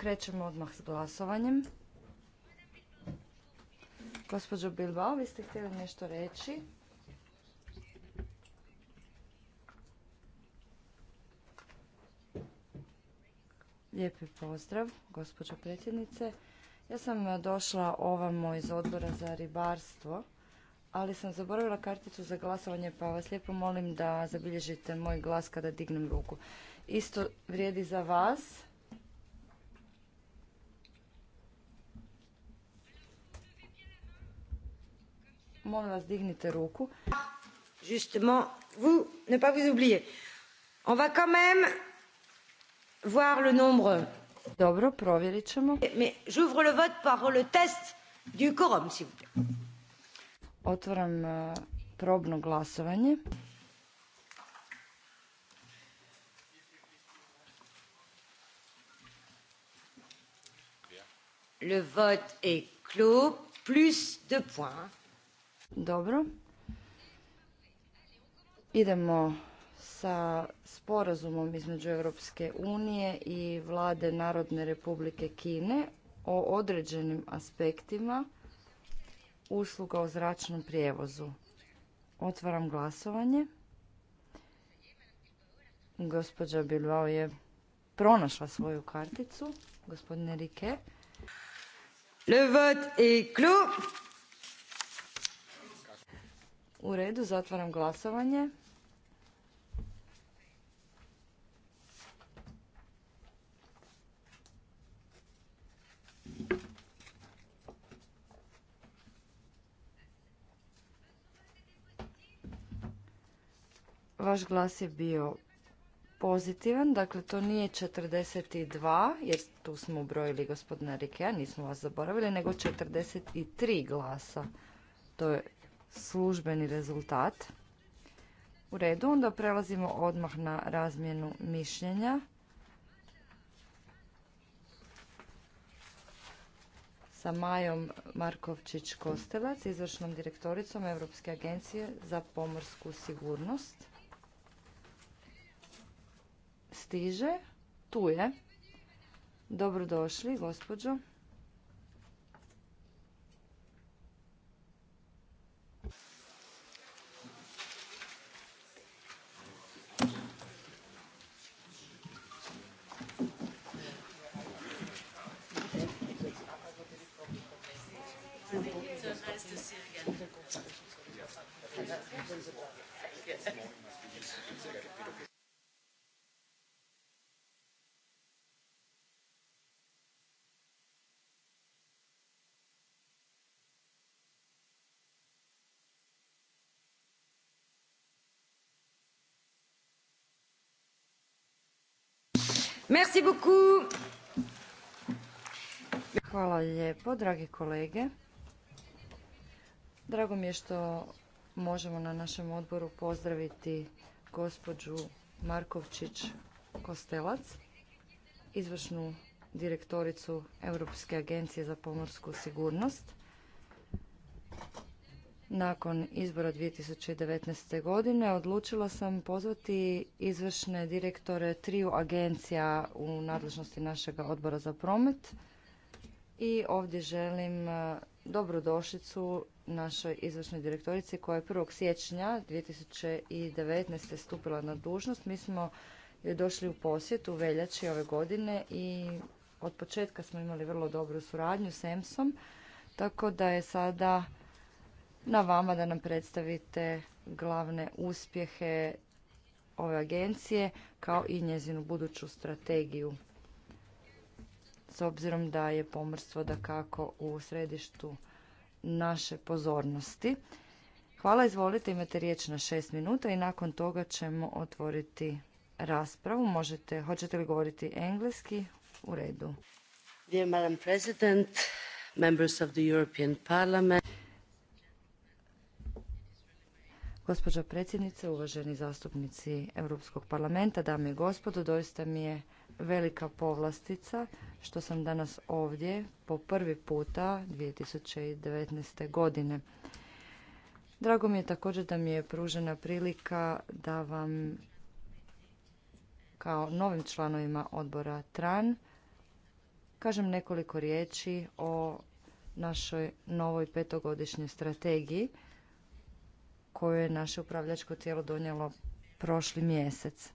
krećemo odmah s glasovanjem. Gospođo Bilbao, vi ste htjeli nešto reći? Lijepi pozdrav, gospođo predsjednice. Ja sam došla ovamo iz odbora za ribarstvo, ali sam zaboravila karticu za glasovanje, pa vas lijepo molim da zabilježite moj glas kada dignem ruku. Isto vrijedi za vas. Molim vas, dignite ruku. Justement, vous, ne pas vous oublier. On va quand même voir le nombre. Dobro, provjerit ćemo. Mais j'ouvre le vote par le test du quorum, s'il vous plaît. Otvaram e, probno glasovanje. Le vote est clos. Plus de points. Dobro. Idemo sa sporazumom između Europske unije i vlade Narodne republike Kine o određenim aspektima usluga o zračnom prijevozu. Otvaram glasovanje. Gospođa Bilvao je pronašla svoju karticu. Gospodine Rike. Le vote est clos. U redu, zatvaram glasovanje. Vaš glas je bio pozitivan, dakle to nije 42, jer tu smo brojili gospodina Rikea, nismo vas zaboravili, nego 43 glasa. To je službeni rezultat. U redu, onda prelazimo odmah na razmjenu mišljenja. sa Majom Markovčić-Kostelac, izvršnom direktoricom Europske agencije za pomorsku sigurnost. Stiže, tu je. Dobrodošli, gospođo. Merci beaucoup. Hvala lijepo, dragi kolege. Drago mi je što možemo na našem odboru pozdraviti gospođu Markovčić Kostelac, izvršnu direktoricu Europske agencije za pomorsku sigurnost. Nakon izbora 2019. godine odlučila sam pozvati izvršne direktore triju agencija u nadležnosti našega odbora za promet i ovdje želim eh, dobrodošlicu našoj izvršnoj direktorici koja je 1. siječnja 2019. stupila na dužnost. Mi smo došli u posjet u veljači ove godine i od početka smo imali vrlo dobru suradnju s ems tako da je sada na vama da nam predstavite glavne uspjehe ove agencije kao i njezinu buduću strategiju. S obzirom da je pomorstvo da kako u središtu naše pozornosti. Hvala, izvolite, imate riječ na šest minuta i nakon toga ćemo otvoriti raspravu. Možete, hoćete li govoriti engleski? U redu. Dear Madam President, members of the European Parliament. Gospođo predsjednice, uvaženi zastupnici Europskog parlamenta, dame i gospodo, doista mi je velika povlastica što sam danas ovdje po prvi puta 2019. godine. Drago mi je također da mi je pružena prilika da vam kao novim članovima odbora TRAN kažem nekoliko riječi o našoj novoj petogodišnjoj strategiji koju je naše upravljačko tijelo donijelo prošli mjesec.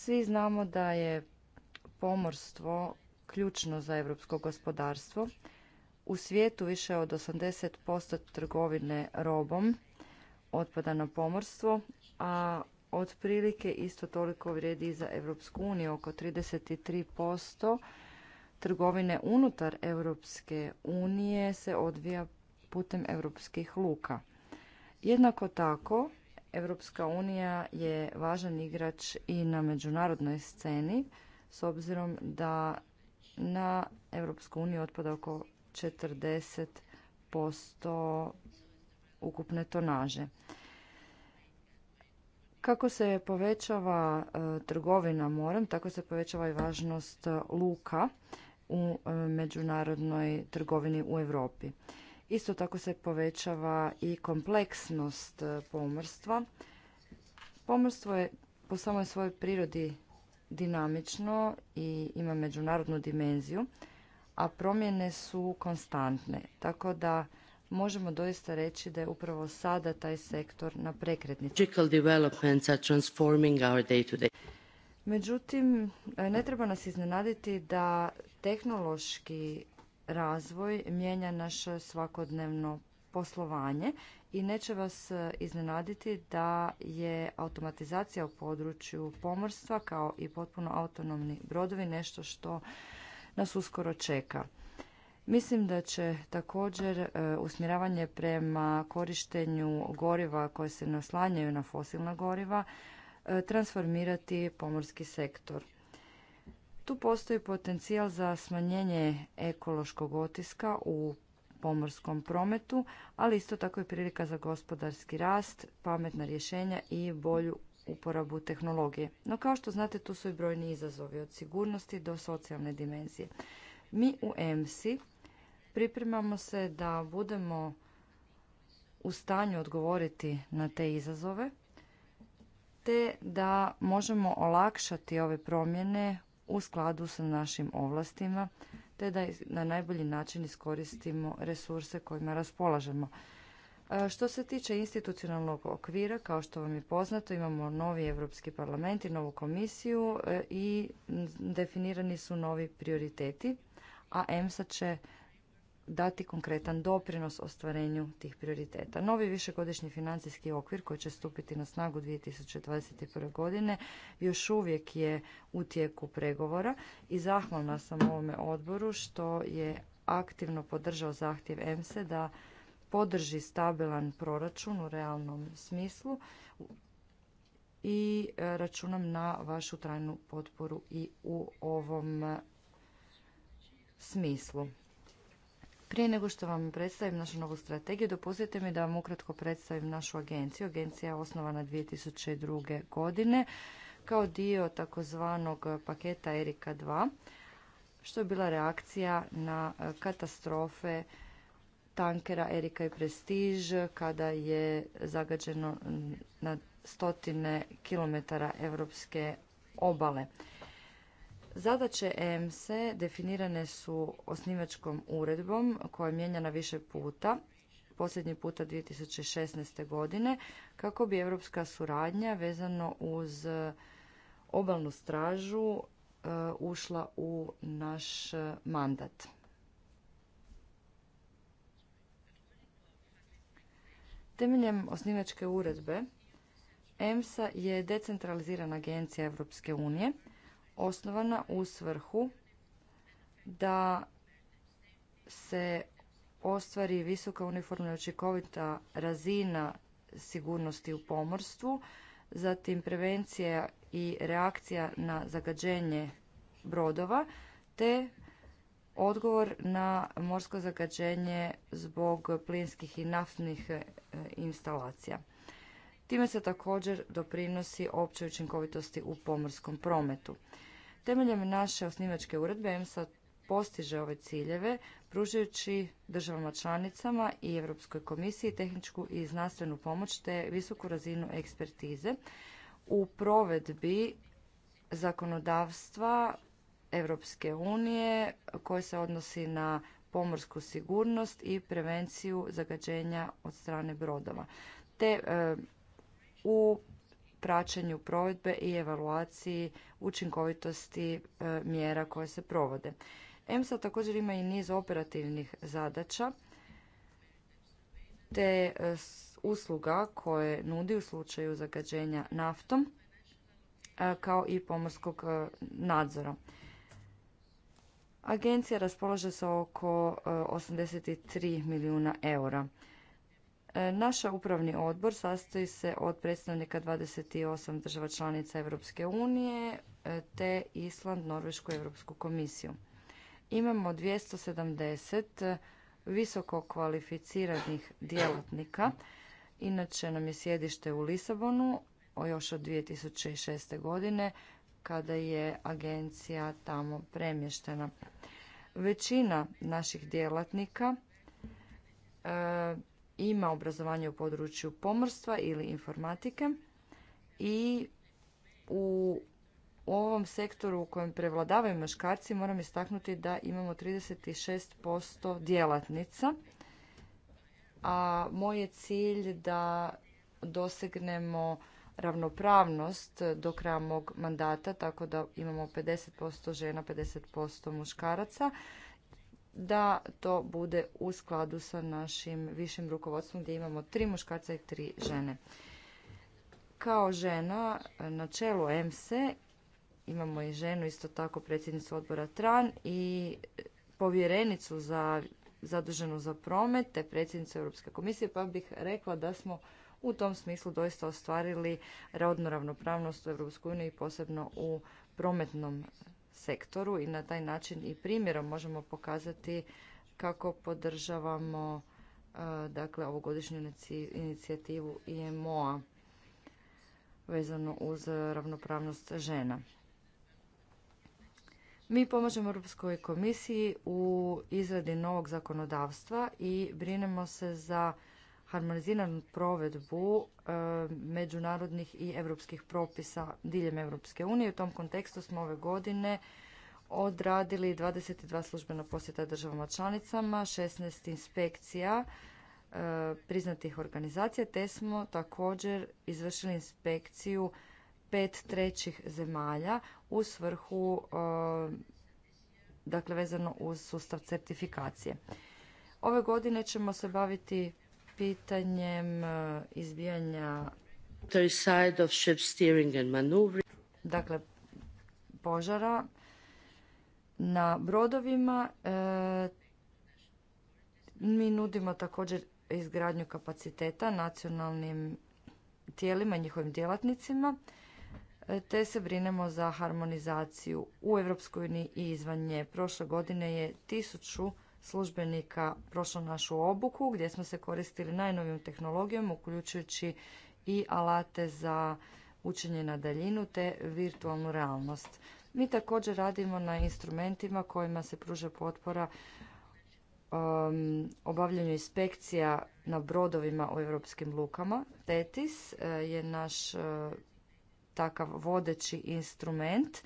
Svi znamo da je pomorstvo ključno za europsko gospodarstvo. U svijetu više od 80% trgovine robom otpada na pomorstvo, a otprilike isto toliko vrijedi i za Europsku uniju, oko 33% trgovine unutar Europske unije se odvija putem europskih luka. Jednako tako Europska unija je važan igrač i na međunarodnoj sceni s obzirom da na Europsku uniju otpada oko 40% ukupne tonaže. Kako se povećava e, trgovina morem, tako se povećava i važnost luka u e, međunarodnoj trgovini u Europi. Isto tako se povećava i kompleksnost e, pomorstva. Pomorstvo je po samoj svojoj prirodi dinamično i ima međunarodnu dimenziju, a promjene su konstantne. Tako da možemo doista reći da je upravo sada taj sektor na prekretnici. Međutim, e, ne treba nas iznenaditi da tehnološki razvoj mijenja naše svakodnevno poslovanje i neće vas iznenaditi da je automatizacija u području pomorstva kao i potpuno autonomni brodovi nešto što nas uskoro čeka. Mislim da će također e, usmjeravanje prema korištenju goriva koje se naslanjaju na fosilna goriva e, transformirati pomorski sektor. Tu postoji potencijal za smanjenje ekološkog otiska u pomorskom prometu, ali isto tako i prilika za gospodarski rast, pametna rješenja i bolju uporabu tehnologije. No kao što znate tu su i brojni izazovi od sigurnosti do socijalne dimenzije. Mi u EMSI pripremamo se da budemo u stanju odgovoriti na te izazove te da možemo olakšati ove promjene u skladu sa našim ovlastima te da na najbolji način iskoristimo resurse kojima raspolažemo. E, što se tiče institucionalnog okvira, kao što vam je poznato, imamo novi Europski parlament i novu komisiju e, i definirani su novi prioriteti, a EMSA će dati konkretan doprinos ostvarenju tih prioriteta. Novi višegodišnji financijski okvir koji će stupiti na snagu 2021. godine još uvijek je u tijeku pregovora i zahvalna sam ovome odboru što je aktivno podržao zahtjev EMSE da podrži stabilan proračun u realnom smislu i e, računam na vašu trajnu potporu i u ovom smislu. Prije nego što vam predstavim našu novu strategiju, dopustite mi da vam ukratko predstavim našu agenciju. Agencija je osnovana 2002. godine kao dio takozvanog paketa Erika 2, što je bila reakcija na katastrofe tankera Erika i Prestiž kada je zagađeno na stotine kilometara evropske obale. Zadaće EMSE definirane su osnivačkom uredbom koja je mijenjana više puta, posljednji puta 2016. godine, kako bi europska suradnja vezano uz e, obalnu stražu e, ušla u naš e, mandat. Temeljem osnivačke uredbe EMSA je decentralizirana agencija Europske unije osnovana u svrhu da se ostvari visoka uniformna učinkovita razina sigurnosti u pomorstvu, zatim prevencija i reakcija na zagađenje brodova, te odgovor na morsko zagađenje zbog plinskih i naftnih e, instalacija. Time se također doprinosi općoj učinkovitosti u pomorskom prometu. Temeljem naše osnivačke uredbe EMSA postiže ove ciljeve pružajući državama članicama i Europskoj komisiji tehničku i znanstvenu pomoć te visoku razinu ekspertize u provedbi zakonodavstva Europske unije koje se odnosi na pomorsku sigurnost i prevenciju zagađenja od strane brodova te e, u praćenju provedbe i evaluaciji učinkovitosti e, mjera koje se provode. EMSA također ima i niz operativnih zadaća te e, usluga koje nudi u slučaju zagađenja naftom e, kao i pomorskog nadzora. Agencija raspolaže sa oko 83 milijuna eura. E, naš upravni odbor sastoji se od predstavnika 28 država članica Europske unije e, te Island, Norvešku i Europsku komisiju. Imamo 270 visoko kvalificiranih djelatnika. Inače nam je sjedište u Lisabonu još od 2006. godine kada je agencija tamo premještena. Većina naših djelatnika e, ima obrazovanje u području pomorstva ili informatike i u ovom sektoru u kojem prevladavaju muškarci moram istaknuti da imamo 36% djelatnica, a moj je cilj da dosegnemo ravnopravnost do kraja mog mandata, tako da imamo 50% žena, 50% muškaraca da to bude u skladu sa našim višim rukovodstvom gdje imamo tri muškarca i tri žene. Kao žena na čelu EMSE imamo i ženu isto tako predsjednicu odbora TRAN i povjerenicu za zaduženu za promet te predsjednicu Europske komisije pa bih rekla da smo u tom smislu doista ostvarili rodnu ravnopravnost u EU i posebno u prometnom sektoru i na taj način i primjerom možemo pokazati kako podržavamo e, dakle ovogodišnju inicijativu IMO-a vezano uz ravnopravnost žena. Mi pomažemo Europskoj komisiji u izradi novog zakonodavstva i brinemo se za harmoniziranu provedbu e, međunarodnih i europskih propisa diljem Europske unije. U tom kontekstu smo ove godine odradili 22 službena posjeta državama članicama, 16 inspekcija e, priznatih organizacija, te smo također izvršili inspekciju pet trećih zemalja u svrhu e, dakle vezano uz sustav certifikacije. Ove godine ćemo se baviti pitanjem e, izbijanja side of steering and Dakle, požara na brodovima. E, mi nudimo također izgradnju kapaciteta nacionalnim tijelima, njihovim djelatnicima, e, te se brinemo za harmonizaciju u EU i izvan nje. Prošle godine je tisuću službenika prošlo našu obuku gdje smo se koristili najnovijom tehnologijom uključujući i alate za učenje na daljinu te virtualnu realnost. Mi također radimo na instrumentima kojima se pruža potpora um, obavljanju inspekcija na brodovima u europskim lukama. TETIS uh, je naš uh, takav vodeći instrument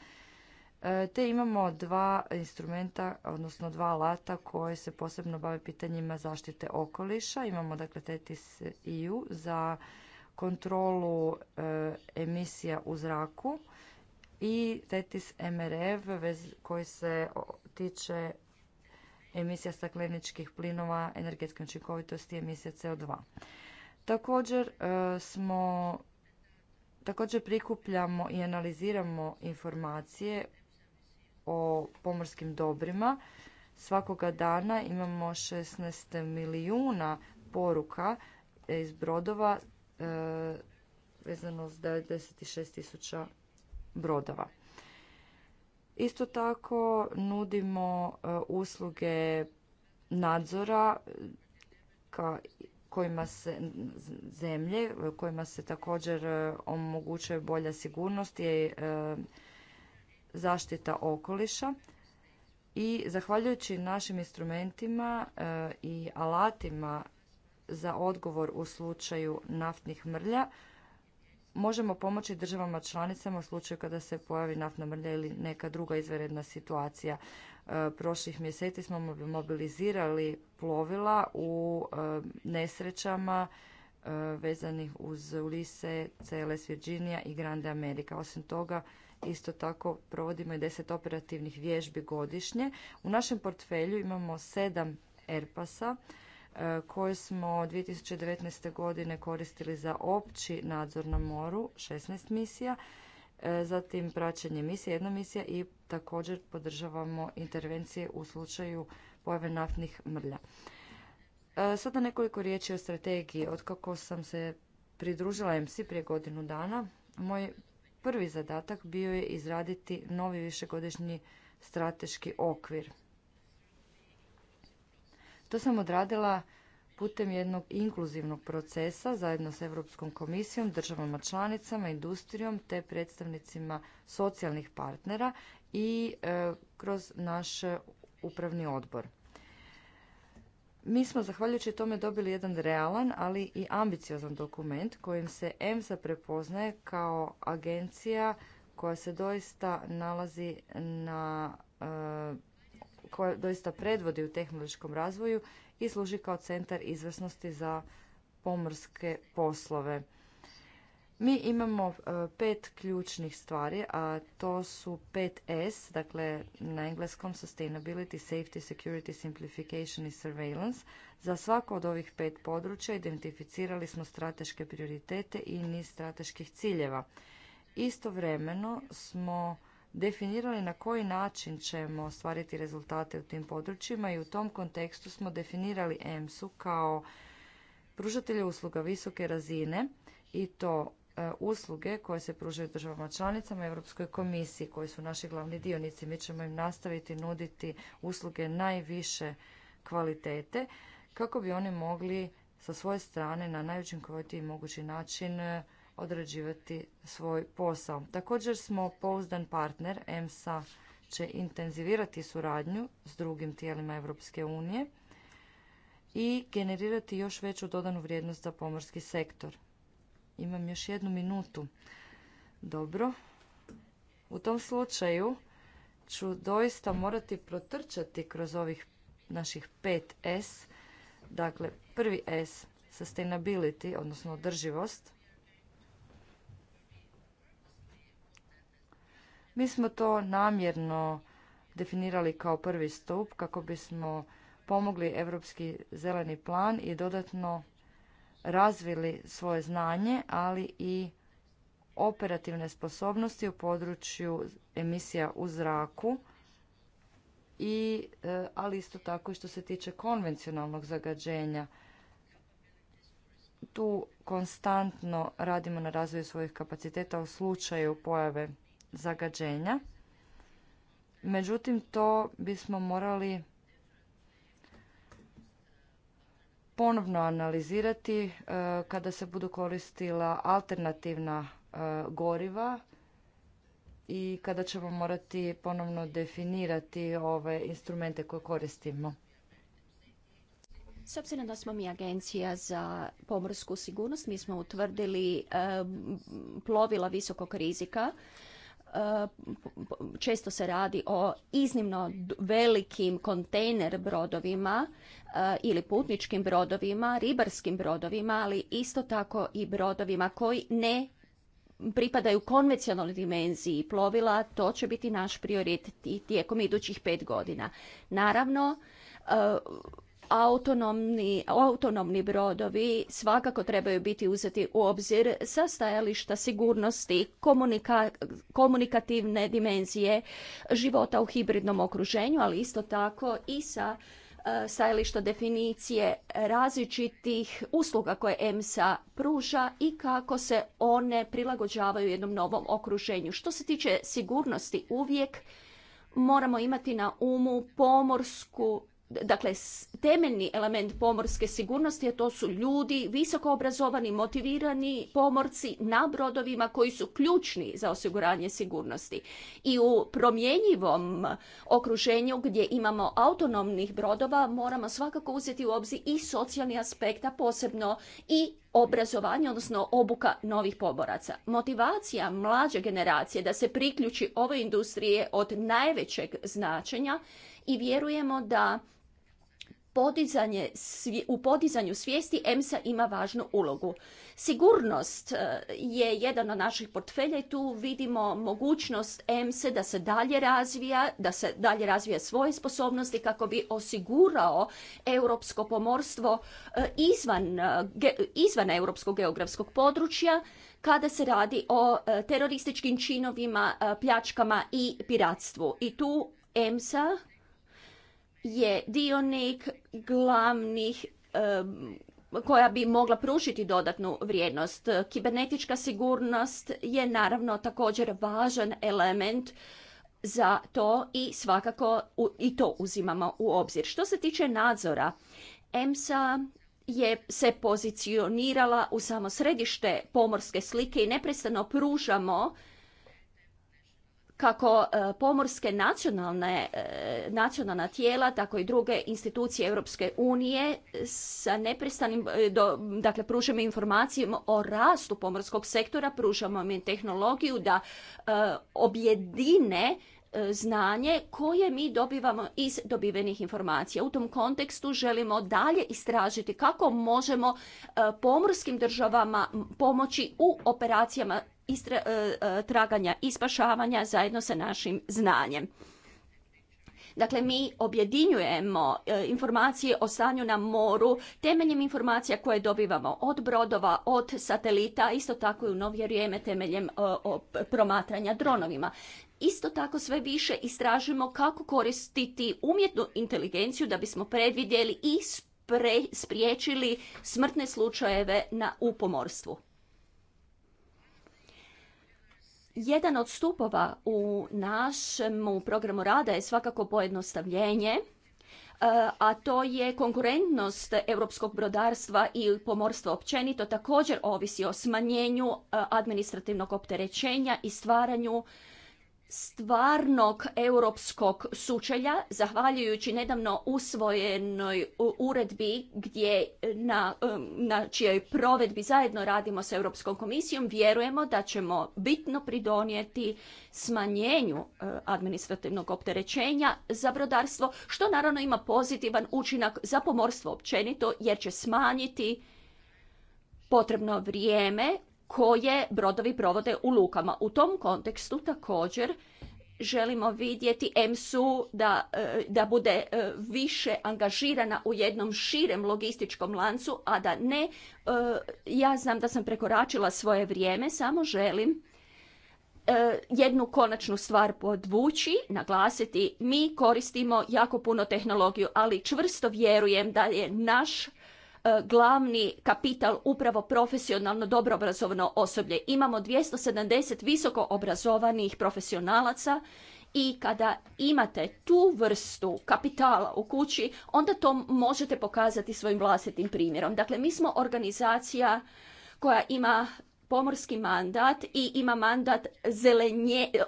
E, te imamo dva instrumenta, odnosno dva alata koje se posebno bave pitanjima zaštite okoliša. Imamo dakle TETIS EU za kontrolu e, emisija u zraku i TETIS MRF koji se tiče emisija stakleničkih plinova, energetske učinkovitosti i emisija CO2. Također e, smo Također prikupljamo i analiziramo informacije o pomorskim dobrima. Svakoga dana imamo 16 milijuna poruka iz brodova e, vezano s 96 tisuća brodova. Isto tako nudimo e, usluge nadzora kojima se zemlje kojima se također e, omogućuje bolja sigurnost i zaštita okoliša i zahvaljujući našim instrumentima e, i alatima za odgovor u slučaju naftnih mrlja možemo pomoći državama članicama u slučaju kada se pojavi naftna mrlja ili neka druga izvanredna situacija. E, prošlih mjeseci smo mobilizirali plovila u e, nesrećama vezanih uz Ulise, CLS Virginia i Grande Amerika. Osim toga, Isto tako provodimo i 10 operativnih vježbi godišnje. U našem portfelju imamo 7 Airpasa e, koje smo 2019. godine koristili za opći nadzor na moru, 16 misija, e, zatim praćenje misije, jedna misija i također podržavamo intervencije u slučaju pojave naftnih mrlja. E, sada nekoliko riječi o strategiji. kako sam se pridružila MC prije godinu dana, moj Prvi zadatak bio je izraditi novi višegodišnji strateški okvir. To sam odradila putem jednog inkluzivnog procesa zajedno s Europskom komisijom, državama članicama, industrijom te predstavnicima socijalnih partnera i e, kroz naš upravni odbor. Mi smo zahvaljujući tome dobili jedan realan, ali i ambiciozan dokument kojim se EMSA prepoznaje kao agencija koja se doista nalazi na e, koja doista predvodi u tehnološkom razvoju i služi kao centar izvrsnosti za pomorske poslove. Mi imamo e, pet ključnih stvari, a to su 5S, dakle na engleskom sustainability, safety, security, simplification i surveillance. Za svako od ovih pet područja identificirali smo strateške prioritete i niz strateških ciljeva. Istovremeno smo definirali na koji način ćemo ostvariti rezultate u tim područjima i u tom kontekstu smo definirali EMS-u kao pružatelje usluga visoke razine i to E, usluge koje se pružaju državama članicama i Europskoj komisiji koji su naši glavni dionici. Mi ćemo im nastaviti nuditi usluge najviše kvalitete kako bi oni mogli sa svoje strane na najučinkovitiji mogući način e, odrađivati svoj posao. Također smo pouzdan partner. EMSA će intenzivirati suradnju s drugim tijelima Europske unije i generirati još veću dodanu vrijednost za pomorski sektor. Imam još jednu minutu. Dobro. U tom slučaju ću doista morati protrčati kroz ovih naših 5S. Dakle, prvi S, sustainability, odnosno održivost. Mi smo to namjerno definirali kao prvi stup kako bismo pomogli Europski zeleni plan i dodatno razvili svoje znanje, ali i operativne sposobnosti u području emisija u zraku, i, e, ali isto tako i što se tiče konvencionalnog zagađenja. Tu konstantno radimo na razvoju svojih kapaciteta u slučaju pojave zagađenja. Međutim, to bismo morali ponovno analizirati e, kada se budu koristila alternativna e, goriva i kada ćemo morati ponovno definirati ove instrumente koje koristimo. S obzirom da smo mi agencija za pomorsku sigurnost, mi smo utvrdili e, plovila visokog rizika Eh, često se radi o iznimno velikim kontejner brodovima eh, ili putničkim brodovima, ribarskim brodovima, ali isto tako i brodovima koji ne pripadaju konvencionalnoj dimenziji plovila, to će biti naš prioritet tijekom idućih pet godina. Naravno, eh, autonomni, autonomni brodovi svakako trebaju biti uzeti u obzir sa stajališta sigurnosti, komunikativne dimenzije života u hibridnom okruženju, ali isto tako i sa e, stajališta definicije različitih usluga koje EMSA pruža i kako se one prilagođavaju jednom novom okruženju. Što se tiče sigurnosti, uvijek moramo imati na umu pomorsku dakle temeljni element pomorske sigurnosti, a to su ljudi visoko obrazovani, motivirani pomorci na brodovima koji su ključni za osiguranje sigurnosti. I u promjenjivom okruženju gdje imamo autonomnih brodova moramo svakako uzeti u obzir i socijalni aspekt, a posebno i obrazovanje, odnosno obuka novih poboraca. Motivacija mlađe generacije da se priključi ovoj je od najvećeg značenja i vjerujemo da podizanje, u podizanju svijesti EMSA ima važnu ulogu. Sigurnost e, je jedan od naših portfelja i tu vidimo mogućnost EMSA da se dalje razvija, da se dalje razvija svoje sposobnosti kako bi osigurao europsko pomorstvo e, izvan, e, izvan europskog geografskog područja kada se radi o terorističkim činovima, pljačkama i piratstvu. I tu EMSA je dionik glavnih koja bi mogla pružiti dodatnu vrijednost. Kibernetička sigurnost je naravno također važan element za to i svakako i to uzimamo u obzir. Što se tiče nadzora, EMSA je se pozicionirala u samo središte pomorske slike i neprestano pružamo kako e, pomorske nacionalne, e, nacionalna tijela, tako i druge institucije Europske unije sa neprestanim, e, dakle, pružamo informacije o rastu pomorskog sektora, pružamo im tehnologiju da objedine znanje koje mi dobivamo iz dobivenih informacija. U tom kontekstu želimo dalje istražiti kako možemo pomorskim državama pomoći u operacijama istra, e, e, traganja i spašavanja zajedno sa našim znanjem. Dakle, mi objedinjujemo e, informacije o stanju na moru temeljem informacija koje dobivamo od brodova, od satelita, isto tako i u novije vrijeme temeljem promatranja dronovima. Isto tako sve više istražimo kako koristiti umjetnu inteligenciju da bismo predvidjeli i spriječili smrtne slučajeve na, upomorstvu. Jedan od stupova u našem programu rada je svakako pojednostavljenje, e, a to je konkurentnost europskog brodarstva i pomorstva općenito također ovisi o smanjenju e, administrativnog opterećenja i stvaranju stvarnog europskog sučelja, zahvaljujući nedavno usvojenoj uredbi gdje na, na čijoj provedbi zajedno radimo sa Europskom komisijom, vjerujemo da ćemo bitno pridonijeti smanjenju e, administrativnog opterećenja za brodarstvo, što naravno ima pozitivan učinak za pomorstvo općenito, jer će smanjiti potrebno vrijeme koje brodovi provode u lukama. U tom kontekstu također želimo vidjeti EMSU da, e, da bude e, više angažirana u jednom širem logističkom lancu, a da ne, e, ja znam da sam prekoračila svoje vrijeme, samo želim jednu konačnu stvar podvući, naglasiti, mi koristimo jako puno tehnologiju, ali čvrsto vjerujem da je naš E, glavni kapital upravo profesionalno dobro obrazovno osoblje. Imamo 270 visoko obrazovanih profesionalaca i kada imate tu vrstu kapitala u kući, onda to možete pokazati svojim vlastitim primjerom. Dakle, mi smo organizacija koja ima pomorski mandat i ima mandat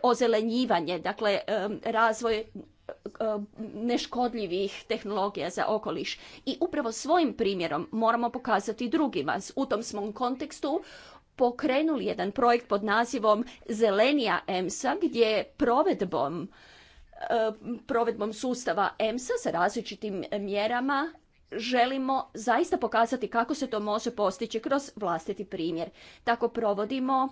ozelenjivanje, dakle razvoj E, neškodljivih tehnologija za okoliš. I upravo svojim primjerom moramo pokazati drugima. U tom smo kontekstu pokrenuli jedan projekt pod nazivom Zelenija EMSA gdje provedbom e, provedbom sustava EMSA sa različitim mjerama želimo zaista pokazati kako se to može postići kroz vlastiti primjer. Tako provodimo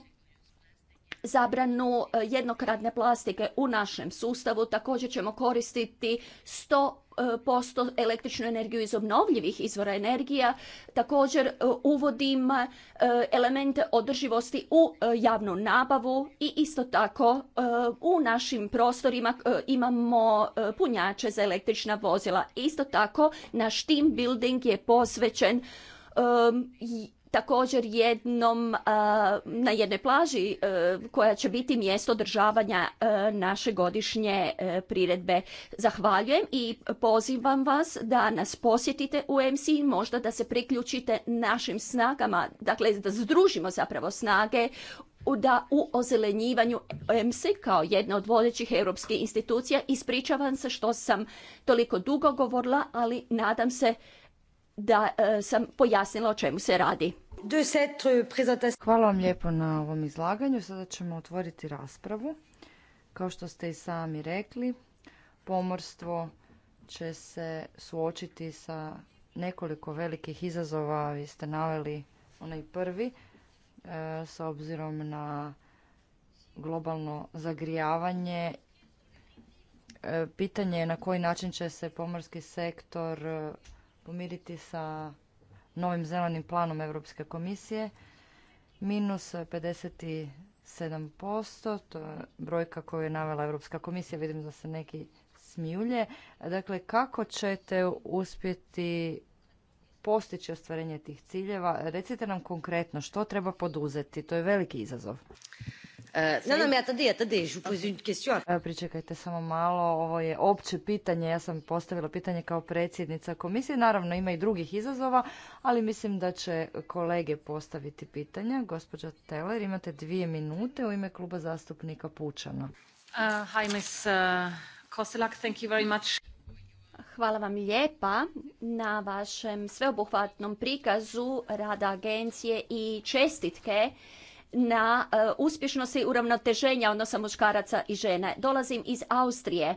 zabranu e, jednokratne plastike u našem sustavu. Također ćemo koristiti 100% e, električnu energiju iz obnovljivih izvora energija. Također e, uvodim elemente održivosti u javnu nabavu i isto tako u našim prostorima imamo punjače za električna vozila. Isto tako naš team building je posvećen također jednom e, na jednoj plaži e, koja će biti mjesto održavanja e, naše godišnje priredbe. Zahvaljujem i pozivam vas da nas posjetite u MC možda da se priključite našim snagama, dakle da združimo zapravo snage da u ozelenjivanju EMSI kao jedna od vodećih europskih institucija ispričavam se što sam toliko dugo govorila, ali nadam se da sam pojasnila o čemu se radi. Hvala vam lijepo na ovom izlaganju. Sada ćemo otvoriti raspravu. Kao što ste i sami rekli, pomorstvo će se suočiti sa nekoliko velikih izazova. Vi ste naveli onaj prvi, e, s obzirom na globalno zagrijavanje. E, pitanje je na koji način će se pomorski sektor e, pomiriti sa novim zelenim planom Europske komisije. Minus 57%, to je brojka koju je navela Europska komisija, vidim da se neki smijulje. Dakle, kako ćete uspjeti postići ostvarenje tih ciljeva? Recite nam konkretno što treba poduzeti, to je veliki izazov. Ne ja tada, Pričekajte samo malo, ovo je opće pitanje, ja sam postavila pitanje kao predsjednica komisije, naravno ima i drugih izazova, ali mislim da će kolege postaviti pitanja. Gospođa Teller, imate dvije minute u ime kluba zastupnika Pučana. Eh, hi, miss, eh, thank you very much. Hvala vam lijepa na vašem sveobuhvatnom prikazu rada agencije i čestitke na e, uspješnosti uravnoteženja odnosa muškaraca i žene. Dolazim iz Austrije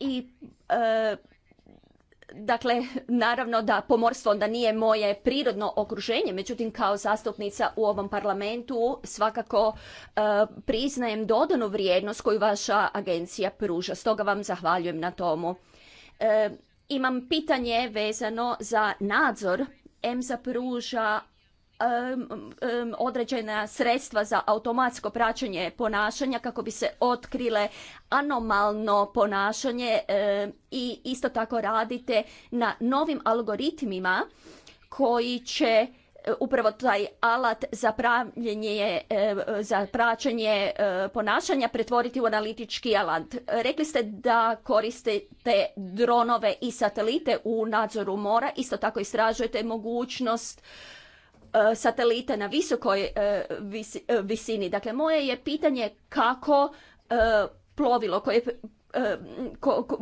i e, dakle naravno da pomorstvo onda nije moje prirodno okruženje međutim kao zastupnica u ovom parlamentu svakako e, priznajem dodanu vrijednost koju vaša agencija pruža stoga vam zahvaljujem na tomu imam pitanje vezano za nadzor EMSA pruža Um, um, određena sredstva za automatsko praćenje ponašanja kako bi se otkrile anomalno ponašanje um, i isto tako radite na novim algoritmima koji će uh, upravo taj alat za pravljenje, uh, za praćenje uh, ponašanja pretvoriti u analitički alat. Rekli ste da koristite dronove i satelite u nadzoru mora, isto tako istražujete mogućnost E, satelite na visokoj e, e, visini. Dakle, moje je pitanje kako plovilo koje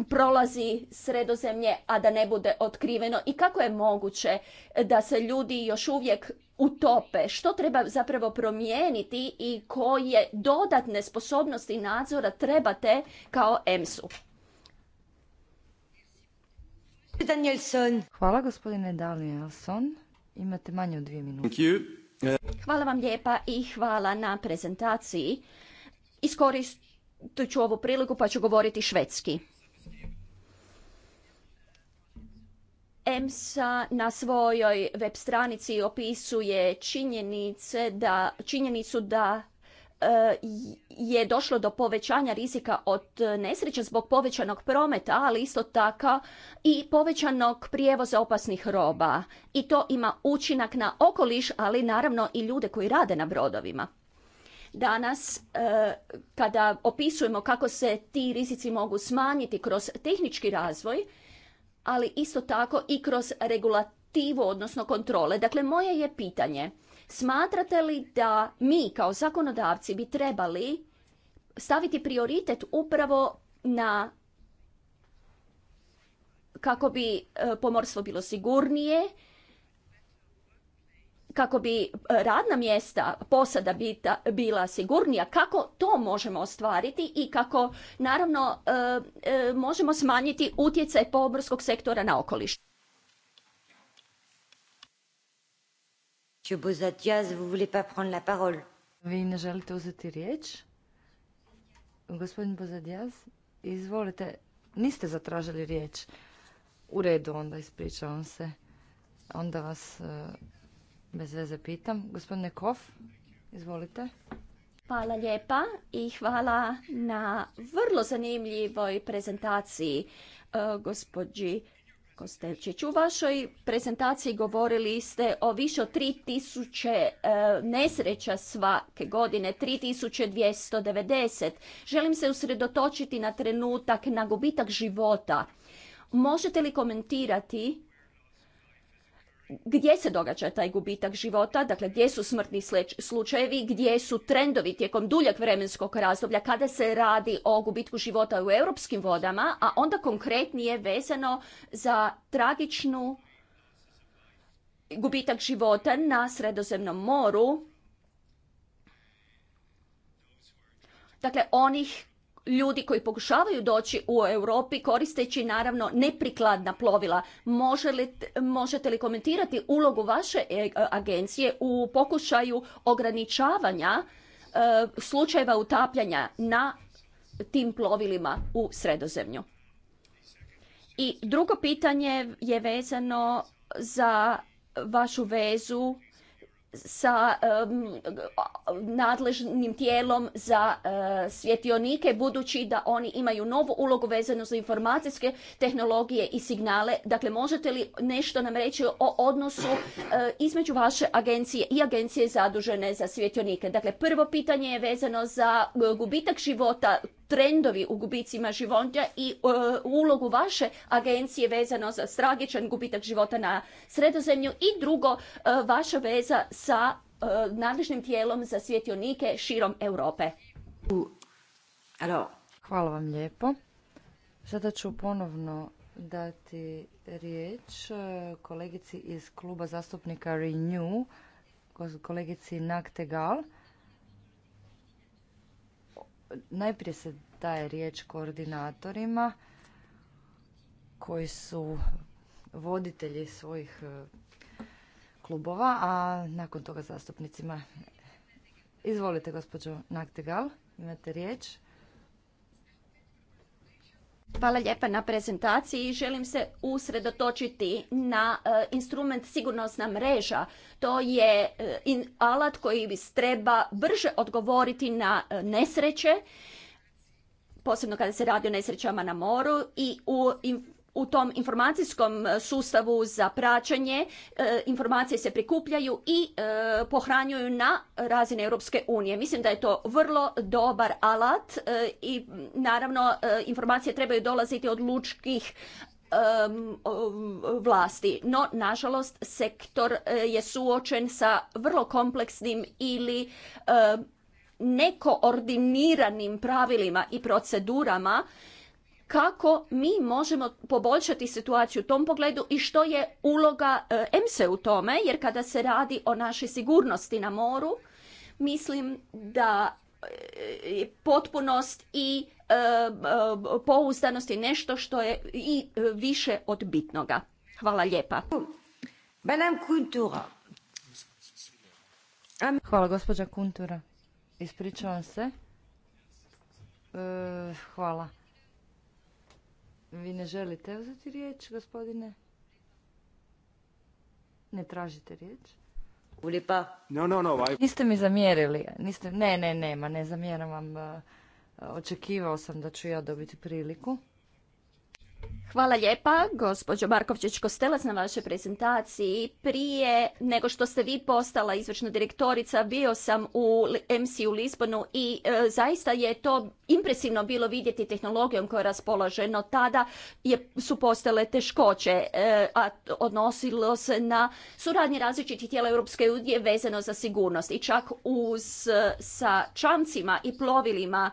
prolazi sredozemlje, a da ne bude otkriveno i kako je moguće da se ljudi još uvijek utope, što treba zapravo promijeniti i koje dodatne sposobnosti nadzora trebate kao EMS-u. Hvala gospodine Danielson. Imate manje od dvije minute. Hvala vam lijepa i hvala na prezentaciji. Iskoristit ću ovu priliku pa ću govoriti švedski. EMSA na svojoj web stranici opisuje činjenice da, činjenicu da je došlo do povećanja rizika od nesreća zbog povećanog prometa, ali isto tako i povećanog prijevoza opasnih roba. I to ima učinak na okoliš, ali naravno i ljude koji rade na brodovima. Danas, e, kada opisujemo kako se ti rizici mogu smanjiti kroz tehnički razvoj, ali isto tako i kroz regulativu, odnosno kontrole. Dakle, moje je pitanje – Smatrate li da mi kao zakonodavci bi trebali staviti prioritet upravo na kako bi e, pomorstvo bilo sigurnije, kako bi e, radna mjesta posada bila sigurnija, kako to možemo ostvariti i kako naravno e, možemo smanjiti utjecaj pomorskog sektora na okoliš. Monsieur Bozatias, vous voulez pas prendre la parole? Vi ne želite uzeti riječ? Gospodin Bozadjaz, izvolite. Niste zatražili riječ. U redu, onda ispričavam se. Onda vas e, bez veze pitam. Gospodine Kof, izvolite. Hvala lijepa i hvala na vrlo zanimljivoj prezentaciji e, gospođi Kostelčić, u vašoj prezentaciji govorili ste o više od 3000 e, nesreća svake godine, 3290. Želim se usredotočiti na trenutak na gubitak života. Možete li komentirati gdje se događa taj gubitak života, dakle gdje su smrtni slučajevi, gdje su trendovi tijekom duljeg vremenskog razdoblja kada se radi o gubitku života u europskim vodama, a onda konkretnije vezano za tragičnu gubitak života na Sredozemnom moru, dakle onih ljudi koji pokušavaju doći u Europi koristeći naravno neprikladna plovila. Može li, možete li komentirati ulogu vaše e, agencije u pokušaju ograničavanja e, slučajeva utapljanja na tim plovilima u Sredozemlju? I drugo pitanje je vezano za vašu vezu sa nadležnim tijelom za e, svjetionike budući da oni imaju novu ulogu vezanu za informacijske tehnologije i signale. Dakle, možete li nešto nam reći o odnosu e, između vaše agencije i agencije zadužene za svjetionike? Dakle, prvo pitanje je vezano za e, gubitak života, trendovi u gubicima života i ulogu vaše agencije vezano za stragičan gubitak života na sredozemlju i drugo, vaša veza sa e, nadležnim tijelom za svjetionike širom Europe. Hvala vam lijepo. Sada ću ponovno dati riječ e, kolegici iz kluba zastupnika Renew, kolegici Naktegal. Najprije se daje riječ koordinatorima koji su voditelji svojih e, klubova, a nakon toga zastupnicima. Izvolite, gospođo Naktegal, imate riječ. Hvala lijepa na prezentaciji. Želim se usredotočiti na e, instrument sigurnosna mreža. To je e, alat koji bi treba brže odgovoriti na e, nesreće, posebno kada se radi o nesrećama na moru i u u tom informacijskom e, sustavu za praćenje e, informacije se prikupljaju i e, pohranjuju na razini Europske unije. Mislim da je to vrlo dobar alat i naravno informacije trebaju dolaziti od lučkih vlasti. No, nažalost, sektor je suočen sa vrlo kompleksnim ili nekoordiniranim pravilima i procedurama kako mi možemo poboljšati situaciju u tom pogledu i što je uloga EMSE u tome, jer kada se radi o našoj sigurnosti na moru, mislim da e, potpunost i e, e, pouzdanost je nešto što je i više od bitnoga. Hvala lijepa. Hvala gospođa Kuntura. Ispričavam se. hvala. Vi ne želite uzeti riječ, gospodine? Ne tražite riječ? Ulipa. No, ovaj- Niste mi zamjerili. Niste... Ne, ne, nema, ne zamjeram vam. E, očekivao sam da ću ja dobiti priliku. Hvala lijepa, gospođo Barkovčić-Kostelac, na vašoj prezentaciji. Prije nego što ste vi postala izvršna direktorica, bio sam u MC u Lisbonu i e, zaista je to impresivno bilo vidjeti tehnologijom koja je raspoloženo. Tada je, su postale teškoće, e, a odnosilo se na suradnje različitih tijela Europske unije vezano za sigurnost. I čak uz, e, sa čamcima i plovilima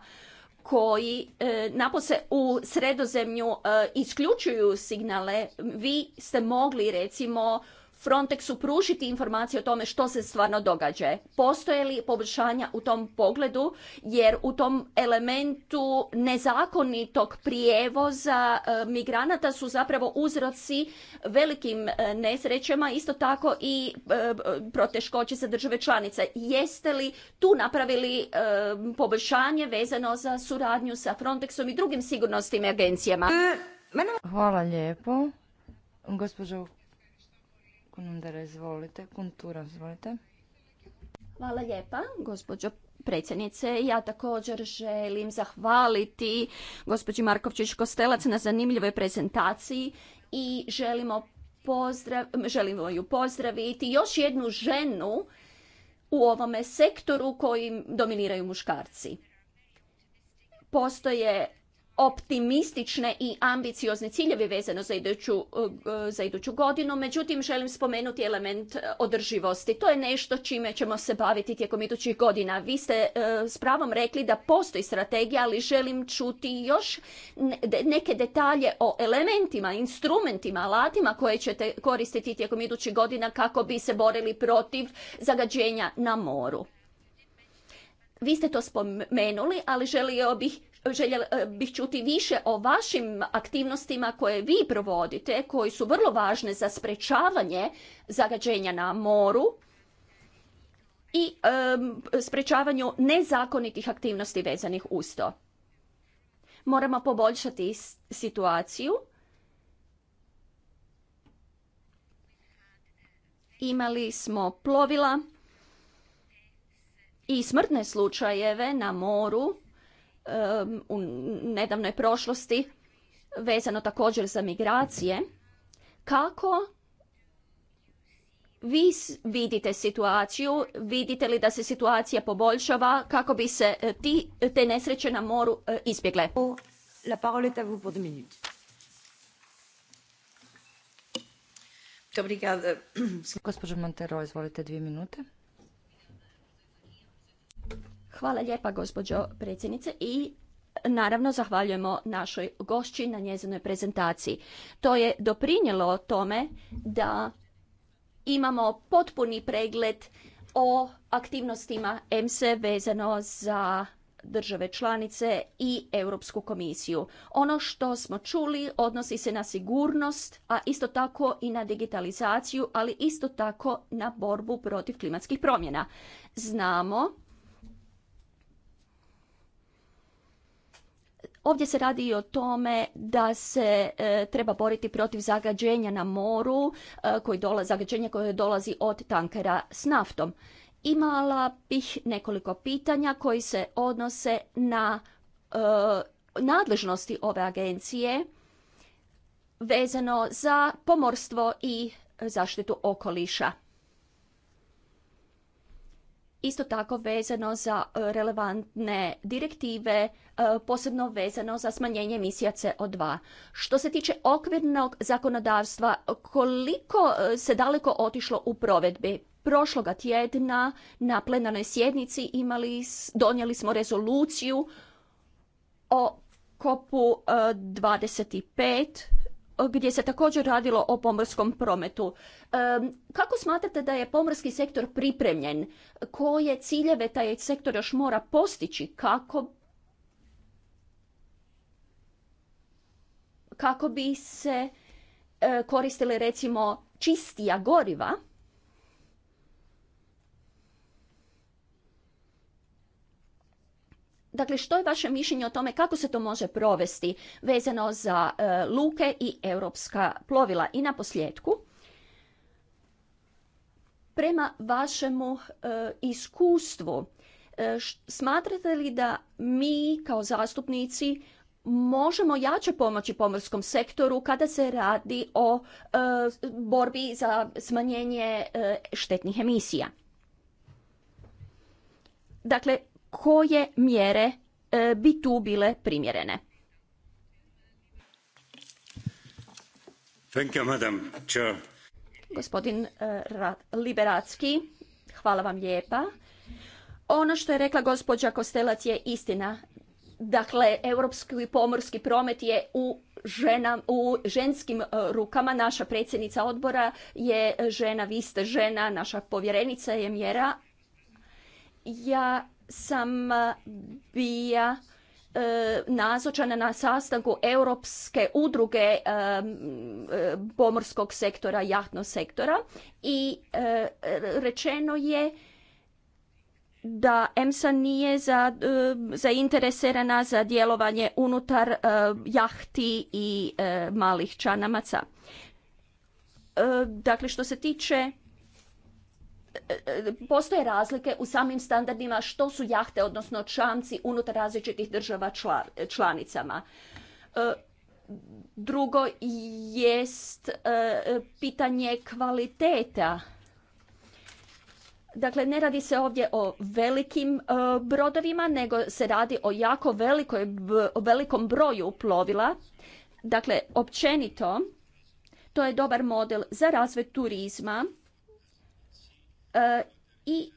koji e, napose u sredozemlju e, isključuju signale, vi ste mogli recimo Frontexu pružiti informacije o tome što se stvarno događa. Postoje li poboljšanja u tom pogledu jer u tom elementu nezakonitog prijevoza e, migranata su zapravo uzroci velikim e, nesrećama, isto tako i e, proteškoće za države članice. Jeste li tu napravili poboljšanje vezano za suradnju sa Frontexom i drugim sigurnosnim agencijama? Hvala lijepo. Gospođo Kunundara, izvolite. Kuntura, izvolite. Hvala lijepa, gospođo predsjednice. Ja također želim zahvaliti gospođi Markovčić-Kostelac na zanimljivoj prezentaciji i želimo, pozdrav, želimo ju pozdraviti još jednu ženu u ovome sektoru kojim dominiraju muškarci. Postoje optimistične i ambiciozne ciljeve vezano za iduću, uh, za iduću godinu, međutim želim spomenuti element uh, održivosti. To je nešto čime ćemo se baviti tijekom idućih godina. Vi ste uh, s pravom rekli da postoji strategija, ali želim čuti još neke detalje o elementima, instrumentima, alatima koje ćete koristiti tijekom idućih godina kako bi se borili protiv zagađenja na moru. Vi ste to spomenuli, ali želio bih željela eh, bih čuti više o vašim aktivnostima koje vi provodite, koji su vrlo važne za sprečavanje zagađenja na moru i e, sprečavanju nezakonitih aktivnosti vezanih uz to. Moramo poboljšati situaciju. Imali smo plovila i smrtne slučajeve na moru u nedavnoj prošlosti vezano također za migracije kako vi vidite situaciju, vidite li da se situacija poboljšava kako bi se eh, ti, te nesreće na moru eh, izbjegle? La parole Montero, izvolite dvije minute. Hvala lijepa gospođo predsjednice i Naravno, zahvaljujemo našoj gošći na njezinoj prezentaciji. To je doprinjelo tome da imamo potpuni pregled o aktivnostima EMSE vezano za države članice i Europsku komisiju. Ono što smo čuli odnosi se na sigurnost, a isto tako i na digitalizaciju, ali isto tako na borbu protiv klimatskih promjena. Znamo Ovdje se radi i o tome da se e, treba boriti protiv zagađenja na moru, e, koji dola, zagađenja koje dolazi od tankera s naftom. Imala bih nekoliko pitanja koji se odnose na e, nadležnosti ove agencije vezano za pomorstvo i zaštitu okoliša isto tako vezano za e, relevantne direktive, e, posebno vezano za smanjenje emisija CO2. Što se tiče okvirnog zakonodavstva, koliko e, se daleko otišlo u provedbi? Prošloga tjedna na plenarnoj sjednici imali, donijeli smo rezoluciju o kopu 25 gdje se također radilo o pomorskom prometu. Kako smatrate da je pomorski sektor pripremljen? Koje ciljeve taj sektor još mora postići? Kako kako bi se e, koristili recimo čistija goriva Dakle, što je vaše mišljenje o tome kako se to može provesti vezano za e, luke i europska plovila? I na posljedku, prema vašemu e, iskustvu, e, smatrate li da mi kao zastupnici možemo jače pomoći pomorskom sektoru kada se radi o borbi za smanjenje štetnih emisija? Dakle, koje mjere e, bi tu bile primjerene. madam. Gospodin e, Liberacki, hvala vam lijepa. Ono što je rekla gospođa Kostelac je istina. Dakle, europski pomorski promet je u u ženskim e, rukama. Naša predsjednica odbora je žena, vi ste žena, naša povjerenica je mjera. Ja sam e, bija e, nazočana na sastanku Europske udruge e, pomorskog sektora, jahtnog sektora i rečeno je da EMSA nije zainteresirana za djelovanje unutar jahti i malih čanamaca. Dakle, što se tiče postoje razlike u samim standardima što su jahte, odnosno čamci unutar različitih država članicama. E, drugo jest e, pitanje kvaliteta. Dakle, ne radi se ovdje o velikim e, brodovima, nego se radi o jako o velikom broju plovila. Dakle, općenito, to je dobar model za razvoj turizma i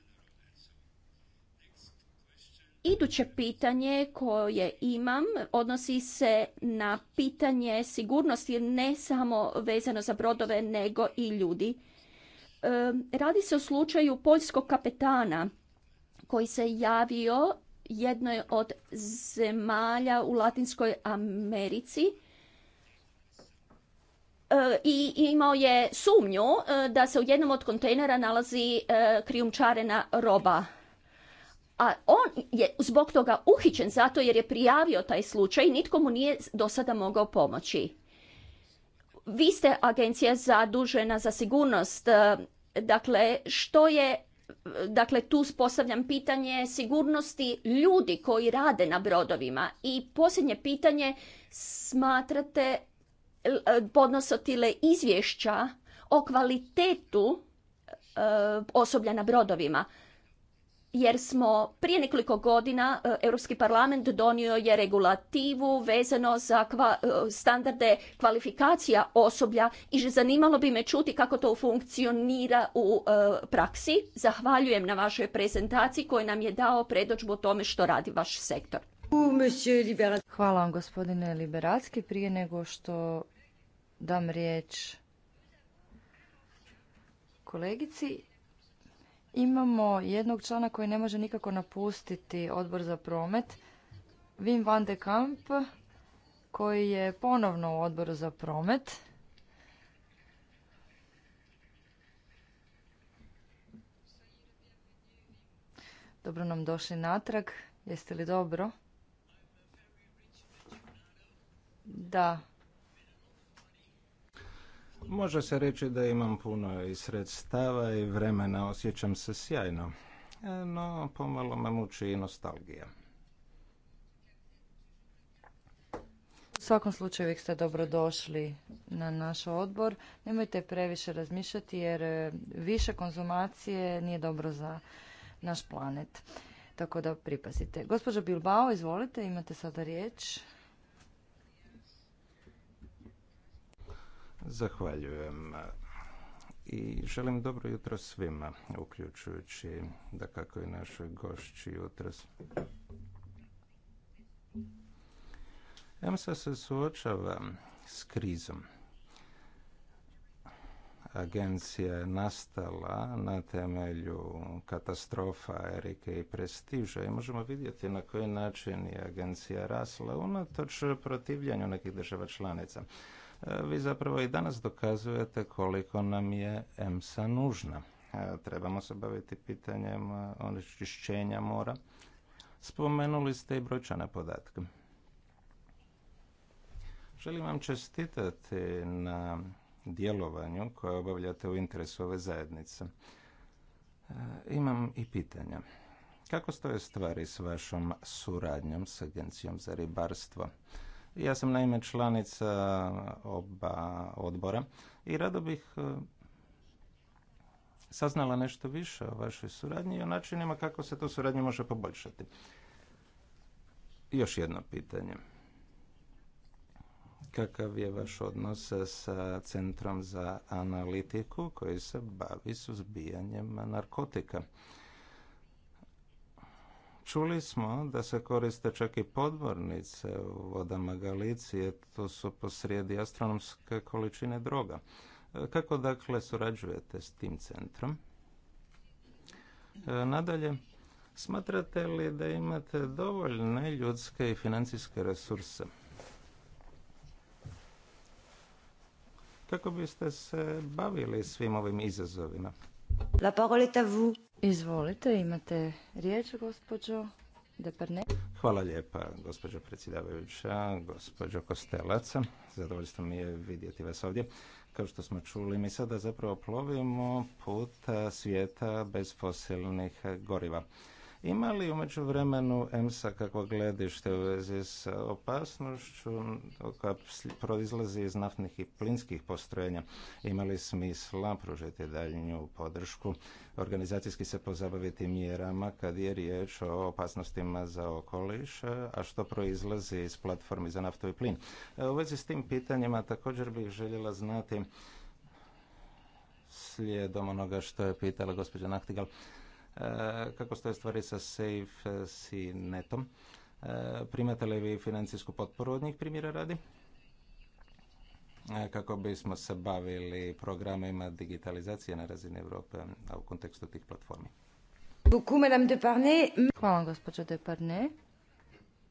Iduće pitanje koje imam odnosi se na pitanje sigurnosti ne samo vezano za brodove nego i ljudi. E, radi se o slučaju poljskog kapetana koji se javio jednoj od zemalja u Latinskoj Americi E, i imao je sumnju e, da se u jednom od kontejnera nalazi e, krijumčarena roba. A on je zbog toga uhićen zato jer je prijavio taj slučaj i nitko mu nije do sada mogao pomoći. Vi ste agencija zadužena za sigurnost. Dakle, što je dakle tu postavljam pitanje sigurnosti ljudi koji rade na brodovima i posljednje pitanje smatrate podnosotile izvješća o kvalitetu e, osoblja na brodovima jer smo prije nekoliko godina e, Europski parlament donio je regulativu vezano za e, standarde kvalifikacija osoblja i zanimalo bi me čuti kako to funkcionira u praksi. Zahvaljujem na vašoj prezentaciji koja nam je dao predođbu o tome što radi vaš sektor. Hvala vam gospodine Liberatski. Prije nego što dam riječ kolegici. Imamo jednog člana koji ne može nikako napustiti odbor za promet. Wim van de Kamp, koji je ponovno u odboru za promet. Dobro nam došli natrag. Jeste li dobro? Da, Može se reći da imam puno i sredstava i vremena, osjećam se sjajno, e, no pomalo me muči i nostalgija. U svakom slučaju vi ste dobrodošli na naš odbor. Nemojte previše razmišljati jer e, više konzumacije nije dobro za naš planet. Tako da pripazite. Gospođo Bilbao, izvolite, imate sada riječ. Zahvaljujem i želim dobro jutro svima, uključujući da kako i našoj gošći jutros. EMSA se suočava s krizom. Agencija je nastala na temelju katastrofa Erike i Prestiža i možemo vidjeti na koji način je agencija rasla unatoč protivljanju nekih država članica. E, vi zapravo i danas dokazujete koliko nam je EMSA nužna. E, trebamo se baviti pitanjem e, onečišćenja mora. Spomenuli ste i brojčane podatke. Želim vam čestitati na djelovanju koje obavljate u interesu ove zajednice. Imam i pitanja. Kako stoje stvari s vašom suradnjom s Agencijom za ribarstvo? Ja sam naime članica eh, oba odbora i rado bih eh, saznala nešto više o vašoj suradnji i o načinima kako se to suradnje može poboljšati. Još jedno pitanje. Kakav je vaš odnos sa Centrom za analitiku koji se bavi suzbijanjem narkotika? Čuli smo da se koriste čak i podvornice u vodama Galicije, to su posrijedi astronomske količine droga. E, kako dakle surađujete s tim centrom? E, nadalje, smatrate li da imate dovoljne ljudske i financijske resurse? Kako biste se bavili svim ovim izazovima? La parole est Izvolite, imate riječ, gospođo Deparne. Hvala lijepa, gospođo predsjedavajuća, gospođo Kostelac. Zadovoljstvo mi je vidjeti vas ovdje. Kao što smo čuli, mi sada zapravo plovimo put svijeta bez fosilnih goriva. Ima li umeđu vremenu EMSA kakvo gledište u vezi s opasnošću koja proizlazi iz naftnih i plinskih postrojenja? Ima li smisla pružiti daljnju podršku, organizacijski se pozabaviti mjerama kad je riječ o opasnostima za okoliš, a što proizlazi iz platformi za naftu i plin? E, u vezi s tim pitanjima također bih željela znati slijedom onoga što je pitala gospođa Nachtigal E, kako stoje stvari sa Safe si netom. E, primate li vi financijsku potporu od njih primjera radi? E, kako bismo se bavili programima digitalizacije na razini Europe a u kontekstu tih platformi. Hvala gospođo Deparne.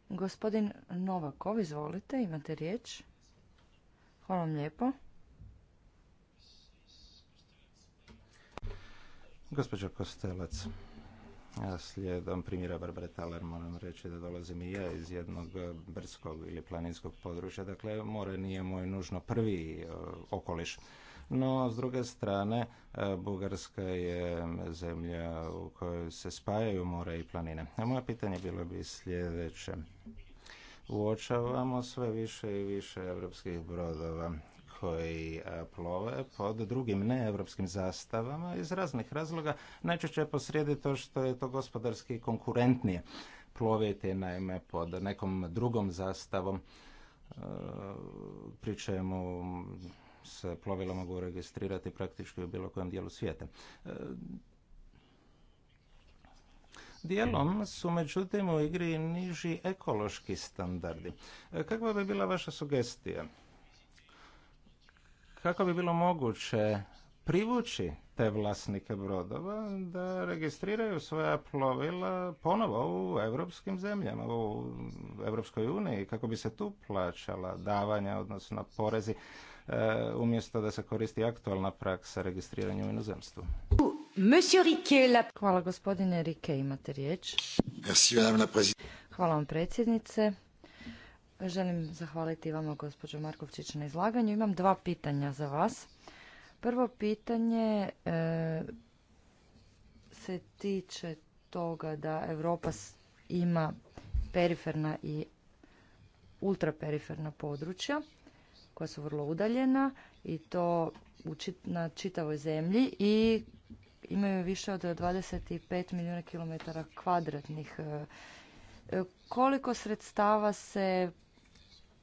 Gospodin Novakov, izvolite, imate riječ. Hvala vam lijepo. Gospođo Kostelac, slijedom primjera Barbara Taler moram reći da dolazim i ja iz jednog brskog ili planinskog područja, dakle more nije moj nužno prvi e, okoliš. No, s druge strane, e, Bugarska je zemlja u kojoj se spajaju more i planine. A e, moje pitanje bilo bi sljedeće. Uočavamo sve više i više evropskih brodova koji e, plove pod drugim neevropskim zastavama iz raznih razloga, najčešće je posrijedi to što je to gospodarski konkurentnije ploviti naime pod nekom drugom zastavom e, pri čemu se plovila mogu registrirati praktički u bilo kojem dijelu svijeta. E, dijelom su međutim u igri niži ekološki standardi. Kakva bi bila vaša sugestija? kako bi bilo moguće privući te vlasnike brodova da registriraju svoja plovila ponovo u europskim zemljama, u Europskoj uniji, kako bi se tu plaćala davanja, odnosno porezi, e, umjesto da se koristi aktualna praksa registriranja u inozemstvu. Hvala gospodine Rike, imate riječ. Hvala vam predsjednice. Želim zahvaliti vama, gospođo Markovčić, na izlaganju. Imam dva pitanja za vas. Prvo pitanje e, se tiče toga da Europa ima periferna i ultraperiferna područja koja su vrlo udaljena i to na čitavoj zemlji i imaju više od 25 milijuna kilometara kvadratnih. E, koliko sredstava se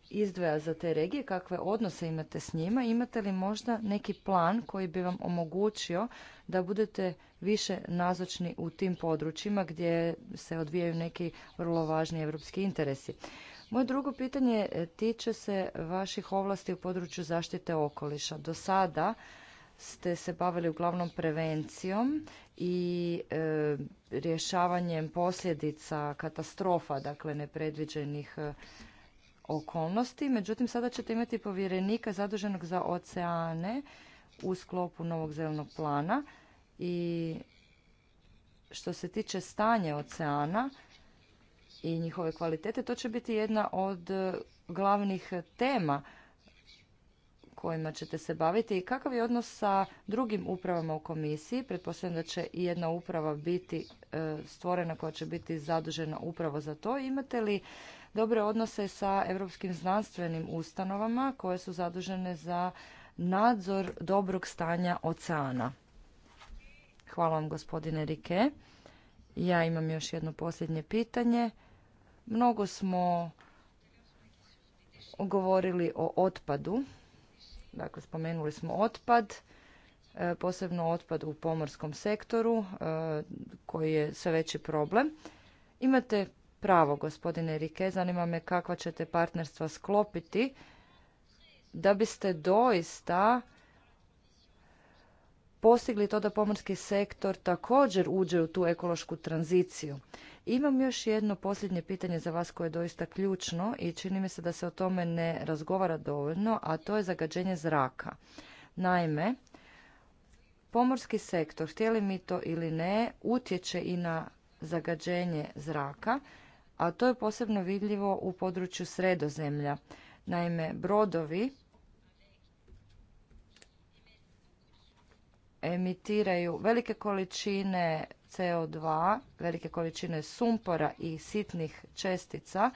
izdvaja za te regije, kakve odnose imate s njima, imate li možda neki plan koji bi vam omogućio da budete više nazočni u tim područjima gdje se odvijaju neki vrlo važni europski interesi. Moje drugo pitanje e, tiče se vaših ovlasti u području zaštite okoliša. Do sada ste se bavili uglavnom prevencijom i e, rješavanjem posljedica katastrofa, dakle nepredviđenih e, okolnosti, međutim sada ćete imati povjerenika zaduženog za oceane u sklopu novog zelenog plana i što se tiče stanje oceana i njihove kvalitete, to će biti jedna od e, glavnih tema kojima ćete se baviti i kakav je odnos sa drugim upravama u komisiji. Pretpostavljam da će i jedna uprava biti e, stvorena koja će biti zadužena upravo za to. Imate li dobre odnose sa europskim znanstvenim ustanovama koje su zadužene za nadzor dobrog stanja oceana. Hvala vam gospodine Rike. Ja imam još jedno posljednje pitanje. Mnogo smo govorili o otpadu. Dakle, spomenuli smo otpad, e, posebno otpad u pomorskom sektoru e, koji je sve veći problem. Imate pravo, gospodine Rike. Zanima me kakva ćete partnerstva sklopiti da biste doista postigli to da pomorski sektor također uđe u tu ekološku tranziciju. Imam još jedno posljednje pitanje za vas koje je doista ključno i čini mi se da se o tome ne razgovara dovoljno, a to je zagađenje zraka. Naime, pomorski sektor, htjeli mi to ili ne, utječe i na zagađenje zraka a to je posebno vidljivo u području sredozemlja. Naime, brodovi emitiraju velike količine CO2, velike količine sumpora i sitnih čestica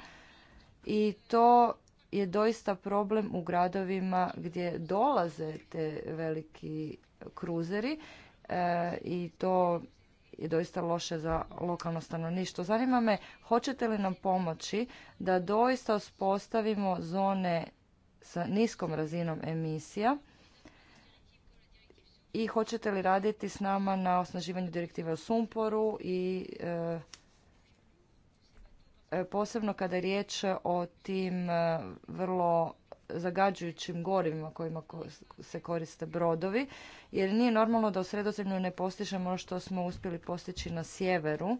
i to je doista problem u gradovima gdje dolaze te veliki kruzeri e, i to i doista loše za lokalno stanovništvo. Zanima me, hoćete li nam pomoći da doista uspostavimo zone sa niskom razinom emisija i hoćete li raditi s nama na osnaživanju direktive o sumporu i e, e, posebno kada je riječ o tim e, vrlo zagađujućim gorivima kojima se koriste brodovi, jer nije normalno da u sredozemlju ne postišemo ono što smo uspjeli postići na sjeveru,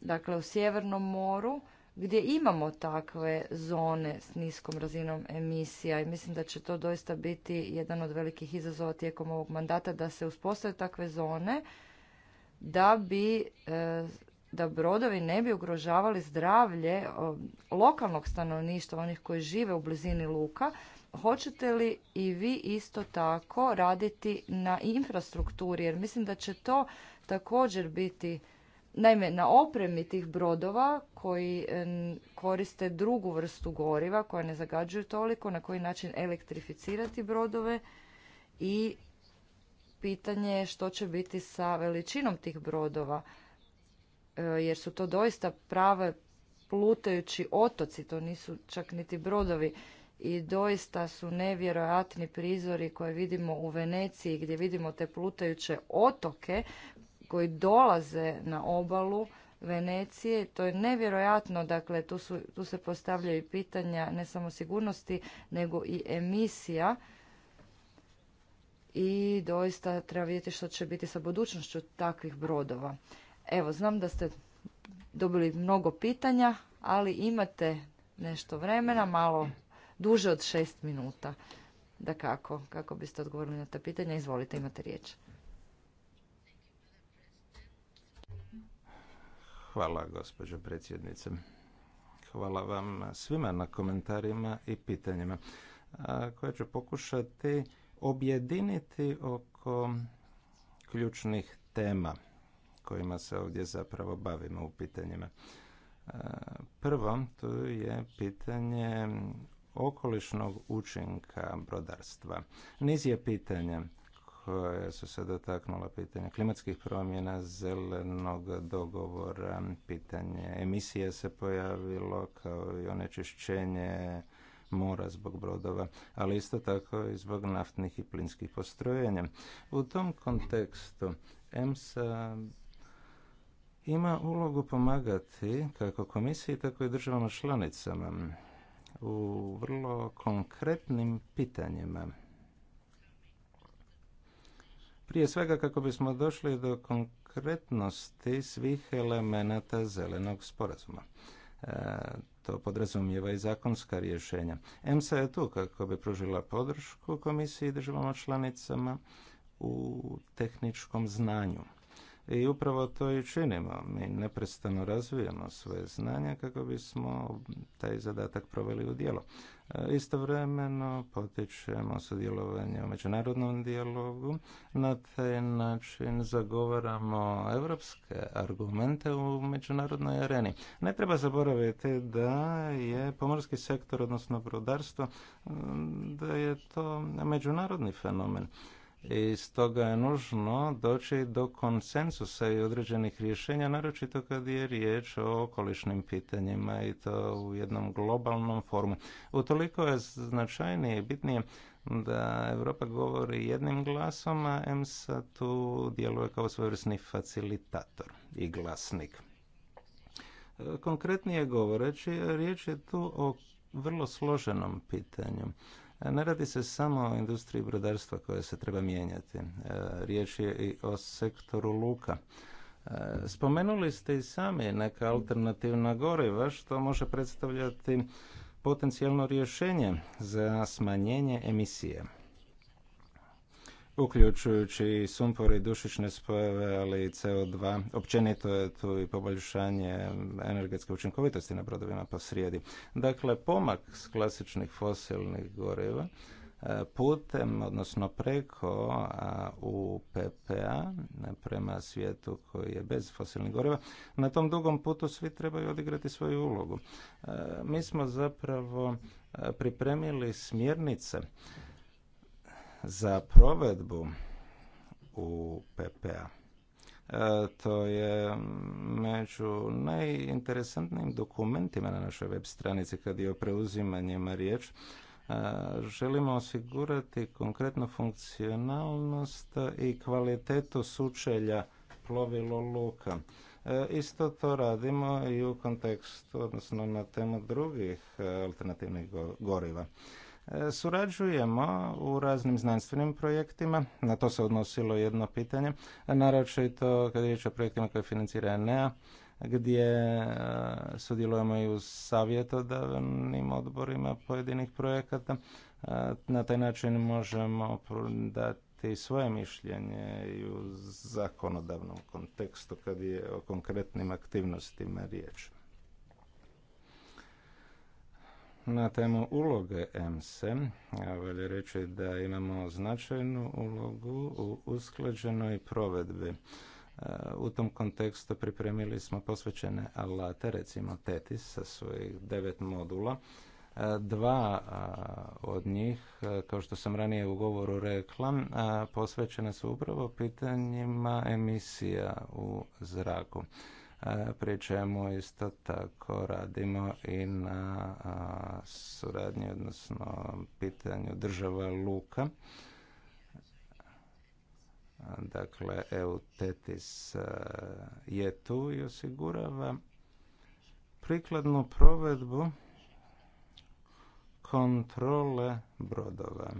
dakle u sjevernom moru, gdje imamo takve zone s niskom razinom emisija i mislim da će to doista biti jedan od velikih izazova tijekom ovog mandata da se uspostave takve zone da bi e, da brodovi ne bi ugrožavali zdravlje e, lokalnog stanovništva, onih koji žive u blizini luka, hoćete li i vi isto tako raditi na infrastrukturi? Jer mislim da će to također biti Naime, na opremi tih brodova koji e, koriste drugu vrstu goriva koja ne zagađuju toliko, na koji način elektrificirati brodove i pitanje je što će biti sa veličinom tih brodova. E, jer su to doista prave plutajući otoci, to nisu čak niti brodovi i doista su nevjerojatni prizori koje vidimo u Veneciji gdje vidimo te plutajuće otoke koji dolaze na obalu Venecije. To je nevjerojatno, dakle tu, su, tu se postavljaju pitanja ne samo sigurnosti nego i emisija i doista treba vidjeti što će biti sa budućnošću takvih brodova. Evo, znam da ste dobili mnogo pitanja, ali imate nešto vremena, malo duže od šest minuta. Da kako, kako biste odgovorili na ta pitanja, izvolite, imate riječ. Hvala, gospođo predsjednice. Hvala vam svima na komentarima i pitanjima koje ću pokušati objediniti oko ključnih tema kojima se ovdje zapravo bavimo u pitanjima. E, prvo, tu je pitanje okolišnog učinka brodarstva. Niz je pitanja koje su se dotaknula pitanja klimatskih promjena, zelenog dogovora, pitanje emisije se pojavilo kao i onečišćenje mora zbog brodova, ali isto tako i zbog naftnih i plinskih postrojenja. U tom kontekstu EMSA ima ulogu pomagati kako komisiji, tako i državama članicama u vrlo konkretnim pitanjima. Prije svega kako bismo došli do konkretnosti svih elemenata zelenog sporazuma. E, to podrazumijeva i zakonska rješenja. EMSA je tu kako bi pružila podršku komisiji i državama članicama u tehničkom znanju i upravo to i činimo. Mi neprestano razvijamo svoje znanja kako bismo taj zadatak proveli u djelo. E, istovremeno potičemo sudjelovanje u međunarodnom dijalogu. Na taj način zagovaramo evropske argumente u međunarodnoj areni. Ne treba zaboraviti da je pomorski sektor, odnosno brodarstvo, da je to međunarodni fenomen i stoga je nužno doći do konsensusa i određenih rješenja, naročito kad je riječ o okolišnim pitanjima i to u jednom globalnom formu. Utoliko je značajnije i bitnije da Europa govori jednim glasom, a EMSA tu djeluje kao svojevrsni facilitator i glasnik. Konkretnije govoreći, riječ je tu o vrlo složenom pitanju E, ne radi se samo o industriji brodarstva koja se treba mijenjati. E, riječ je i o sektoru luka. E, spomenuli ste i sami neka alternativna goriva što može predstavljati potencijalno rješenje za smanjenje emisije uključujući i sumpor dušične spojeve, ali i CO2. Općenito je tu i poboljšanje energetske učinkovitosti na brodovima po srijedi. Dakle, pomak s klasičnih fosilnih goriva e, putem, odnosno preko u ppa e, prema svijetu koji je bez fosilnih goriva, na tom dugom putu svi trebaju odigrati svoju ulogu. E, mi smo zapravo pripremili smjernice za provedbu u PPA. E, to je među najinteresantnijim dokumentima na našoj web stranici kad je o preuzimanjima riječ. E, želimo osigurati konkretnu funkcionalnost i kvalitetu sučelja plovilo luka. E, isto to radimo i u kontekstu, odnosno na temu drugih alternativnih goriva. Surađujemo u raznim znanstvenim projektima, na to se odnosilo jedno pitanje, to kad je riječ o projektima koje financira NEA, gdje e, sudjelujemo i u savjetodavnim odborima pojedinih projekata. E, na taj način možemo dati svoje mišljenje i u zakonodavnom kontekstu kad je o konkretnim aktivnostima riječ. Na temu uloge EMSE, valja reći da imamo značajnu ulogu u usklađenoj provedbi. E, u tom kontekstu pripremili smo posvećene alate, recimo TETIS sa svojih devet modula. E, dva od njih, e, kao što sam ranije u govoru rekla, posvećene su upravo pitanjima emisija u zraku pri čemu isto tako radimo i na suradnji, odnosno pitanju država Luka. Dakle, EUTETIS TETIS je tu i osigurava prikladnu provedbu kontrole brodova.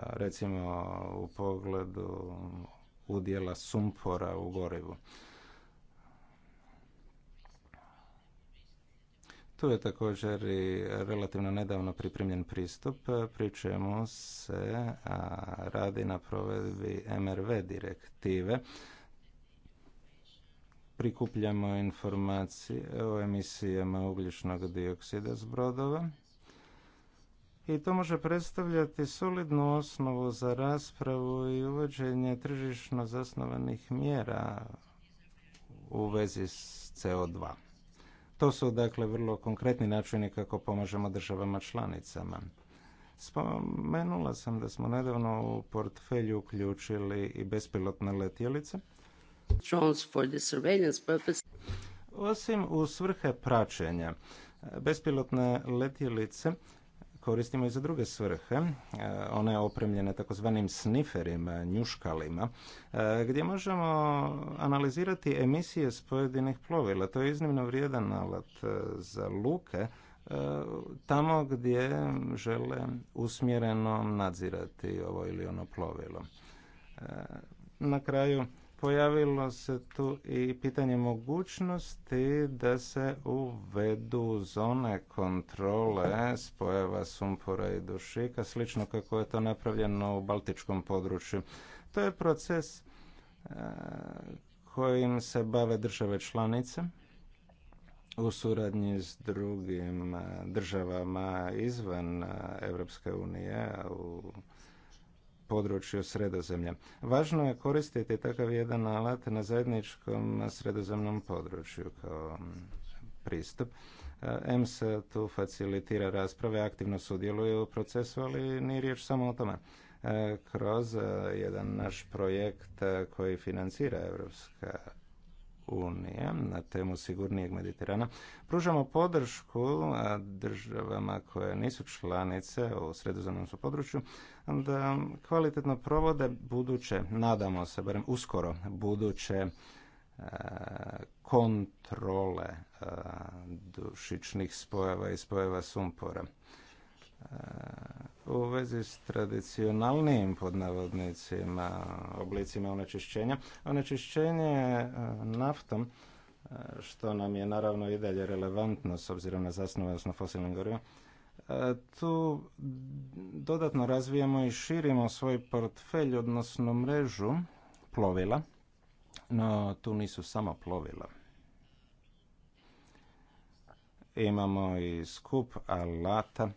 Recimo u pogledu udjela sumpora u gorivu. Tu je također i relativno nedavno pripremljen pristup, pri čemu se radi na provedbi MRV direktive. Prikupljamo informacije o emisijama ugljičnog dioksida s brodova i to može predstavljati solidnu osnovu za raspravu i uvođenje tržišno zasnovanih mjera u vezi s CO2. To su dakle vrlo konkretni načini kako pomažemo državama članicama. Spomenula sam da smo nedavno u portfelju uključili i bespilotne letjelice. Osim u svrhe praćenja, bespilotne letjelice koristimo i za druge svrhe. E, Ona je opremljena takozvanim sniferima, e, njuškalima, e, gdje možemo analizirati emisije s pojedinih plovila. To je iznimno vrijedan alat za luke, tamo gdje žele usmjereno nadzirati ovo ili ono plovilo. Na kraju, pojavilo se tu i pitanje mogućnosti da se uvedu zone kontrole spojeva sumpora i dušika, slično kako je to napravljeno u baltičkom području. To je proces e, kojim se bave države članice u suradnji s drugim e, državama izvan e, Evropske unije u području sredozemlja. Važno je koristiti takav jedan alat na zajedničkom sredozemnom području kao pristup. EMS tu facilitira rasprave, aktivno sudjeluje u procesu, ali nije riječ samo o tome. E, kroz e, jedan naš projekt e, koji financira Europska unije na temu sigurnijeg Mediterana. Pružamo podršku državama koje nisu članice u sredozemnom su području da kvalitetno provode buduće, nadamo se, barem uskoro, buduće kontrole dušičnih spojeva i spojeva sumpora u vezi s tradicionalnim podnavodnicima, oblicima onečišćenja. Onečišćenje e, naftom, e, što nam je naravno i dalje relevantno s obzirom na zasnovanost na fosilnim gorivima, e, tu dodatno razvijamo i širimo svoj portfelj, odnosno mrežu plovila, no tu nisu samo plovila. Imamo i skup alata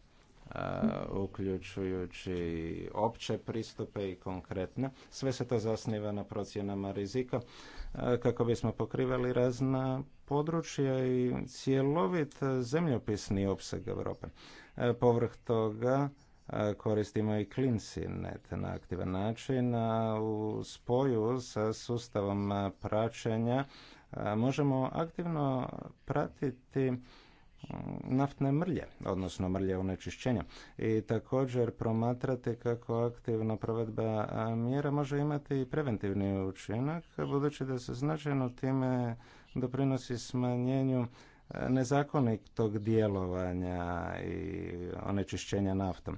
Uh, uključujući opće pristupe i konkretne. Sve se to zasniva na procjenama rizika uh, kako bismo pokrivali razna područja i cjelovit zemljopisni opseg Europe. Uh, povrh toga koristimo i net na aktivan način, a u spoju sa sustavom praćenja možemo aktivno pratiti naftne mrlje, odnosno mrlje onečišćenja. I također promatrate kako aktivna provedba mjera može imati i preventivni učinak, budući da se značajno time doprinosi smanjenju nezakonitog djelovanja i onečišćenja naftom.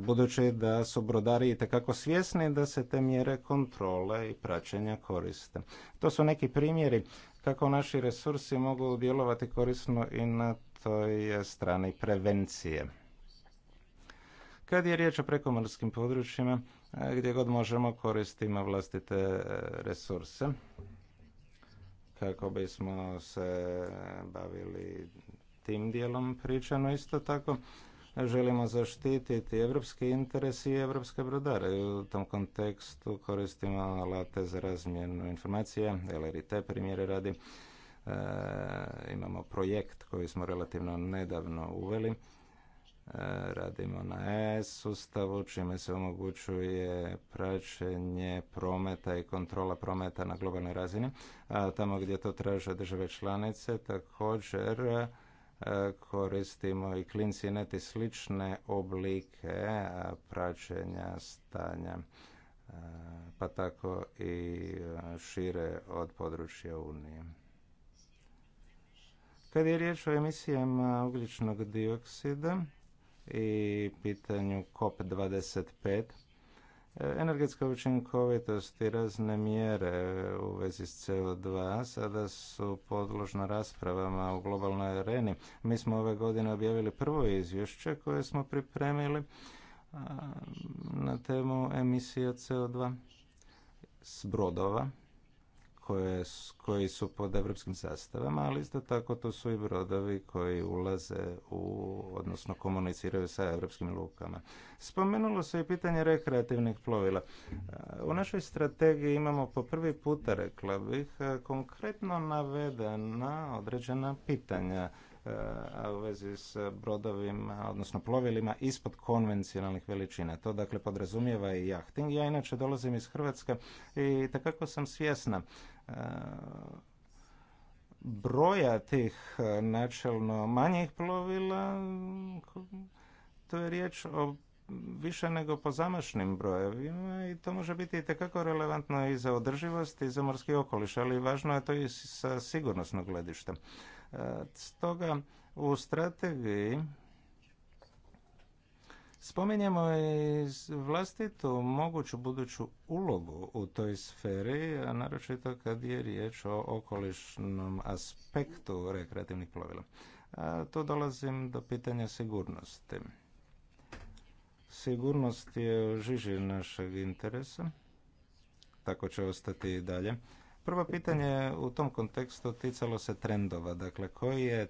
Budući da su brodari itekako svjesni da se te mjere kontrole i praćenja koriste. To su neki primjeri kako naši resursi mogu djelovati korisno i na toj strani prevencije. Kad je riječ o prekomorskim područjima, e, gdje god možemo koristimo vlastite e, resurse kako bismo se bavili tim dijelom no isto tako želimo zaštititi evropski interes i evropske brodare. U tom kontekstu koristimo alate za razmjenu informacije. LRT primjere radi. E, imamo projekt koji smo relativno nedavno uveli. E, radimo na e-sustavu, čime se omogućuje praćenje prometa i kontrola prometa na globalnoj razini. A tamo gdje to traže države članice, također E, koristimo i klinci i slične oblike e, praćenja stanja e, pa tako i šire od područja Unije. Kad je riječ o emisijama ugljičnog dioksida i pitanju COP25, Energetska učinkovitost i razne mjere u vezi s CO2 sada su podložna raspravama u globalnoj areni. Mi smo ove godine objavili prvo izvješće koje smo pripremili na temu emisija CO2 s brodova koje, koji su pod evropskim sastavama, ali isto tako to su i brodovi koji ulaze u, odnosno komuniciraju sa evropskim lukama. Spomenulo se i pitanje rekreativnih plovila. E, u našoj strategiji imamo po prvi puta, rekla bih, e, konkretno navedena određena pitanja E, a u vezi s brodovima, odnosno plovilima ispod konvencionalnih veličina. To dakle podrazumijeva i jahting. Ja inače dolazim iz Hrvatske i takako sam svjesna e, broja tih e, načelno manjih plovila, to je riječ o više nego po zamašnim brojevima i to može biti itekako relevantno i za održivost i za morski okoliš, ali važno je to i sa sigurnosnog gledišta. E, stoga u strategiji Spominjemo i vlastitu moguću buduću ulogu u toj sferi, a naročito kad je riječ o okolišnom aspektu rekreativnih plovila. A e, tu dolazim do pitanja sigurnosti. Sigurnost je žiži našeg interesa, tako će ostati i dalje. Prvo pitanje u tom kontekstu ticalo se trendova. Dakle, koji je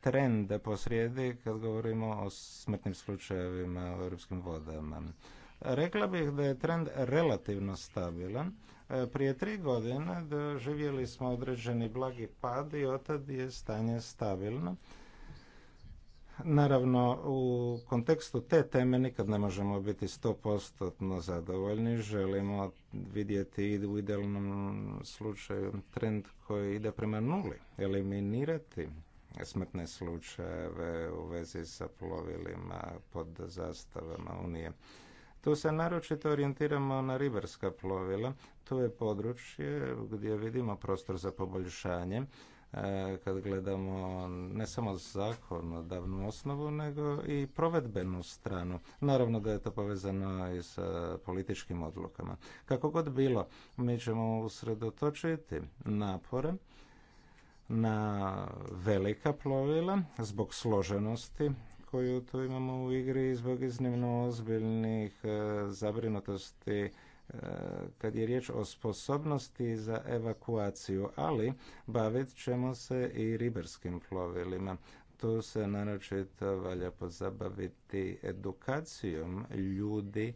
trend posrijedi kad govorimo o smrtnim slučajevima u europskim vodama? Rekla bih da je trend relativno stabilan. E, prije tri godine doživjeli smo određeni blagi pad i tad je stanje stabilno. Naravno, u kontekstu te teme nikad ne možemo biti sto postotno zadovoljni. Želimo vidjeti u idealnom slučaju trend koji ide prema nuli. Eliminirati smrtne slučajeve u vezi sa plovilima pod zastavama Unije. Tu se naročito orijentiramo na ribarska plovila. To je područje gdje vidimo prostor za poboljšanje E, kad gledamo ne samo zakonodavnu osnovu nego i provedbenu stranu. Naravno da je to povezano i sa političkim odlukama. Kako god bilo, mi ćemo usredotočiti napore na velika plovila zbog složenosti koju tu imamo u igri i zbog iznimno ozbiljnih e, zabrinutosti kad je riječ o sposobnosti za evakuaciju, ali bavit ćemo se i ribarskim plovilima. Tu se naročito valja pozabaviti edukacijom ljudi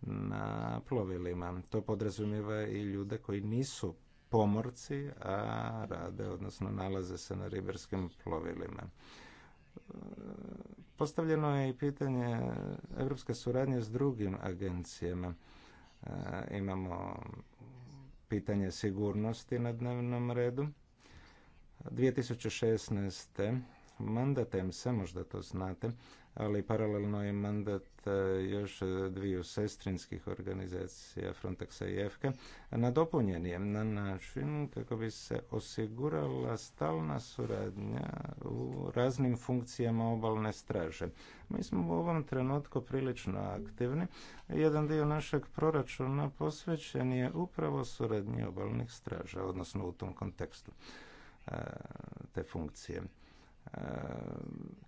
na plovilima. To podrazumijeva i ljude koji nisu pomorci, a rade, odnosno nalaze se na ribarskim plovilima. Postavljeno je i pitanje evropske suradnje s drugim agencijama E, imamo pitanje sigurnosti na dnevnom redu. 2016. mandatem se, možda to znate, ali paralelno je mandat e, još e, dviju sestrinskih organizacija Frontexa i EFKA nadopunjen je na način kako bi se osigurala stalna suradnja u raznim funkcijama obalne straže. Mi smo u ovom trenutku prilično aktivni. Jedan dio našeg proračuna posvećen je upravo suradnji obalnih straža, odnosno u tom kontekstu e, te funkcije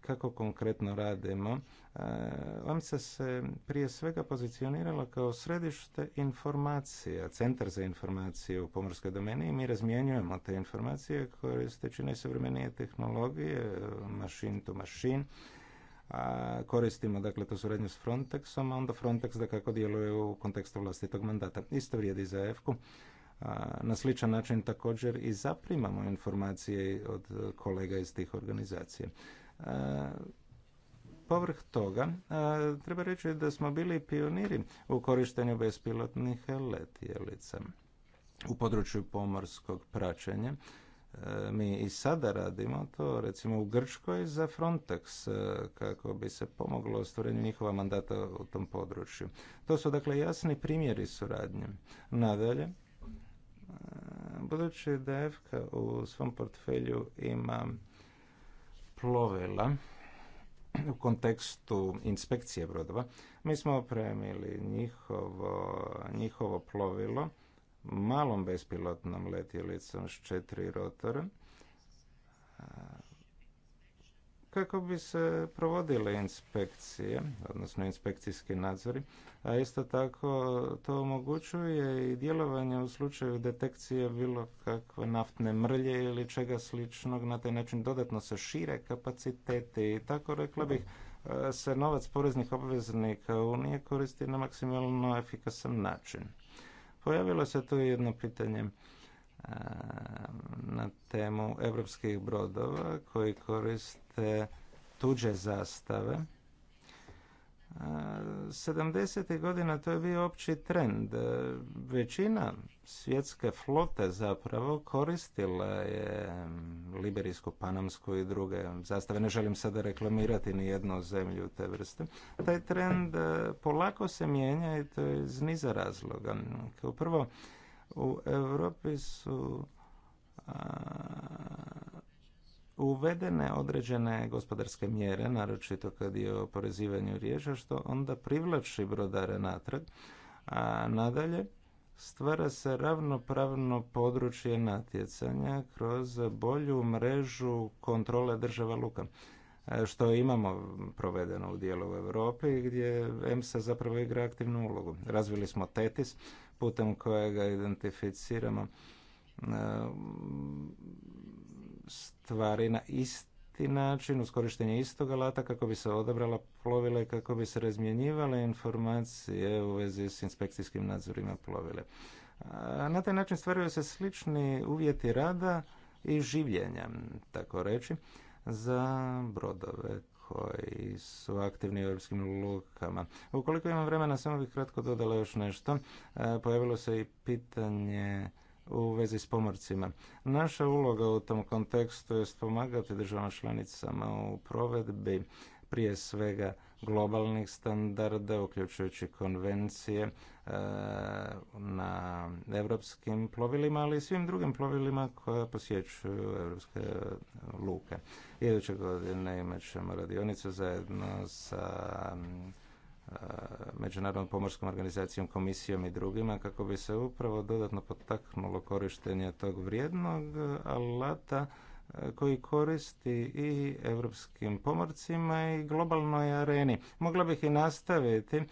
kako konkretno radimo. Vam e, se prije svega pozicionirala kao središte informacija, centar za informacije u pomorskoj domeni i mi razmjenjujemo te informacije koristeći najsuvremenije tehnologije, machine to machine, a koristimo dakle tu suradnju s Frontexom, a onda Frontex da kako djeluje u kontekstu vlastitog mandata. Isto vrijedi za EFKU na sličan način također i zaprimamo informacije od kolega iz tih organizacija. Povrh toga, treba reći da smo bili pioniri u korištenju bespilotnih letjelica u području pomorskog praćenja. Mi i sada radimo to, recimo u Grčkoj za Frontex, kako bi se pomoglo ostvarenju njihova mandata u tom području. To su dakle jasni primjeri suradnje. Nadalje, Budući da u svom portfelju ima plovila u kontekstu inspekcije brodova, mi smo opremili njihovo, njihovo plovilo malom bespilotnom letjelicom s četiri rotora kako bi se provodile inspekcije, odnosno inspekcijski nadzori, a isto tako to omogućuje i djelovanje u slučaju detekcije bilo kakve naftne mrlje ili čega sličnog. Na taj način dodatno se šire kapacitete i tako rekla bih se novac poreznih obveznika Unije koristi na maksimalno efikasan način. Pojavilo se tu jedno pitanje e, na temu evropskih brodova koji koriste te tuđe zastave. 70. godina to je bio opći trend. Većina svjetske flote zapravo koristila je liberijsku, panamsku i druge zastave. Ne želim sada reklamirati ni jednu zemlju te vrste. Taj trend e, polako se mijenja i to je iz niza razloga. Kao prvo, u Europi su uvedene određene gospodarske mjere, naročito kad je o oporezivanju riješa, što onda privlači brodare natrag. A nadalje, stvara se ravnopravno područje natjecanja kroz bolju mrežu kontrole država luka e, što imamo provedeno u dijelu u Europi gdje EMSA zapravo igra aktivnu ulogu. Razvili smo TETIS putem kojega identificiramo e, Tvari na isti način uz korištenje istog alata kako bi se odabrala plovila i kako bi se razmjenjivale informacije u vezi s inspekcijskim nadzorima plovile. Na taj način stvaraju se slični uvjeti rada i življenja, tako reći, za brodove koji su aktivni u europskim lukama. Ukoliko imam vremena, samo bih kratko dodala još nešto. Pojavilo se i pitanje u vezi s pomorcima. Naša uloga u tom kontekstu je pomagati državama članicama u provedbi prije svega globalnih standarda, uključujući konvencije e, na evropskim plovilima, ali i svim drugim plovilima koja posjećuju evropske luke. Iduće godine imat ćemo radionice zajedno sa E, Međunarodnom pomorskom organizacijom, komisijom i drugima kako bi se upravo dodatno potaknulo korištenje tog vrijednog e, alata e, koji koristi i europskim pomorcima i globalnoj areni. Mogla bih i nastaviti.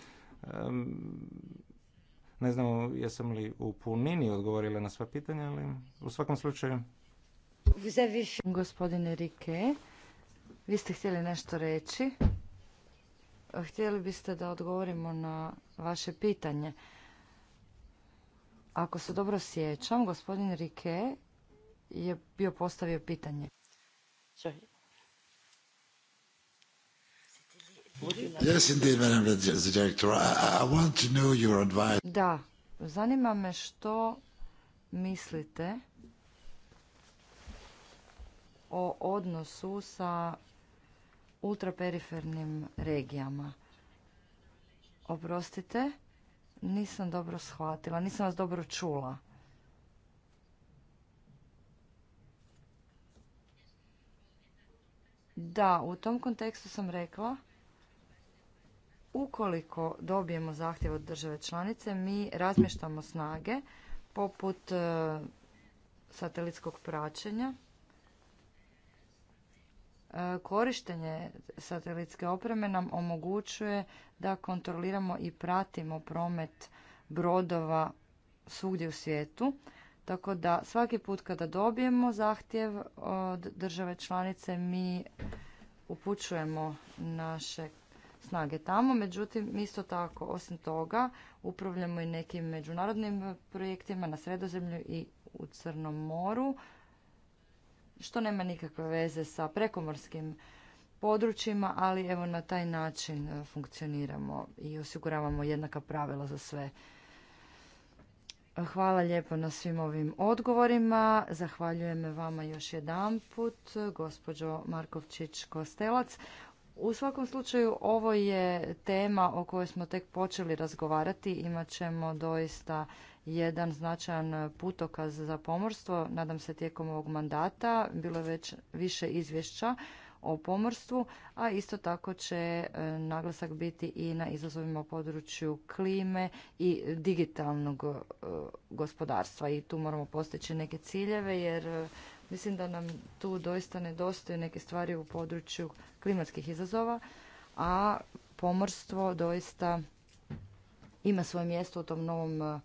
Ne znam jesam li u punini odgovorila na sva pitanja, ali u svakom slučaju... Gospodine Rike, vi ste htjeli nešto reći. Htjeli biste da odgovorimo na vaše pitanje. Ako se dobro sjećam, gospodin Rike je bio postavio pitanje. Da, zanima me što mislite o odnosu sa ultraperifernim regijama. Oprostite, nisam dobro shvatila, nisam vas dobro čula. Da, u tom kontekstu sam rekla, ukoliko dobijemo zahtjev od države članice, mi razmještamo snage poput e, satelitskog praćenja korištenje satelitske opreme nam omogućuje da kontroliramo i pratimo promet brodova svugdje u svijetu. Tako da svaki put kada dobijemo zahtjev od države članice mi upućujemo naše snage tamo. Međutim, isto tako, osim toga, upravljamo i nekim međunarodnim projektima na Sredozemlju i u Crnom moru što nema nikakve veze sa prekomorskim područjima, ali evo na taj način e, funkcioniramo i osiguravamo jednaka pravila za sve. Hvala lijepo na svim ovim odgovorima. Zahvaljujem vama još jedanput, gospođo Markovčić-Kostelac. U svakom slučaju ovo je tema o kojoj smo tek počeli razgovarati. Imaćemo ćemo doista jedan značajan putokaz za pomorstvo, nadam se tijekom ovog mandata, bilo je već više izvješća o pomorstvu, a isto tako će e, naglasak biti i na izazovima u području klime i digitalnog e, gospodarstva i tu moramo postići neke ciljeve jer e, mislim da nam tu doista nedostaju neke stvari u području klimatskih izazova, a pomorstvo doista ima svoje mjesto u tom novom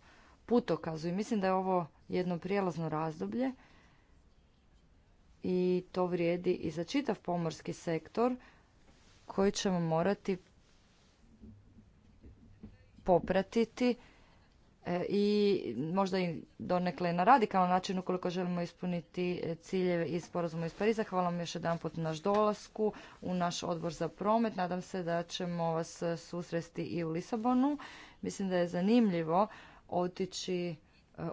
putokazu i mislim da je ovo jedno prijelazno razdoblje i to vrijedi i za čitav pomorski sektor koji ćemo morati popratiti e, i možda i donekle na radikalan način ukoliko želimo ispuniti e, ciljeve iz sporazuma iz Pariza. Hvala vam još jedanput na naš dolasku u naš odbor za promet. Nadam se da ćemo vas e, susresti i u Lisabonu. Mislim da je zanimljivo otići e,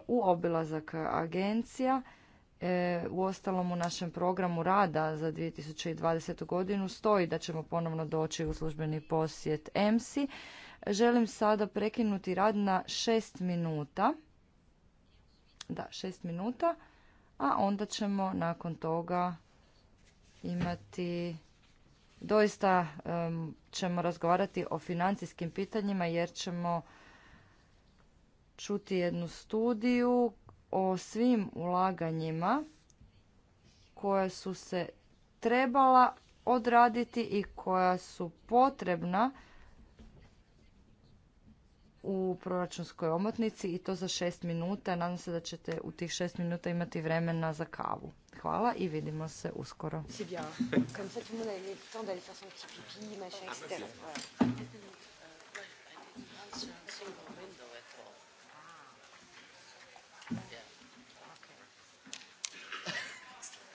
u obilazak agencija. E, u ostalom u našem programu rada za 2020. godinu stoji da ćemo ponovno doći u službeni posjet EMSI. Želim sada prekinuti rad na šest minuta. Da, šest minuta. A onda ćemo nakon toga imati... Doista ćemo razgovarati o financijskim pitanjima jer ćemo čuti jednu studiju o svim ulaganjima koja su se trebala odraditi i koja su potrebna u proračunskoj omotnici i to za šest minuta. Nadam se da ćete u tih šest minuta imati vremena za kavu. Hvala i vidimo se uskoro.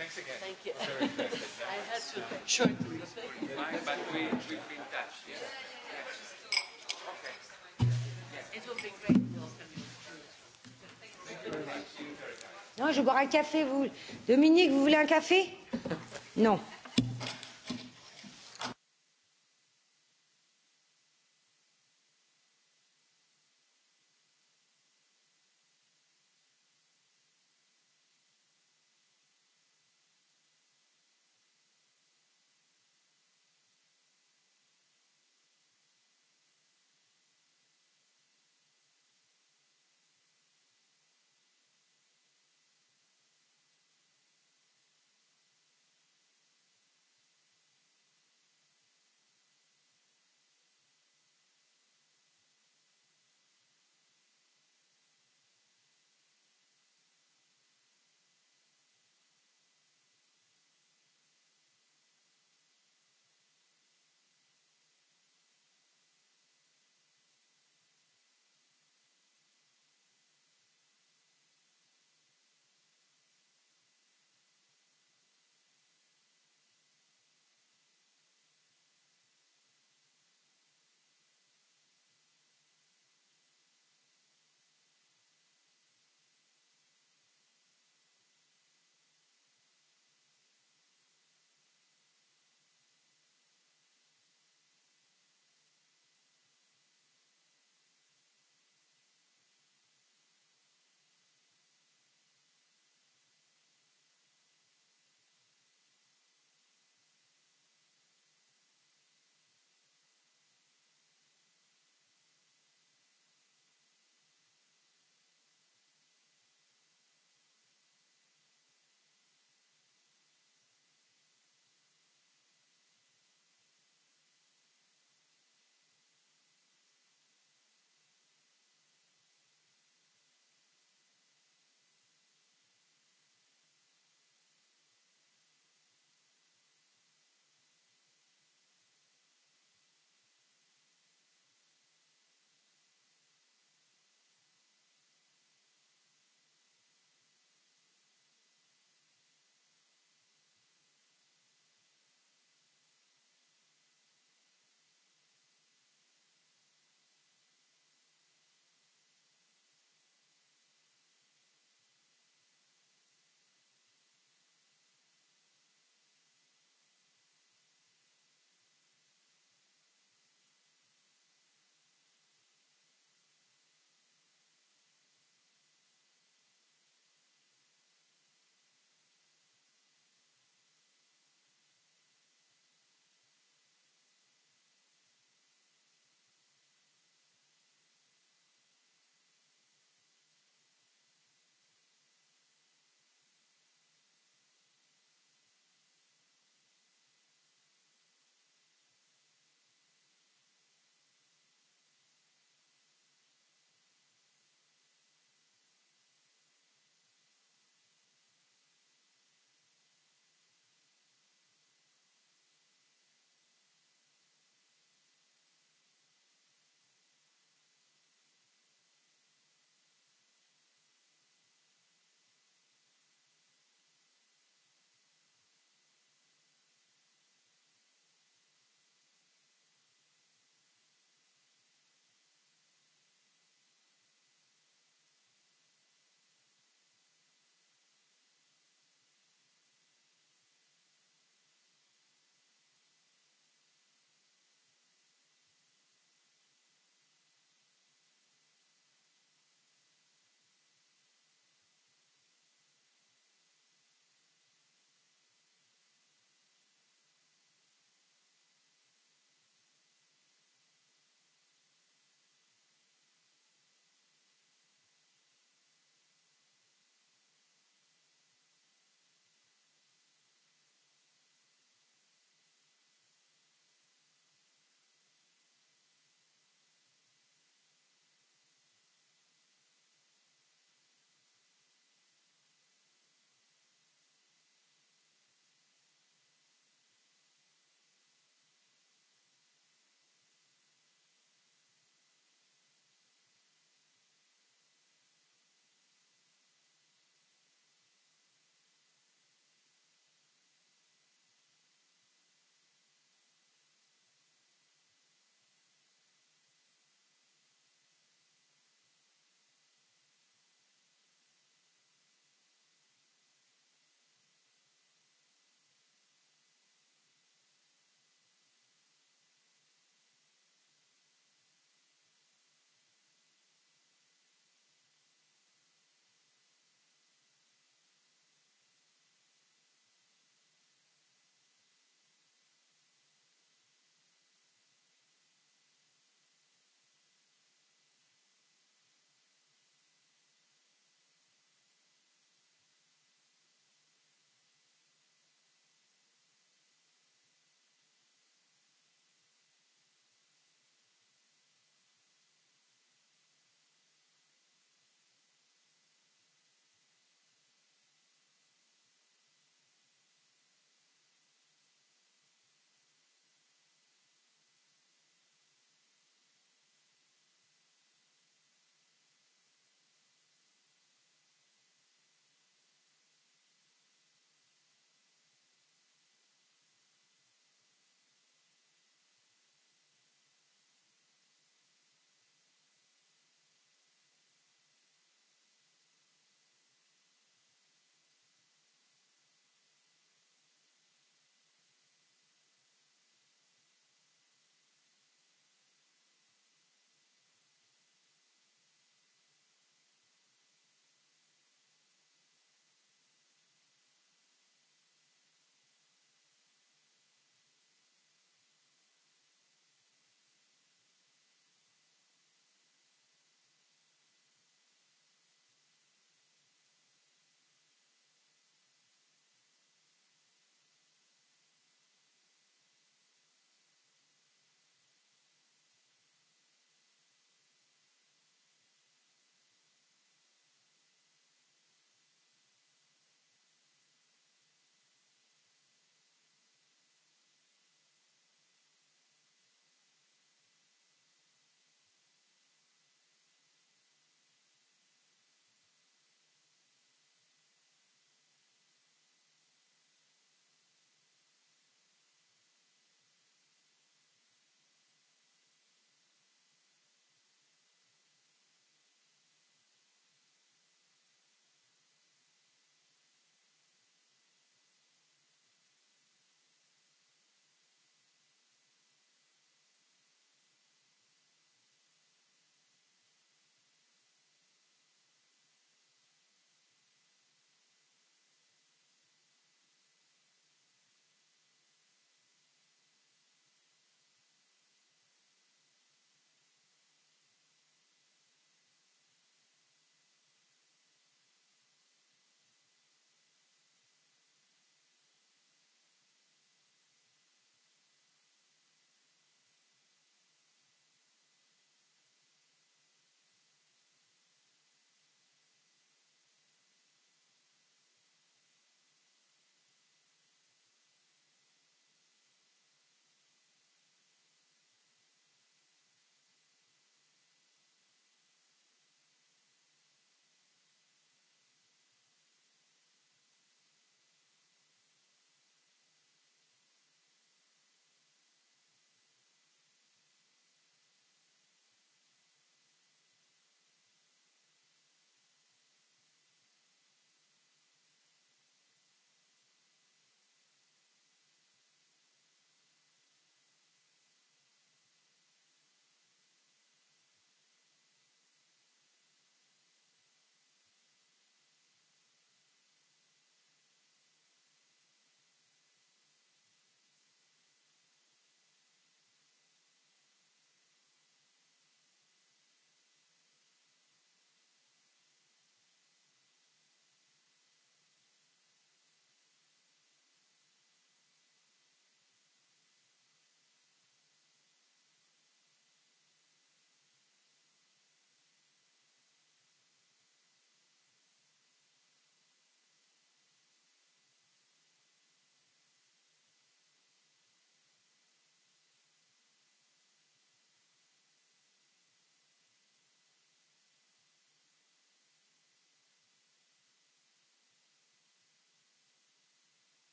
Thanks again. Thank you. I had to yeah. Non, je bois un café. Vous, Dominique, vous voulez un café Non.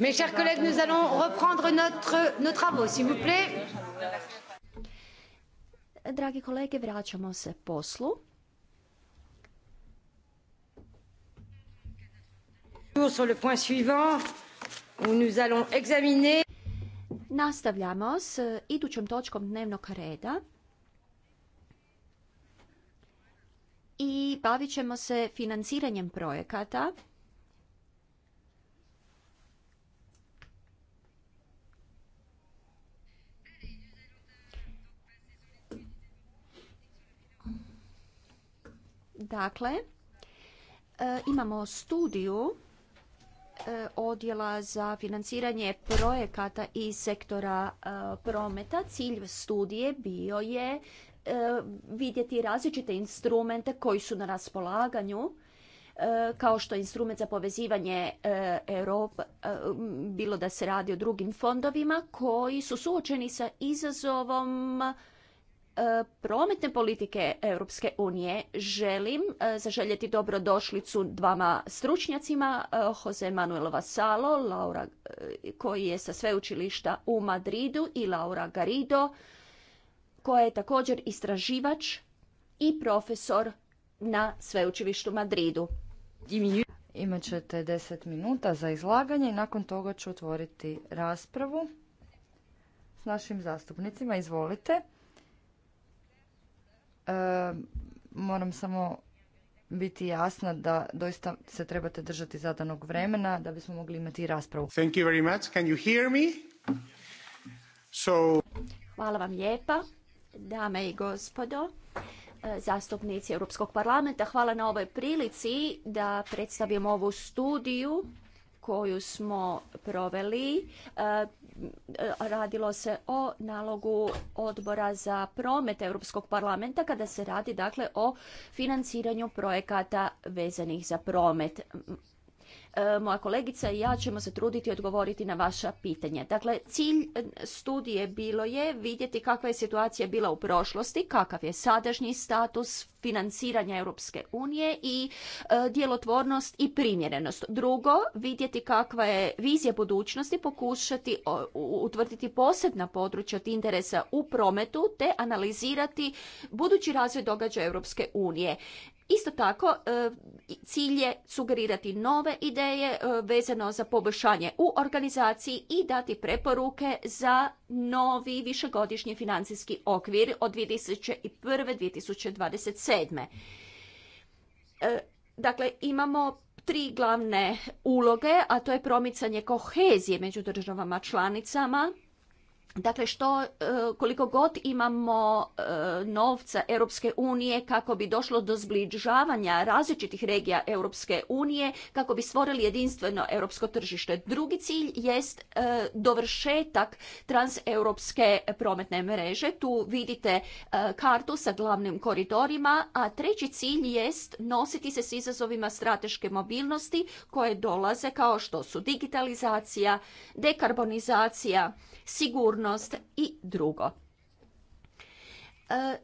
Mes chers collègues, nous allons reprendre notre, nos travaux, s'il vous plaît. Dragi kolege, vraćamo se poslu. Sur le point suivant, où nous allons examiner... Nastavljamo s idućom točkom dnevnog reda. I bavit ćemo se financiranjem projekata Dakle, e, imamo studiju e, odjela za financiranje projekata i sektora e, prometa. Cilj studije bio je vidjeti različite instrumente koji su na raspolaganju kao što je instrument za povezivanje Europe, bilo da se radi o drugim fondovima, koji su suočeni sa izazovom E, prometne politike Europske unije želim e, zaželjeti dobrodošlicu dvama stručnjacima, e, Jose Manuel Vasalo, Laura, koji je sa sveučilišta u Madridu i Laura Garrido, koja je također istraživač i profesor na sveučilištu Madridu. Imat ćete deset minuta za izlaganje i nakon toga ću otvoriti raspravu s našim zastupnicima. Izvolite. E, moram samo biti jasna da doista se trebate držati zadanog vremena da bismo mogli imati raspravu. Thank you very much. Can you hear me? So... Hvala vam lijepa, dame i gospodo e, zastupnici Europskog parlamenta. Hvala na ovoj prilici da predstavim ovu studiju koju smo proveli eh, radilo se o nalogu odbora za promet Europskog parlamenta kada se radi dakle o financiranju projekata vezanih za promet. E, moja kolegica i ja ćemo se truditi odgovoriti na vaša pitanja. Dakle, cilj e, studije bilo je vidjeti kakva je situacija bila u prošlosti, kakav je sadašnji status financiranja Europske unije i e, djelotvornost i primjerenost. Drugo, vidjeti kakva je vizija budućnosti, pokušati utvrditi posebna područja od interesa u prometu te analizirati budući razvoj događaja Europske unije. Isto tako, e, cilj je sugerirati nove ideje e, vezano za poboljšanje u organizaciji i dati preporuke za novi višegodišnji financijski okvir od 2001. 2027. E, dakle, imamo tri glavne uloge, a to je promicanje kohezije među državama članicama, Dakle, što, e, koliko god imamo e, novca Europske unije kako bi došlo do zbližavanja različitih regija Europske unije, kako bi stvorili jedinstveno europsko tržište. Drugi cilj jest e, dovršetak transeuropske prometne mreže. Tu vidite kartu sa glavnim koridorima, a treći cilj jest nositi se s izazovima strateške mobilnosti koje dolaze kao što su digitalizacija, dekarbonizacija, sigurnost, sigurnost i drugo. E,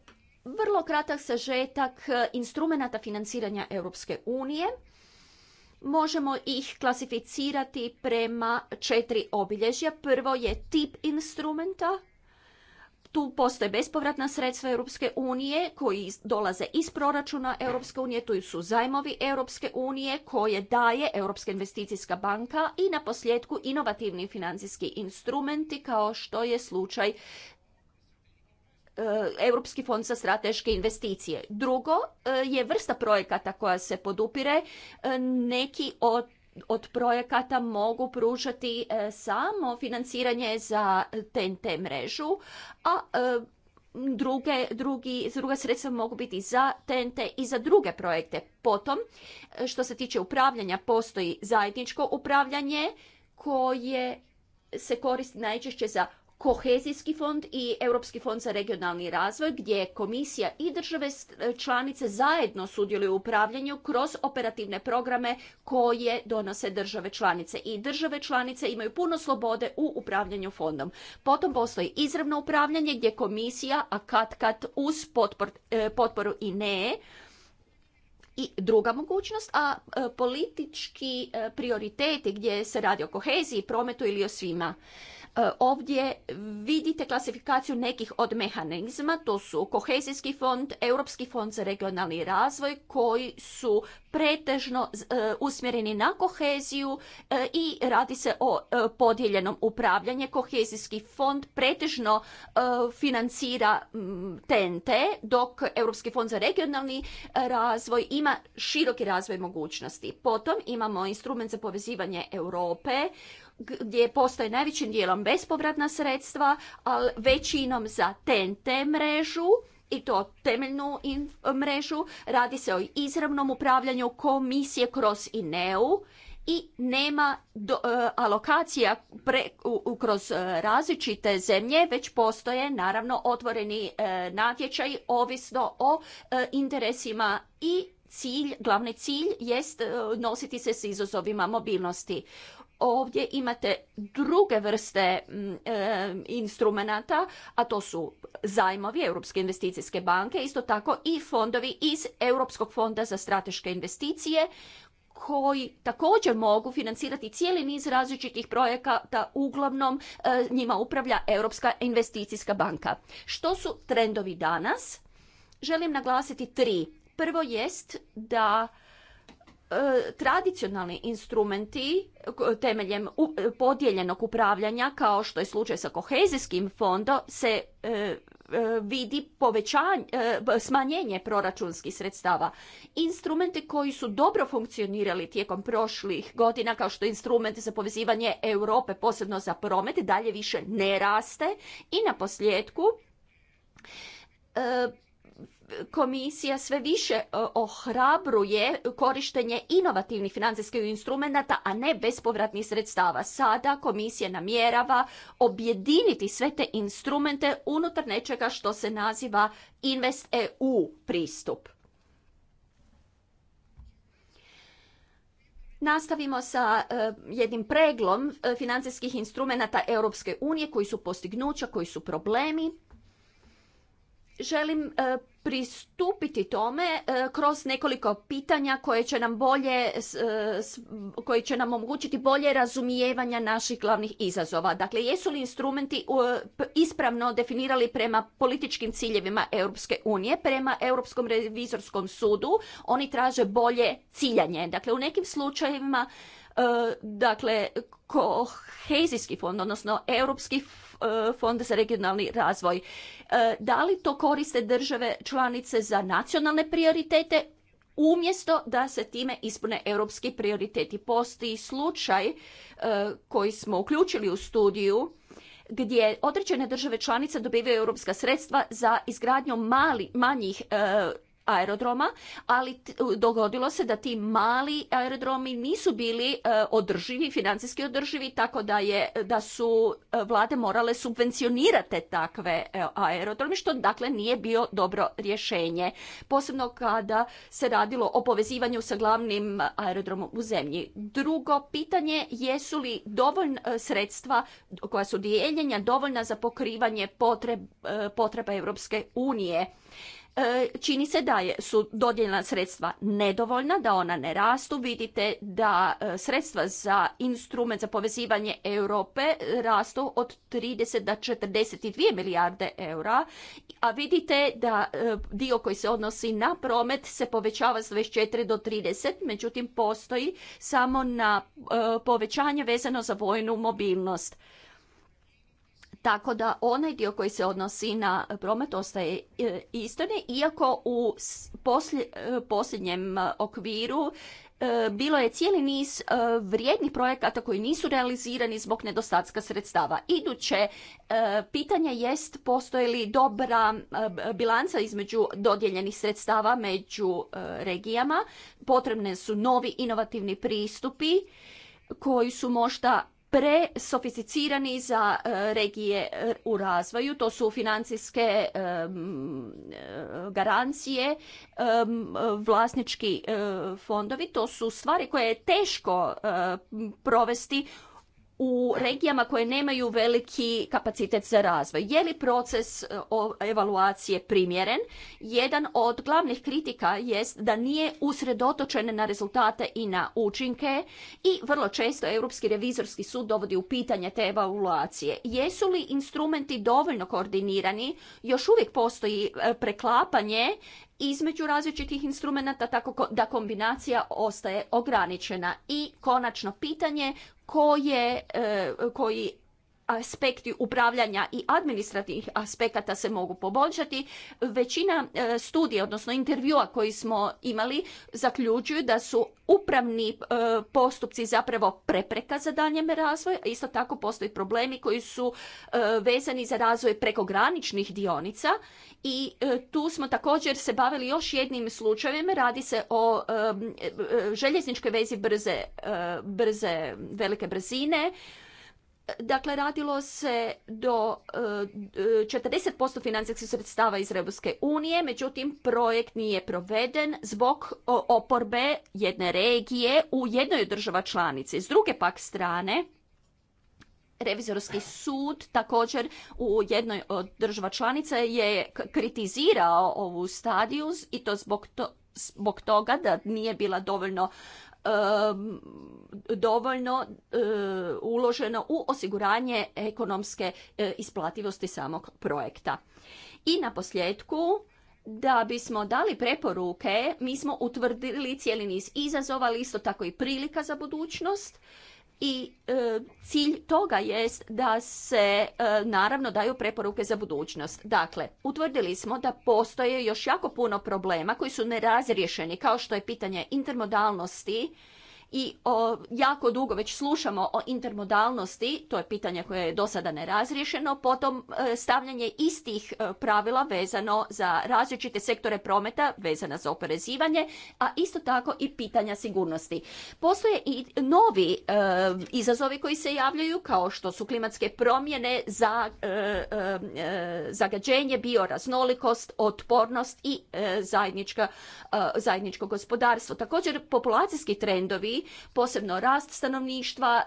vrlo kratak sažetak e, instrumenata financiranja Europske unije. Možemo ih klasificirati prema četiri obilježja. Prvo je tip instrumenta, tu postoje bespovratna sredstva Europske unije koji dolaze iz proračuna Europske unije, tu su zajmovi Europske unije koje daje Europska investicijska banka i na posljedku inovativni financijski instrumenti kao što je slučaj e, Europski fond za strateške investicije. Drugo e, je vrsta projekata koja se podupire. E, neki od od projekata mogu pružati e, samo financiranje za TNT mrežu, a e, druge, drugi, druga sredstva mogu biti za TNT i za druge projekte. Potom, e, što se tiče upravljanja, postoji zajedničko upravljanje koje se koristi najčešće za kohezijski fond i Europski fond za regionalni razvoj gdje komisija i države članice zajedno sudjeluju u upravljanju kroz operativne programe koje donose države članice i države članice imaju puno slobode u upravljanju fondom. Potom postoji izravno upravljanje gdje komisija, a kad kad uz e, potporu i ne, i druga mogućnost, a e, politički e, prioriteti gdje se radi o koheziji, prometu ili o svima. E, ovdje vidite klasifikaciju nekih od mehanizma, to su kohezijski fond, Europski fond za regionalni razvoj koji su pretežno e, usmjereni na koheziju e, i radi se o podijeljenom upravljanje. Kohezijski fond pretežno financira TNT, dok Europski fond za regionalni razvoj ima široki razvoj mogućnosti. Potom imamo instrument za povezivanje Europe gdje postoje najvećim dijelom bespovratna sredstva, ali većinom za TNT mrežu i to temeljnu mrežu. Radi se o izravnom upravljanju komisije kroz INEU i nema e, alokacija kroz e, različite zemlje, već postoje naravno otvoreni e, natječaj ovisno o interesima i cilj, glavni cilj jest nositi se s izazovima mobilnosti ovdje imate druge vrste e, instrumenata, a to su zajmovi Europske investicijske banke, isto tako i fondovi iz Europskog fonda za strateške investicije koji također mogu financirati cijeli niz različitih projekata, uglavnom eh, njima upravlja Europska investicijska banka. Što su trendovi danas? Želim naglasiti tri. Prvo jest da E, tradicionalni instrumenti e, temeljem e, podijeljenog upravljanja kao što je slučaj sa kohezijskim fondom se vidi povećanje, smanjenje proračunskih sredstava. Instrumenti koji su dobro funkcionirali tijekom prošlih godina, kao što je instrument za povezivanje Europe, posebno za promet, dalje više ne raste. I na posljedku, komisija sve više e, ohrabruje korištenje inovativnih financijskih instrumenata, a ne bespovratnih sredstava. Sada komisija namjerava objediniti sve te instrumente unutar nečega što se naziva Invest EU pristup. Nastavimo sa e, jednim preglom e, financijskih instrumenata Europske unije koji su postignuća, koji su problemi. Želim pristupiti tome e, kroz nekoliko pitanja koje će nam bolje e, koji će nam omogućiti bolje razumijevanja naših glavnih izazova. Dakle, jesu li instrumenti ispravno definirali prema političkim ciljevima Europske unije, prema Europskom revizorskom sudu, oni traže bolje ciljanje. Dakle, u nekim slučajevima E, dakle, kohezijski fond, odnosno Europski e, fond za regionalni razvoj. E, da li to koriste države članice za nacionalne prioritete umjesto da se time ispune europski prioriteti? Postoji slučaj koji smo uključili u studiju gdje određene države članice dobivaju europska sredstva za izgradnju mali, manjih aerodroma, ali dogodilo se da ti mali aerodromi nisu bili e, održivi, financijski održivi, tako da, je, da su e, vlade morale subvencionirati takve e, aerodrome, što dakle nije bio dobro rješenje. Posebno kada se radilo o povezivanju sa glavnim aerodromom u zemlji. Drugo pitanje, jesu li dovoljna sredstva koja su dijeljenja dovoljna za pokrivanje potreba Europske unije? E, čini se da su dodijeljena sredstva nedovoljna, da ona ne rastu. Vidite da e, sredstva za instrument za povezivanje Europe rastu od 30 do 42 milijarde eura, a vidite da e, dio koji se odnosi na promet se povećava s 24 do 30, međutim postoji samo na povećanje vezano za vojnu mobilnost. Tako da onaj dio koji se odnosi na promet ostaje e, istan, iako u e, posljednjem okviru e, bilo je cijeli niz vrijednih projekata koji nisu realizirani zbog nedostatka sredstava. Iduće pitanje jest postoji li dobra bilanca između dodijeljenih sredstava među regijama. Potrebne su novi inovativni pristupi koji su možda presofisticirani za e, regije e, u razvoju. To su financijske e, garancije, vlasnički fondovi. To su stvari koje je teško provesti u regijama koje nemaju veliki kapacitet za razvoj. Je li proces e, evaluacije primjeren? Jedan od glavnih kritika jest da nije usredotočen na rezultate i na učinke i vrlo često Europski revizorski sud dovodi u pitanje te evaluacije. Jesu li instrumenti dovoljno koordinirani? Još uvijek postoji e, preklapanje između različitih instrumenata tako da kombinacija ostaje ograničena. I konačno pitanje koje, e, koji aspekti upravljanja i administrativnih aspekata se mogu poboljšati. Većina e, studija, odnosno intervjua koji smo imali, zaključuju da su upravni e, postupci zapravo prepreka za danjem razvoju, isto tako postoji problemi koji su e, vezani za razvoj prekograničnih dionica i tu smo također se bavili još jednim slučajem, radi se o željezničkoj vezi brze, brze velike brzine, Dakle, radilo se do 40% e, financijskih sredstava iz Europske unije, međutim projekt nije proveden zbog oporbe jedne regije u jednoj od država članice. S druge pak strane, Revizorski sud također u jednoj od država članica je kritizirao ovu stadiju i zbog, to, zbog toga da nije bila dovoljno dovoljno e, uloženo u osiguranje ekonomske e, isplativosti samog projekta. I na posljedku, da bismo dali preporuke, mi smo utvrdili cijeli niz izazova, ali isto tako i prilika za budućnost i e, cilj toga jest da se e, naravno daju preporuke za budućnost. Dakle, utvrdili smo da postoje još jako puno problema koji su nerazriješeni kao što je pitanje intermodalnosti i o, jako dugo već slušamo o intermodalnosti, to je pitanje koje je do sada nerazriješeno, potom e, stavljanje istih e, pravila vezano za različite sektore prometa, vezana za oporezivanje, a isto tako i pitanja sigurnosti. Postoje i novi e, izazovi koji se javljaju kao što su klimatske promjene, za, zagađenje, bioraznolikost, otpornost i zajednička, zajedničko gospodarstvo. Također populacijski trendovi posebno rast stanovništva,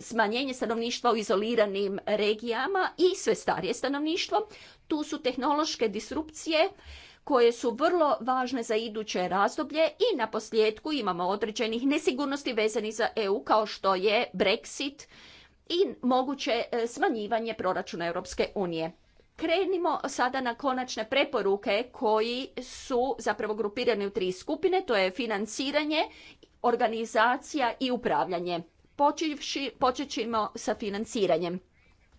smanjenje stanovništva u izoliranim regijama i sve starije stanovništvo. Tu su tehnološke disrupcije koje su vrlo važne za iduće razdoblje i na posljedku imamo određenih nesigurnosti vezanih za EU kao što je Brexit i moguće e, smanjivanje proračuna Europske unije. Krenimo sada na konačne preporuke koji su zapravo grupirane u tri skupine, to je financiranje organizacija i upravljanje. Počevši, počet ćemo sa financiranjem.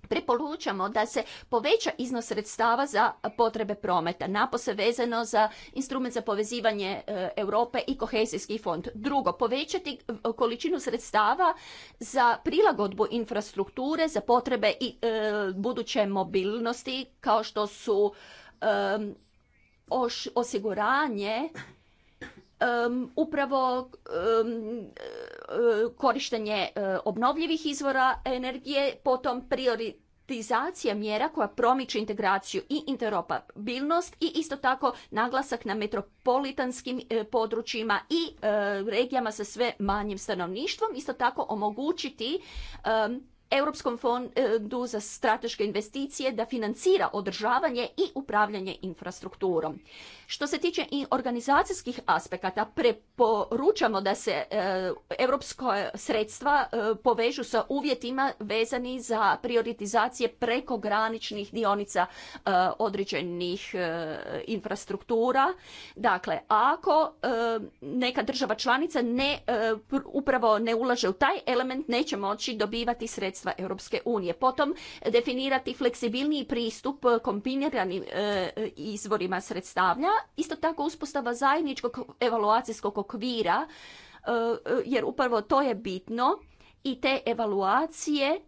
Preporučamo da se poveća iznos sredstava za potrebe prometa, napose vezano za instrument za povezivanje e, Europe i kohezijski fond. Drugo, povećati e, količinu sredstava za prilagodbu infrastrukture za potrebe i e, buduće mobilnosti kao što su osiguranje um, upravo um, uh, korištenje uh, obnovljivih izvora energije, potom prioritizacija mjera koja promiče integraciju i interoperabilnost i isto tako naglasak na metropolitanskim uh, područjima i regijama sa sve manjim stanovništvom, isto tako omogućiti um, Europskom fondu za strateške investicije da financira održavanje i upravljanje infrastrukturom. Što se tiče i organizacijskih aspekata, preporučamo da se e, europska sredstva e, povežu sa uvjetima vezani za prioritizacije prekograničnih dionica e, određenih infrastruktura. Dakle, ako neka država članica ne upravo ne ulaže u taj element, neće moći dobivati sredstva sredstva Europske unije. Potom definirati fleksibilniji pristup eh, kombiniranim eh, izvorima sredstavlja. Isto tako uspostava zajedničkog evaluacijskog okvira eh, jer upravo to je bitno i te evaluacije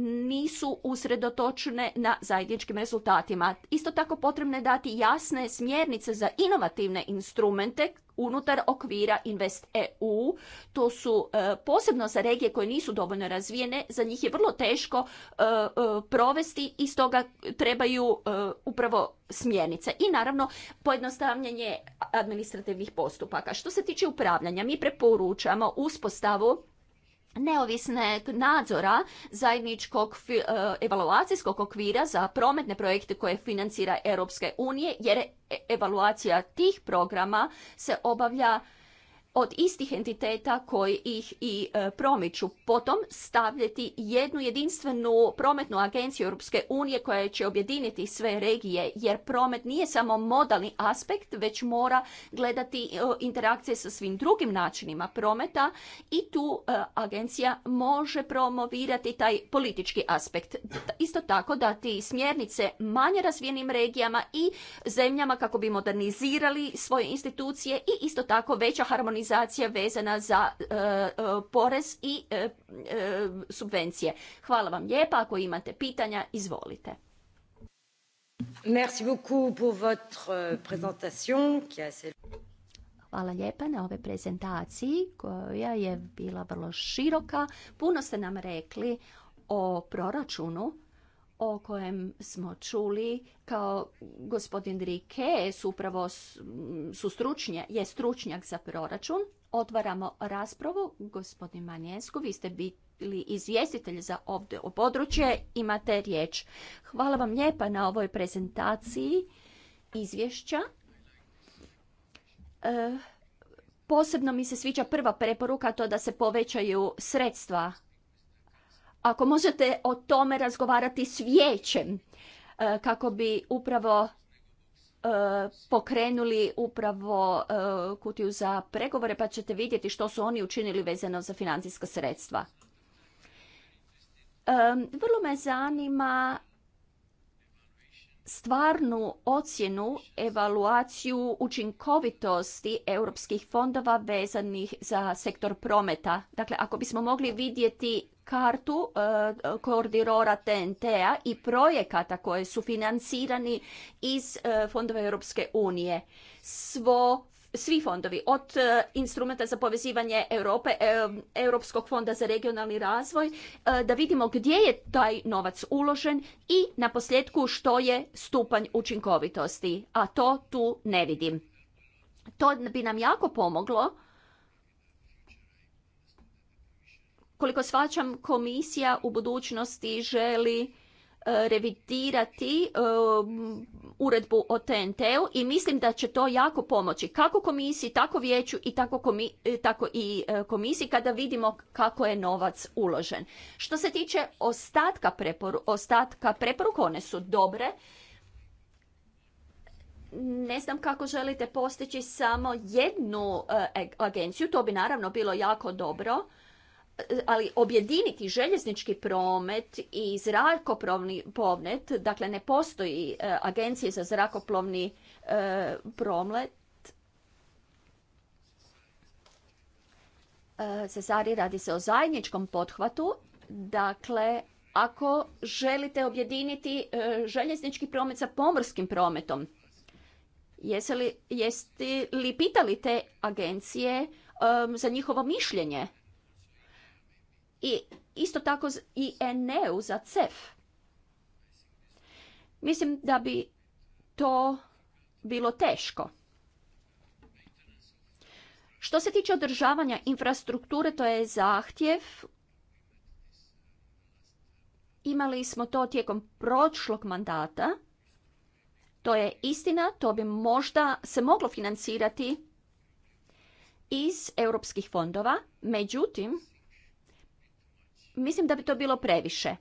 nisu usredotočene na zajedničkim rezultatima. Isto tako potrebno je dati jasne smjernice za inovativne instrumente unutar okvira Invest EU. To su e, posebno za regije koje nisu dovoljno razvijene, za njih je vrlo teško e, e, provesti i stoga trebaju upravo smjernice. I naravno pojednostavljanje administrativnih postupaka. Što se tiče upravljanja, mi preporučamo uspostavu neovisne nadzora zajedničkog e, evaluacijskog okvira za prometne projekte koje financira Europske unije jer e, evaluacija tih programa se obavlja od istih entiteta koji ih i e, promiču. Potom stavljati jednu jedinstvenu prometnu agenciju Europske unije koja će objediniti sve regije jer promet nije samo modalni aspekt već mora gledati e, interakcije sa svim drugim načinima prometa i tu e, agencija može promovirati taj politički aspekt. Isto tako dati smjernice manje razvijenim regijama i zemljama kako bi modernizirali svoje institucije i isto tako veća harmonizacija organizacija vezana za e, e, porez i e, subvencije. Hvala vam lijepa. Ako imate pitanja, izvolite. Merci Hvala lijepa na ove prezentaciji koja je bila vrlo široka. Puno ste nam rekli o proračunu o kojem smo čuli kao gospodin Rike upravo su stručnja, je stručnjak za proračun. Otvaramo raspravu. Gospodin Manjesku. vi ste bili izvjestitelj za ovdje o područje. Imate riječ. Hvala vam lijepa na ovoj prezentaciji izvješća. E, posebno mi se sviđa prva preporuka, to da se povećaju sredstva ako možete o tome razgovarati s vijećem e, kako bi upravo e, pokrenuli upravo e, kutiju za pregovore pa ćete vidjeti što su oni učinili vezano za financijska sredstva. Vrlo me zanima stvarnu ocjenu, evaluaciju učinkovitosti europskih fondova vezanih za sektor prometa. Dakle, ako bismo mogli vidjeti kartu e, koordinora TNT-a i projekata koje su financirani iz e, fondova Europske unije. Svo svi fondovi, od e, instrumenta za povezivanje Europe, e, Europskog fonda za regionalni razvoj, e, da vidimo gdje je taj novac uložen i na posljedku što je stupanj učinkovitosti, a to tu ne vidim. To bi nam jako pomoglo koliko svačam komisija u budućnosti želi revidirati um, uredbu o TNT-u i mislim da će to jako pomoći kako komisiji, tako vijeću i tako, e, i e, komisiji kada vidimo kako je novac uložen. Što se tiče ostatka, ostatka preporuka, one su dobre. Ne znam kako želite postići samo jednu e, agenciju, to bi naravno bilo jako dobro ali objediniti željeznički promet i zrakoplovni promet, dakle ne postoji e, agencije za zrakoplovni e, promet. promlet, Cezari radi se o zajedničkom pothvatu, dakle ako želite objediniti e, željeznički promet sa pomorskim prometom, jeste li, jeste pitali te agencije za njihovo mišljenje? i isto tako i Eneu za CEF. Mislim da bi to bilo teško. Što se tiče održavanja infrastrukture, to je zahtjev. Imali smo to tijekom prošlog mandata. To je istina, to bi možda se moglo financirati iz europskih fondova. Međutim, mislim da bi to bilo previše.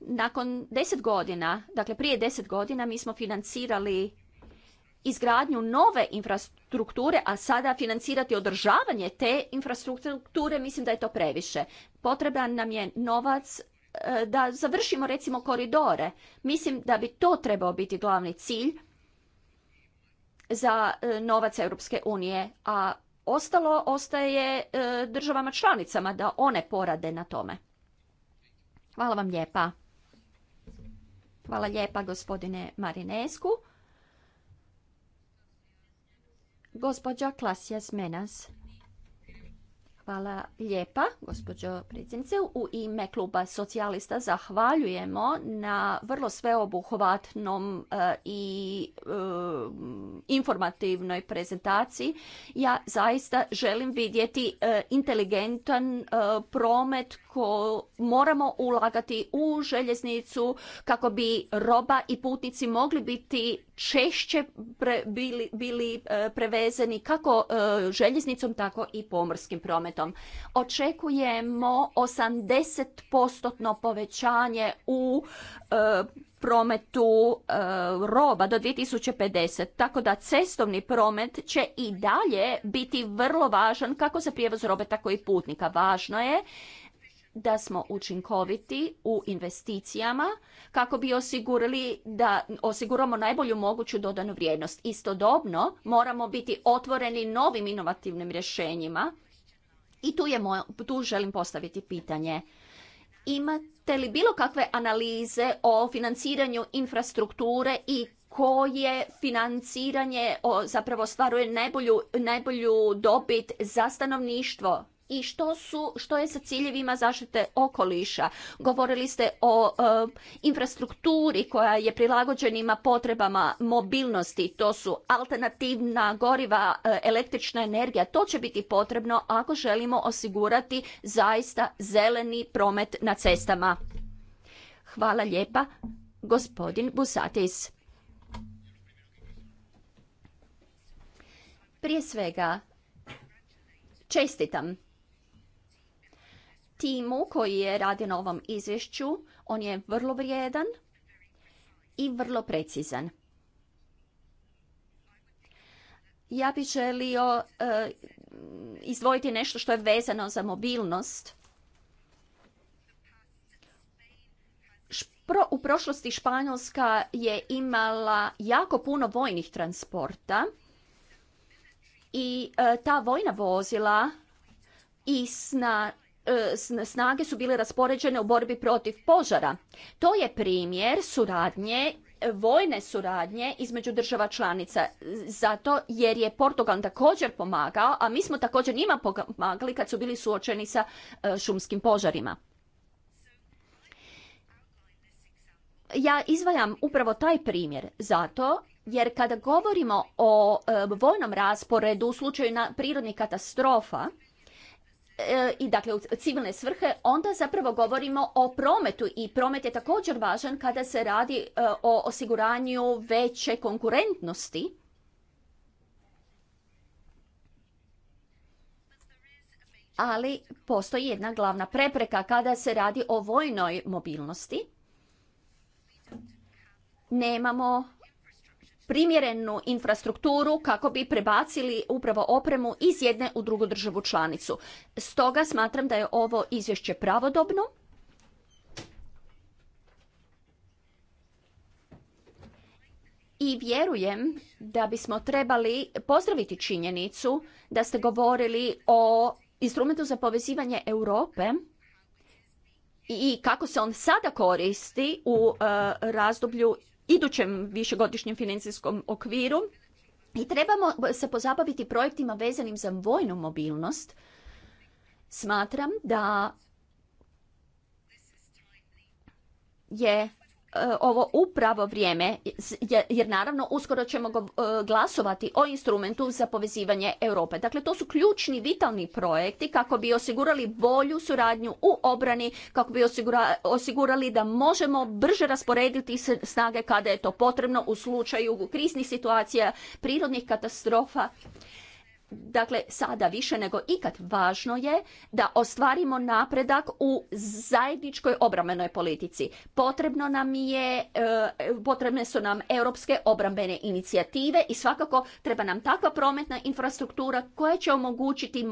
Nakon deset godina, dakle prije deset godina mi smo financirali izgradnju nove infrastrukture, a sada financirati održavanje te infrastrukture, mislim da je to previše. Potreban nam je novac e, da završimo recimo koridore. Mislim da bi to trebao biti glavni cilj za e, novac Europske unije, a Ostalo ostaje e, državama članicama da one porade na tome. Hvala vam lijepa. Hvala lijepa gospodine Marinesku. Gospođa Klasija menas. Hvala lijepa, gospođo predsjednice. U ime kluba socijalista zahvaljujemo na vrlo sveobuhvatnom e, i e, informativnoj prezentaciji. Ja zaista želim vidjeti e, inteligentan promet ko moramo ulagati u željeznicu kako bi roba i putnici mogli biti češće bili, bili prevezeni kako željeznicom, tako i pomorskim prometom internetom. Očekujemo 80% povećanje u e, prometu e, roba do 2050. Tako da cestovni promet će i dalje biti vrlo važan kako za prijevoz robe, tako i putnika. Važno je da smo učinkoviti u investicijama kako bi osigurali da osiguramo najbolju moguću dodanu vrijednost. Istodobno moramo biti otvoreni novim inovativnim rješenjima i tu, je moj, tu želim postaviti pitanje. Imate li bilo kakve analize o financiranju infrastrukture i koje financiranje zapravo stvaruje najbolju, najbolju dobit za stanovništvo i što, su, što je sa ciljevima zaštite okoliša. Govorili ste o e, infrastrukturi koja je prilagođenima potrebama mobilnosti, to su alternativna goriva, e, električna energija. To će biti potrebno ako želimo osigurati zaista zeleni promet na cestama. Hvala lijepa, gospodin Busatis. Prije svega, čestitam timu koji je radio na ovom izvješću. On je vrlo vrijedan i vrlo precizan. Ja bih želio e, izdvojiti nešto što je vezano za mobilnost. Špro, u prošlosti Španjolska je imala jako puno vojnih transporta i e, ta vojna vozila i sna, E, snage su bile raspoređene u borbi protiv požara. To je primjer suradnje e, vojne suradnje između država članica zato jer je Portugal također pomagao, a mi smo također njima pomagali kad su bili suočeni sa e, šumskim požarima. Ja izvajam upravo taj primjer zato jer kada govorimo o vojnom rasporedu u slučaju prirodnih katastrofa, E, i dakle u civilne svrhe, onda zapravo govorimo o prometu i promet je također važan kada se radi e, o osiguranju veće konkurentnosti. Ali postoji jedna glavna prepreka kada se radi o vojnoj mobilnosti. Nemamo primjerenu infrastrukturu kako bi prebacili upravo opremu iz jedne u drugu državu članicu. Stoga smatram da je ovo izvješće pravodobno. I vjerujem da bismo trebali pozdraviti činjenicu da ste govorili o instrumentu za povezivanje Europe i kako se on sada koristi u e, razdoblju idućem višegodišnjem financijskom okviru i trebamo se pozabaviti projektima vezanim za vojnu mobilnost. Smatram da je ovo upravo vrijeme, jer naravno uskoro ćemo e, glasovati o instrumentu za povezivanje Europe. Dakle, to su ključni vitalni projekti kako bi osigurali bolju suradnju u obrani, kako bi osigurali da možemo brže rasporediti snage kada je to potrebno u slučaju kriznih situacija, prirodnih katastrofa. Dakle, sada više nego ikad važno je da ostvarimo napredak u zajedničkoj obrambenoj politici. Potrebno nam je, e, potrebne su nam europske obrambene inicijative i svakako treba nam takva prometna infrastruktura koja će omogućiti e,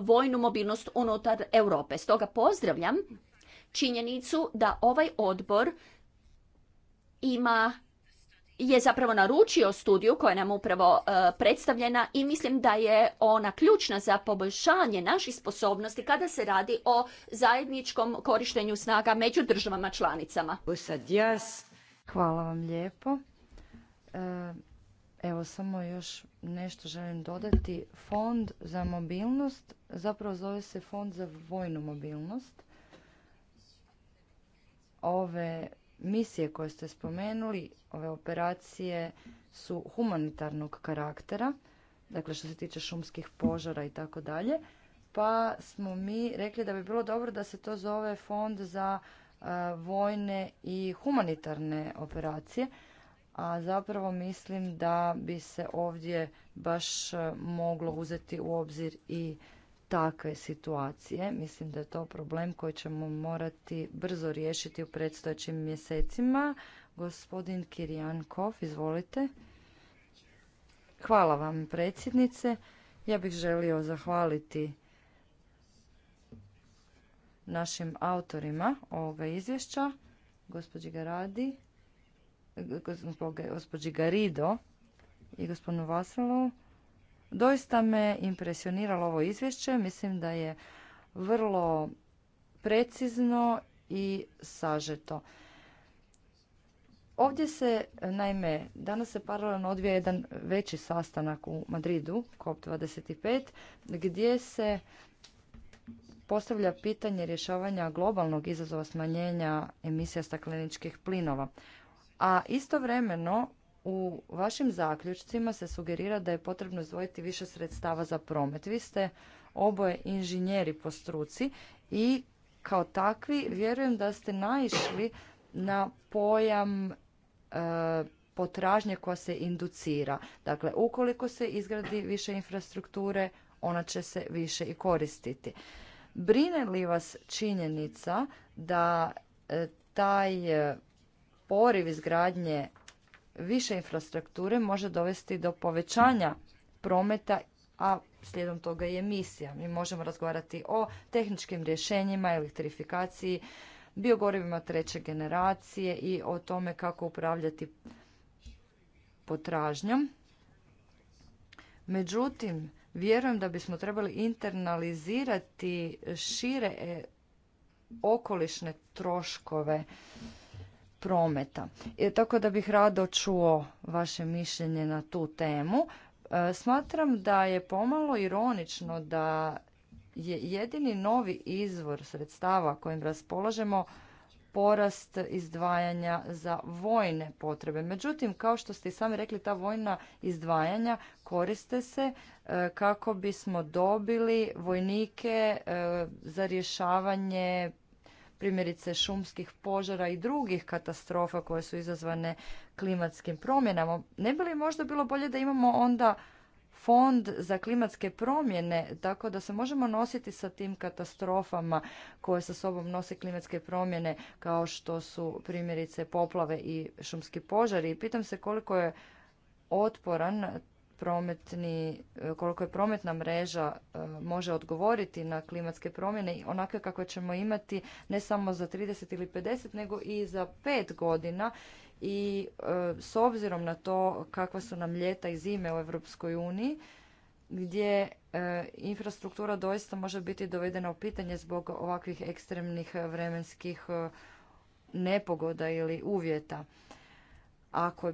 vojnu mobilnost unutar Europe. Stoga pozdravljam činjenicu da ovaj odbor ima je zapravo naručio studiju koja je nam upravo e, predstavljena i mislim da je ona ključna za poboljšanje naših sposobnosti kada se radi o zajedničkom korištenju snaga među državama članicama. Hvala vam lijepo. E, evo samo još nešto želim dodati. Fond za mobilnost zapravo zove se Fond za vojnu mobilnost. Ove misije koje ste spomenuli, ove operacije su humanitarnog karaktera, dakle što se tiče šumskih požara i tako dalje, pa smo mi rekli da bi bilo dobro da se to zove fond za e, vojne i humanitarne operacije, a zapravo mislim da bi se ovdje baš e, moglo uzeti u obzir i takve situacije. Mislim da je to problem koji ćemo morati brzo riješiti u predstojećim mjesecima. Gospodin Kirjankov, izvolite. Hvala vam predsjednice. Ja bih želio zahvaliti našim autorima ovoga izvješća, gospođi Garadi, gospođi Garido i gospodinu Vasilu, Doista me impresioniralo ovo izvješće. Mislim da je vrlo precizno i sažeto. Ovdje se, naime, danas se paralelno odvija jedan veći sastanak u Madridu, COP25, gdje se postavlja pitanje rješavanja globalnog izazova smanjenja emisija stakleničkih plinova. A istovremeno u vašim zaključcima se sugerira da je potrebno izdvojiti više sredstava za promet. Vi ste oboje inženjeri po struci i kao takvi vjerujem da ste naišli na pojam e, potražnje koja se inducira. Dakle, ukoliko se izgradi više infrastrukture, ona će se više i koristiti. Brine li vas činjenica da e, taj e, poriv izgradnje više infrastrukture može dovesti do povećanja prometa, a slijedom toga i emisija. Mi možemo razgovarati o tehničkim rješenjima, elektrifikaciji, biogorivima treće generacije i o tome kako upravljati potražnjom. Međutim, vjerujem da bismo trebali internalizirati šire e, okolišne troškove prometa. I e, tako da bih rado čuo vaše mišljenje na tu temu. E, smatram da je pomalo ironično da je jedini novi izvor sredstava kojim raspolažemo porast izdvajanja za vojne potrebe. Međutim, kao što ste i sami rekli, ta vojna izdvajanja koriste se e, kako bismo dobili vojnike za rješavanje primjerice šumskih požara i drugih katastrofa koje su izazvane klimatskim promjenama. Ne bi li možda bilo bolje da imamo onda fond za klimatske promjene, tako da se možemo nositi sa tim katastrofama koje sa sobom nose klimatske promjene, kao što su primjerice poplave i šumski požari. Pitam se koliko je otporan prometni, e, koliko je prometna mreža e, može odgovoriti na klimatske promjene, onakve kakve ćemo imati ne samo za 30 ili 50, nego i za 5 godina. I e, s obzirom na to kakva su nam ljeta i zime u Europskoj uniji, gdje infrastruktura doista može biti dovedena u pitanje zbog ovakvih ekstremnih vremenskih nepogoda ili uvjeta. Ako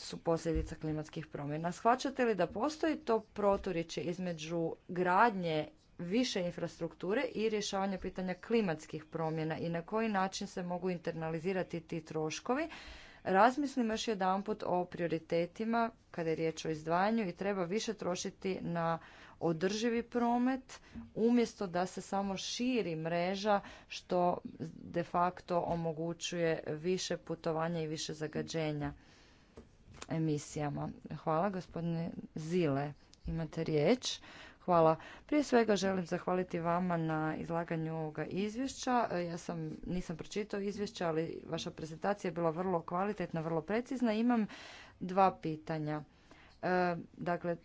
su posljedica klimatskih promjena. Shvaćate li da postoji to proturiče između gradnje više infrastrukture i rješavanja pitanja klimatskih promjena i na koji način se mogu internalizirati ti troškovi? Razmislim još jedanput o prioritetima kada je riječ o izdvajanju i treba više trošiti na održivi promet umjesto da se samo širi mreža što de facto omogućuje više putovanja i više zagađenja emisijama. Hvala gospodine Zile, imate riječ. Hvala. Prije svega želim zahvaliti vama na izlaganju ovoga izvješća. Ja sam, nisam pročitao izvješća, ali vaša prezentacija je bila vrlo kvalitetna, vrlo precizna. Imam dva pitanja. E, dakle,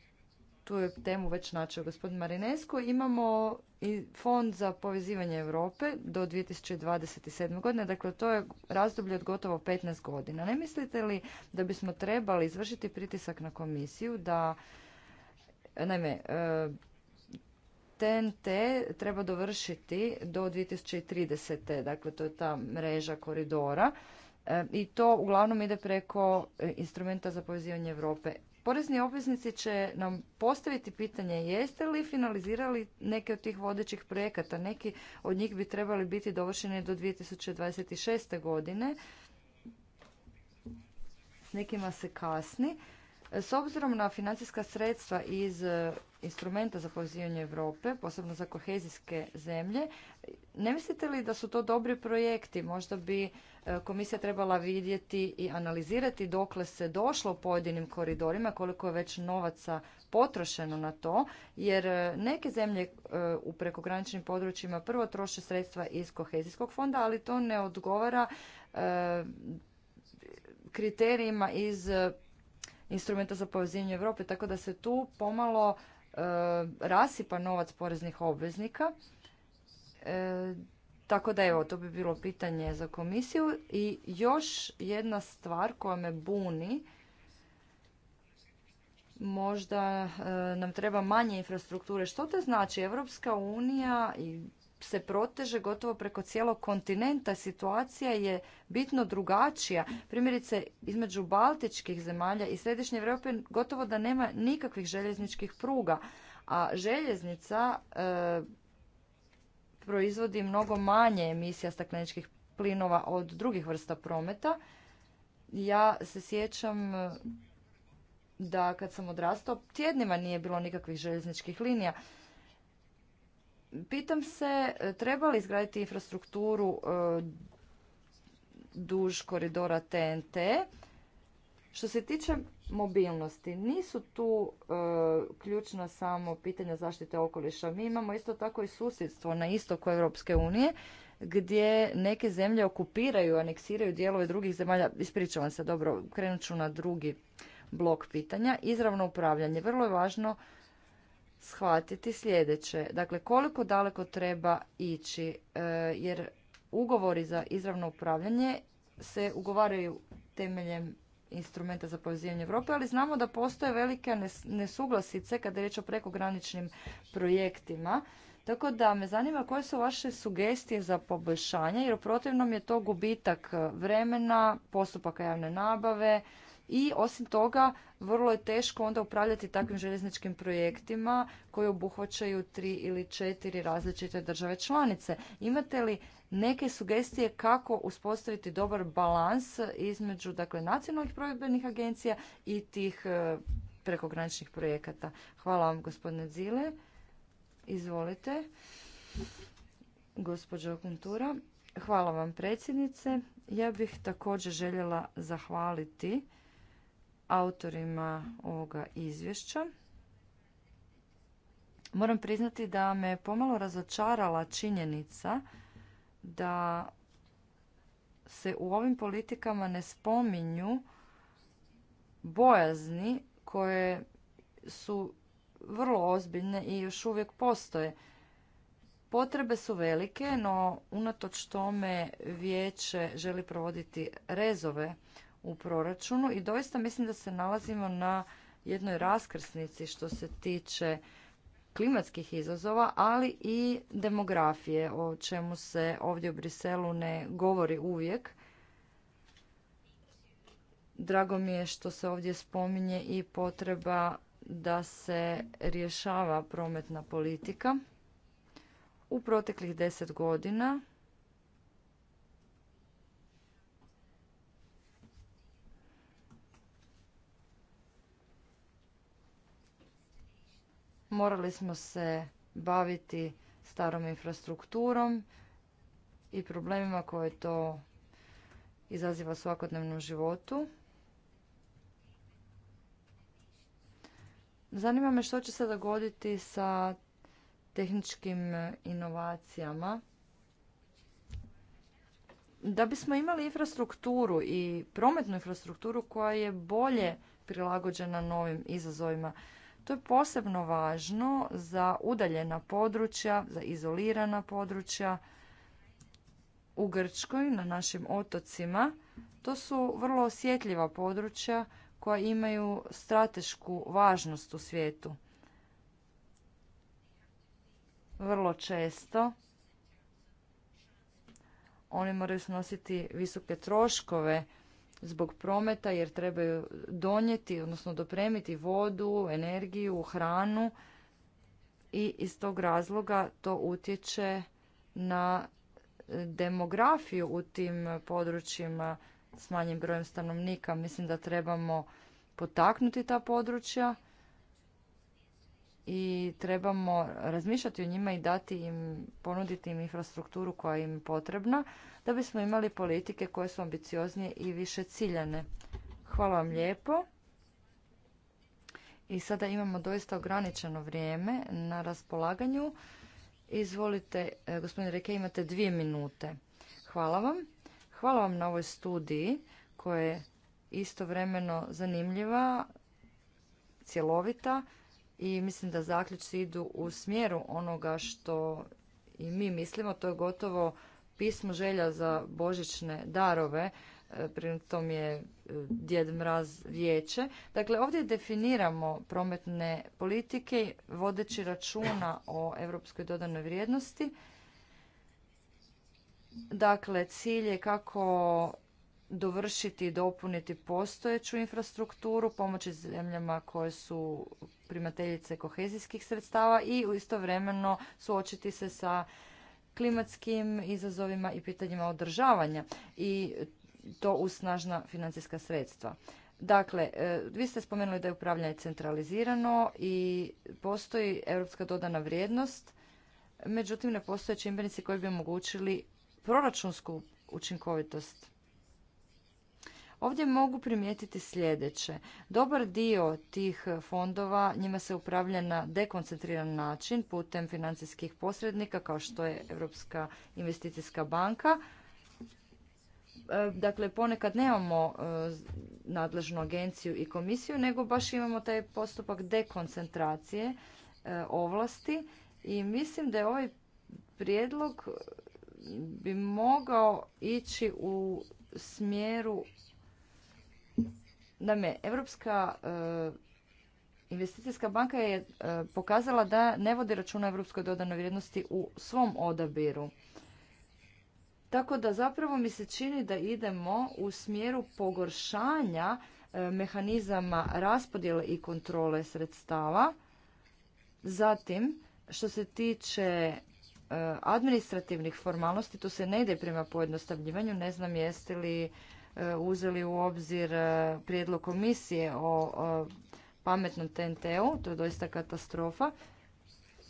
tu je temu već načeo gospodin Marinesko, imamo i fond za povezivanje Europe do 2027. godine, dakle to je razdoblje od gotovo 15 godina. Ne mislite li da bismo trebali izvršiti pritisak na komisiju da, naime, TNT e, treba dovršiti do 2030. Dakle, to je ta mreža koridora e, i to uglavnom ide preko e, instrumenta za povezivanje Europe Porezni obveznici će nam postaviti pitanje jeste li finalizirali neke od tih vodećih projekata. Neki od njih bi trebali biti dovršeni do 2026. godine. S nekima se kasni. S obzirom na financijska sredstva iz instrumenta za povezivanje Europe, posebno za kohezijske zemlje. Ne mislite li da su to dobri projekti? Možda bi e, komisija trebala vidjeti i analizirati dokle se došlo u pojedinim koridorima, koliko je već novaca potrošeno na to, jer e, neke zemlje e, u prekograničnim područjima prvo troše sredstva iz kohezijskog fonda, ali to ne odgovara kriterijima iz instrumenta za povezivanje Europe, tako da se tu pomalo E, rasipa novac poreznih obveznika. E, tako da evo, to bi bilo pitanje za komisiju. I još jedna stvar koja me buni, možda e, nam treba manje infrastrukture. Što to znači? Evropska unija i se proteže gotovo preko cijelog kontinenta. Situacija je bitno drugačija. Primjerice, između baltičkih zemalja i središnje Europe gotovo da nema nikakvih željezničkih pruga. A željeznica e, proizvodi mnogo manje emisija stakleničkih plinova od drugih vrsta prometa. Ja se sjećam e, da kad sam odrastao tjednima nije bilo nikakvih željezničkih linija. Pitam se, e, treba li izgraditi infrastrukturu e, duž koridora TNT? Što se tiče mobilnosti, nisu tu e, ključna samo pitanja zaštite okoliša. Mi imamo isto tako i susjedstvo na istoku Europske unije gdje neke zemlje okupiraju, aneksiraju dijelove drugih zemalja. Ispričavam se, dobro, krenut ću na drugi blok pitanja. Izravno upravljanje. Vrlo je važno shvatiti sljedeće. Dakle, koliko daleko treba ići, e, jer ugovori za izravno upravljanje se ugovaraju temeljem instrumenta za povezivanje Europe, ali znamo da postoje velike nesuglasice kada je riječ o prekograničnim projektima. Tako da me zanima koje su vaše sugestije za poboljšanje, jer u protivnom je to gubitak vremena, postupaka javne nabave, i osim toga vrlo je teško onda upravljati takvim željezničkim projektima koji obuhvaćaju tri ili četiri različite države članice. Imate li neke sugestije kako uspostaviti dobar balans između dakle, nacionalnih provedbenih agencija i tih e, prekograničnih projekata? Hvala vam gospodine Zile. Izvolite. Gospođo Kuntura. Hvala vam predsjednice. Ja bih također željela zahvaliti autorima ovoga izvješća. Moram priznati da me pomalo razočarala činjenica da se u ovim politikama ne spominju bojazni koje su vrlo ozbiljne i još uvijek postoje. Potrebe su velike, no unatoč tome vijeće želi provoditi rezove u proračunu i doista mislim da se nalazimo na jednoj raskrsnici što se tiče klimatskih izazova, ali i demografije, o čemu se ovdje u Briselu ne govori uvijek. Drago mi je što se ovdje spominje i potreba da se rješava prometna politika. U proteklih deset godina morali smo se baviti starom infrastrukturom i problemima koje to izaziva svakodnevnom životu. Zanima me što će se dogoditi sa tehničkim inovacijama. Da bismo imali infrastrukturu i prometnu infrastrukturu koja je bolje prilagođena novim izazovima, to je posebno važno za udaljena područja, za izolirana područja u Grčkoj, na našim otocima. To su vrlo osjetljiva područja koja imaju stratešku važnost u svijetu. Vrlo često oni moraju snositi visoke troškove zbog prometa jer trebaju donijeti, odnosno dopremiti vodu, energiju, hranu i iz tog razloga to utječe na demografiju u tim područjima s manjim brojem stanovnika. Mislim da trebamo potaknuti ta područja i trebamo razmišljati o njima i dati im, ponuditi im infrastrukturu koja im je potrebna da bismo imali politike koje su ambicioznije i više ciljane. Hvala vam lijepo. I sada imamo doista ograničeno vrijeme na raspolaganju. Izvolite, e, gospodine Reke, imate dvije minute. Hvala vam. Hvala vam na ovoj studiji koja je istovremeno zanimljiva, cjelovita, i mislim da zaključci idu u smjeru onoga što i mi mislimo. To je gotovo pismo želja za božićne darove. E, tom je e, Djed Mraz vijeće. Dakle, ovdje definiramo prometne politike vodeći računa o europskoj dodanoj vrijednosti. Dakle, cilj je kako dovršiti i dopuniti postojeću infrastrukturu, pomoći zemljama koje su primateljice kohezijskih sredstava i istovremeno suočiti se sa klimatskim izazovima i pitanjima održavanja i to uz snažna financijska sredstva. Dakle, e, vi ste spomenuli da je upravljanje centralizirano i postoji europska dodana vrijednost, međutim ne postoje čimbenici koji bi omogućili proračunsku učinkovitost Ovdje mogu primijetiti sljedeće. Dobar dio tih fondova njima se upravlja na dekoncentriran način putem financijskih posrednika kao što je Europska investicijska banka. E, dakle, ponekad nemamo e, nadležnu agenciju i komisiju, nego baš imamo taj postupak dekoncentracije e, ovlasti i mislim da je ovaj prijedlog bi mogao ići u smjeru Naime, Europska eh, investicijska banka je eh, pokazala da ne vodi računa europskoj dodanoj vrijednosti u svom odabiru. Tako da zapravo mi se čini da idemo u smjeru pogoršanja eh, mehanizama raspodjele i kontrole sredstava. Zatim, što se tiče administrativnih formalnosti, tu se ne ide prema pojednostavljivanju. Ne znam jeste li E, uzeli u obzir e, prijedlog komisije o pametnom TNT-u, to je doista katastrofa.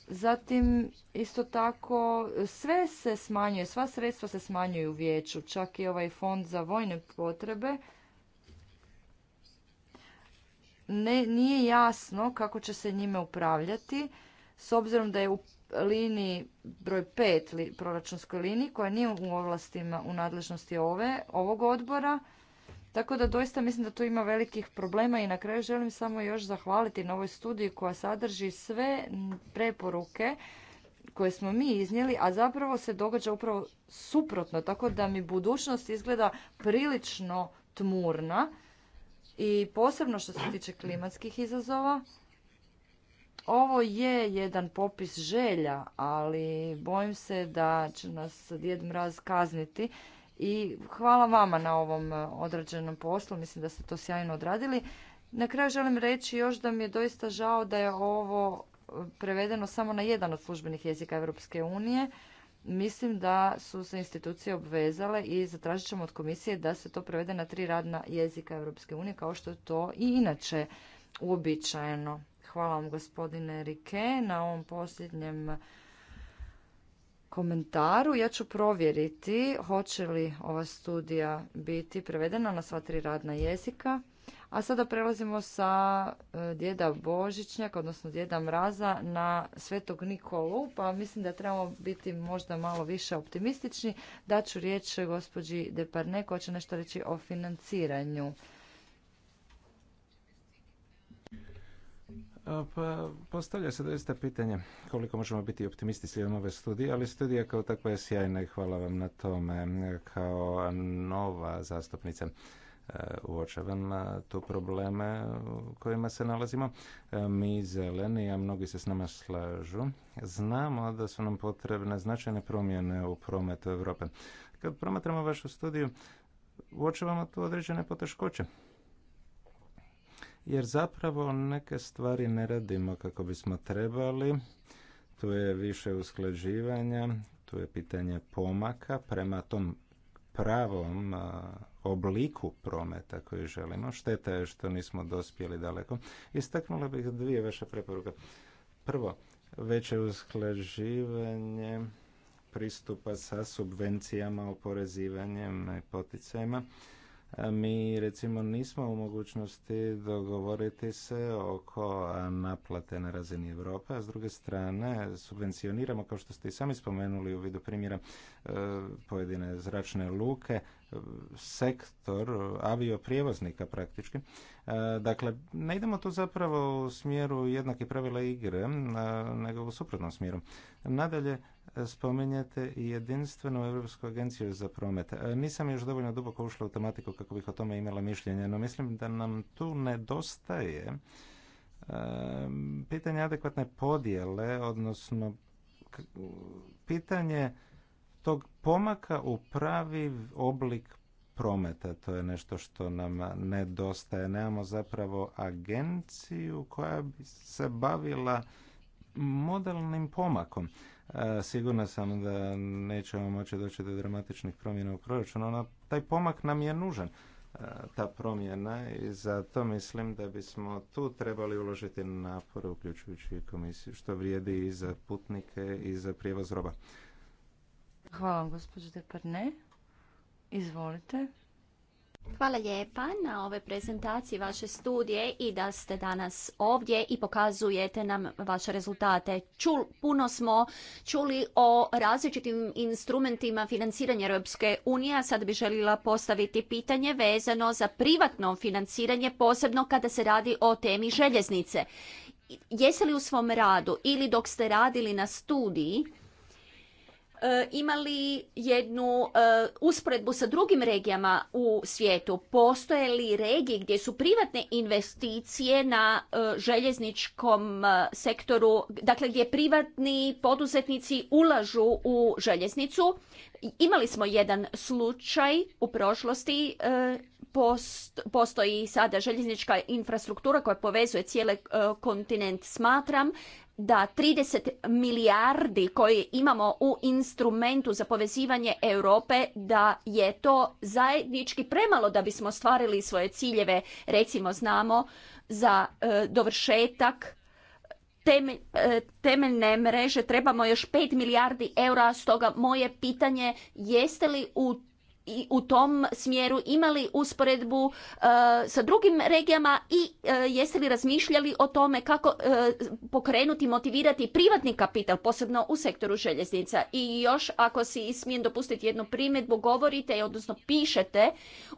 Zatim, isto tako, sve se smanjuje, sva sredstva se smanjuju u vijeću, čak i ovaj fond za vojne potrebe. Ne, nije jasno kako će se njime upravljati, s obzirom da je u liniji broj 5 proračunskoj liniji koja nije u ovlastima u nadležnosti ove, ovog odbora. Tako da doista mislim da tu ima velikih problema i na kraju želim samo još zahvaliti na ovoj studiji koja sadrži sve preporuke koje smo mi iznijeli, a zapravo se događa upravo suprotno, tako da mi budućnost izgleda prilično tmurna i posebno što se tiče klimatskih izazova ovo je jedan popis želja, ali bojim se da će nas Djed Mraz kazniti. I hvala vama na ovom e, odrađenom poslu, mislim da ste to sjajno odradili. Na kraju želim reći još da mi je doista žao da je ovo e, prevedeno samo na jedan od službenih jezika Europske unije. Mislim da su se institucije obvezale i zatražit ćemo od komisije da se to prevede na tri radna jezika Europske unije kao što je to i inače uobičajeno. Hvala vam gospodine Rike na ovom posljednjem komentaru. Ja ću provjeriti hoće li ova studija biti prevedena na sva tri radna jezika. A sada prelazimo sa e, djeda Božićnjaka, odnosno djeda Mraza, na svetog Nikolu, pa mislim da trebamo biti možda malo više optimistični. Daću riječ gospođi Deparne koja će nešto reći o financiranju E, pa, postavlja se doista pitanje koliko možemo biti optimisti slijedom ove studije, ali studija kao takva je sjajna i hvala vam na tome. Kao nova zastupnica e, uočavam e, tu probleme u kojima se nalazimo. Mi zeleni, a mnogi se s nama slažu, znamo da su nam potrebne značajne promjene u prometu Europe. Kad promatramo vašu studiju, uočavamo tu određene poteškoće jer zapravo neke stvari ne radimo kako bismo trebali. Tu je više usklađivanja, tu je pitanje pomaka prema tom pravom obliku prometa koji želimo. Šteta je što nismo dospjeli daleko. Istaknula bih dvije vaše preporuke. Prvo, veće usklađivanje pristupa sa subvencijama, oporezivanjem i poticajima. Mi recimo nismo u mogućnosti dogovoriti se oko naplate na razini Europe, a s druge strane subvencioniramo, kao što ste i sami spomenuli u vidu primjera e, pojedine zračne luke, e, sektor avioprijevoznika praktički. E, dakle, ne idemo tu zapravo u smjeru jednake pravila igre, nego u suprotnom smjeru. Nadalje, spominjete i jedinstvenu Europsku agenciju za promet. E, nisam još dovoljno duboko ušla u tematiku kako bih o tome imala mišljenje, no mislim da nam tu nedostaje e, pitanje adekvatne podjele, odnosno pitanje tog pomaka u pravi oblik prometa. To je nešto što nam nedostaje. Nemamo zapravo agenciju koja bi se bavila modelnim pomakom. Sigurno sam da nećemo moći doći do dramatičnih promjena u proračunu, no taj pomak nam je nužan ta promjena i zato mislim da bismo tu trebali uložiti napore uključujući komisiju što vrijedi i za putnike i za prijevoz roba. Hvala vam gospođo Deparne. Izvolite. Hvala lijepa na ove prezentaciji vaše studije i da ste danas ovdje i pokazujete nam vaše rezultate. Čul, puno smo čuli o različitim instrumentima financiranja Europske unije, a sad bi željela postaviti pitanje vezano za privatno financiranje, posebno kada se radi o temi željeznice. Jeste li u svom radu ili dok ste radili na studiji E, imali jednu e, usporedbu sa drugim regijama u svijetu? Postoje li regije gdje su privatne investicije na e, željezničkom sektoru, dakle gdje privatni poduzetnici ulažu u željeznicu? Imali smo jedan slučaj u prošlosti postoji sada željeznička infrastruktura koja povezuje cijeli kontinent. Smatram da 30 milijardi koje imamo u instrumentu za povezivanje Europe da je to zajednički premalo da bismo ostvarili svoje ciljeve, recimo znamo za e, dovršetak e, temeljne mreže trebamo još 5 milijardi eura, stoga moje pitanje jeste li u i u tom smjeru imali usporedbu e, sa drugim regijama i e, jeste li razmišljali o tome kako e, pokrenuti, motivirati privatni kapital, posebno u sektoru željeznica. I još ako si smijem dopustiti jednu primjedbu, govorite, odnosno pišete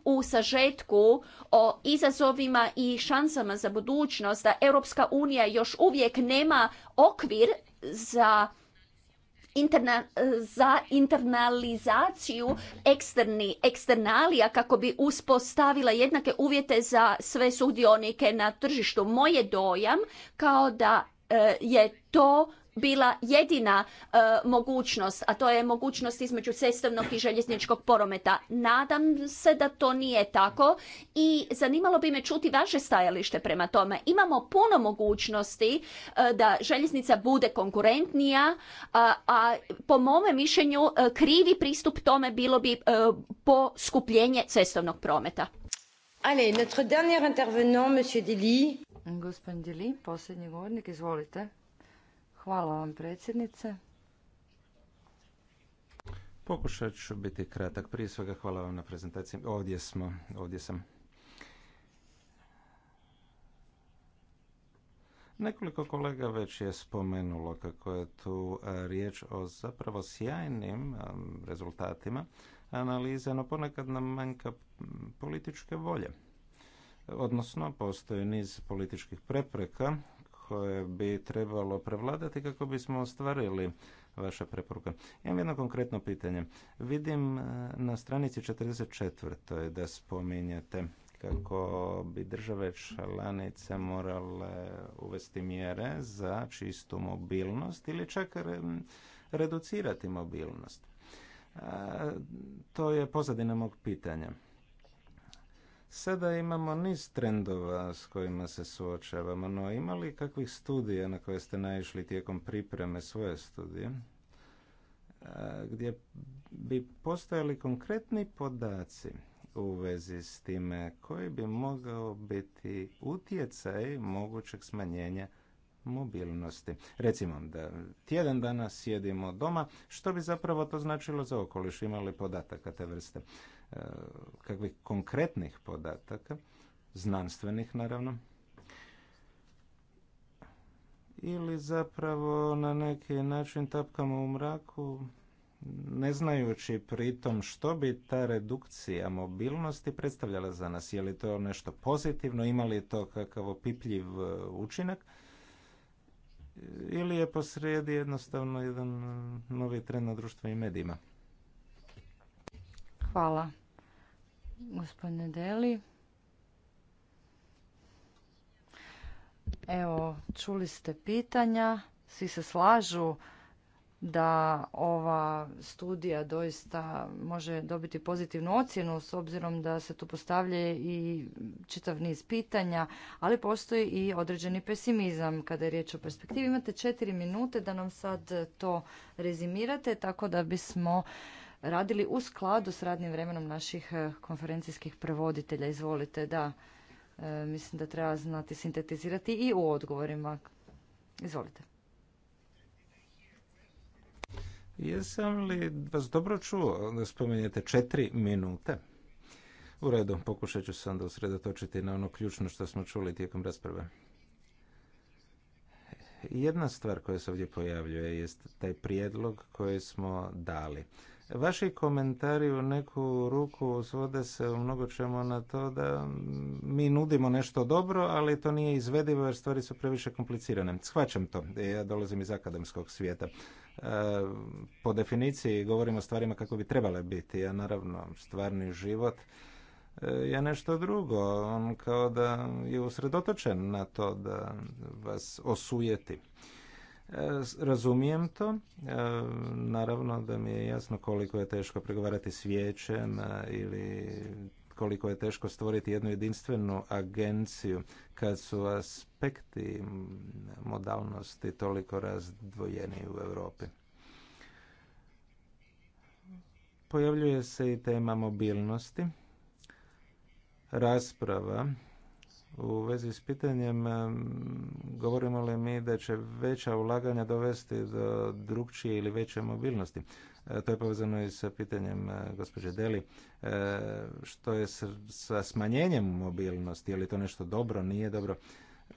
u sažetku o izazovima i šansama za budućnost da Europska unija još uvijek nema okvir za Interna, za internalizaciju eksternalija kako bi uspostavila jednake uvjete za sve sudionike na tržištu. Moje dojam kao da e, je to bila jedina e, mogućnost, a to je mogućnost između cestovnog i željezničkog prometa. Nadam se da to nije tako i zanimalo bi me čuti vaše stajalište prema tome. Imamo puno mogućnosti e, da željeznica bude konkurentnija, e, a, po mome mišljenju krivi pristup tome bilo bi poskupljenje cestovnog prometa. Allez, notre dernier intervenant, monsieur posljednji govornik, izvolite. Hvala vam predsjednice. Pokušat ću biti kratak. Prije svega hvala vam na prezentaciji. Ovdje smo, ovdje sam. Nekoliko kolega već je spomenulo kako je tu e, riječ o zapravo sjajnim e, rezultatima analize, no ponekad nam manjka političke volje. Odnosno, postoji niz političkih prepreka koje bi trebalo prevladati kako bismo ostvarili vaša preporuka. Imam jedno konkretno pitanje. Vidim e, na stranici 44. da spominjete kako bi države članice morale uvesti mjere za čistu mobilnost ili čak reducirati mobilnost. E, to je pozadina mog pitanja. Sada imamo niz trendova s kojima se suočavamo, no ima li kakvih studija na koje ste naišli tijekom pripreme svoje studije, e, gdje bi postojali konkretni podaci u vezi s time koji bi mogao biti utjecaj mogućeg smanjenja mobilnosti. Recimo da tjedan dana sjedimo doma, što bi zapravo to značilo za okoliš, imali podataka te vrste kakvih konkretnih podataka, znanstvenih naravno, ili zapravo na neki način tapkamo u mraku, ne znajući pritom što bi ta redukcija mobilnosti predstavljala za nas. Je li to nešto pozitivno, ima li to kakav opipljiv e, učinak? Ili je posrijedi jednostavno jedan e, novi trend na društvenim medijima? Hvala. Gospodine Deli. Evo, čuli ste pitanja. Svi se slažu da ova studija doista može dobiti pozitivnu ocjenu s obzirom da se tu postavlja i čitav niz pitanja, ali postoji i određeni pesimizam kada je riječ o perspektivi. Imate četiri minute da nam sad to rezimirate tako da bismo radili u skladu s radnim vremenom naših e, konferencijskih prevoditelja. Izvolite, da, e, mislim da treba znati sintetizirati i u odgovorima. Izvolite. Jesam li vas dobro čuo da spominjete četiri minute? U redu, pokušat ću se onda usredotočiti na ono ključno što smo čuli tijekom rasprave. Jedna stvar koja se ovdje pojavljuje jest taj prijedlog koji smo dali Vaši komentari u neku ruku svode se u mnogo čemu na to da mi nudimo nešto dobro, ali to nije izvedivo jer stvari su previše komplicirane. Shvaćam to, e, ja dolazim iz akademskog svijeta. E, po definiciji govorimo o stvarima kako bi trebale biti, a naravno stvarni život e, je nešto drugo. On kao da je usredotočen na to da vas osujeti. E, razumijem to. E, naravno da mi je jasno koliko je teško pregovarati s vijećem e, ili koliko je teško stvoriti jednu jedinstvenu agenciju kad su aspekti modalnosti toliko razdvojeni u Europi. Pojavljuje se i tema mobilnosti. Rasprava u vezi s pitanjem govorimo li mi da će veća ulaganja dovesti do drugčije ili veće mobilnosti. E, to je povezano i sa pitanjem e, gospođe Deli. E, što je sa smanjenjem mobilnosti? Je li to nešto dobro, nije dobro?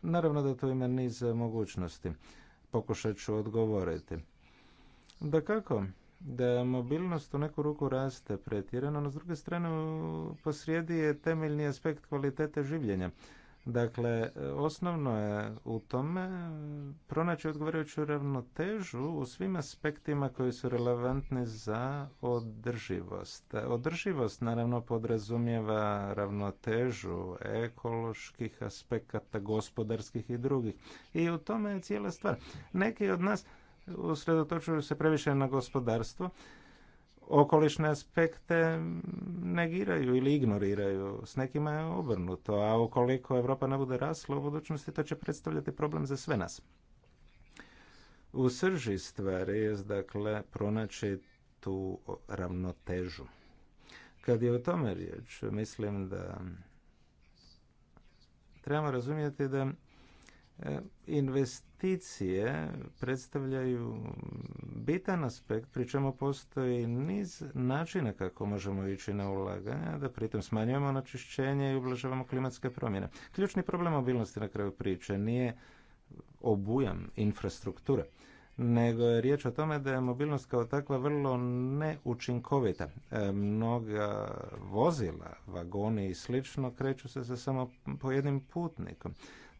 Naravno da to ima niz mogućnosti. Pokušat ću odgovoriti. Da kako? da mobilnost u neku ruku raste pretjerano, no s druge strane posrijedi je temeljni aspekt kvalitete življenja. Dakle, osnovno je u tome pronaći odgovarajuću ravnotežu u svim aspektima koji su relevantni za održivost. Održivost naravno podrazumijeva ravnotežu ekoloških aspekata, gospodarskih i drugih. I u tome je cijela stvar. Neki od nas usredotočuju se previše na gospodarstvo okolišne aspekte negiraju ili ignoriraju. S nekima je obrnuto, a ukoliko Europa ne bude rasla u budućnosti, to će predstavljati problem za sve nas. U srži stvari je, dakle, pronaći tu ravnotežu. Kad je o tome riječ, mislim da trebamo razumjeti da E, investicije predstavljaju bitan aspekt, pri čemu postoji niz načina kako možemo ići na ulaganja, da pritom smanjujemo onečišćenje i ublažavamo klimatske promjene. Ključni problem mobilnosti na kraju priče nije obujam infrastrukture, nego je riječ o tome da je mobilnost kao takva vrlo neučinkovita. E, mnoga vozila, vagoni i slično kreću se sa samo po jednim putnikom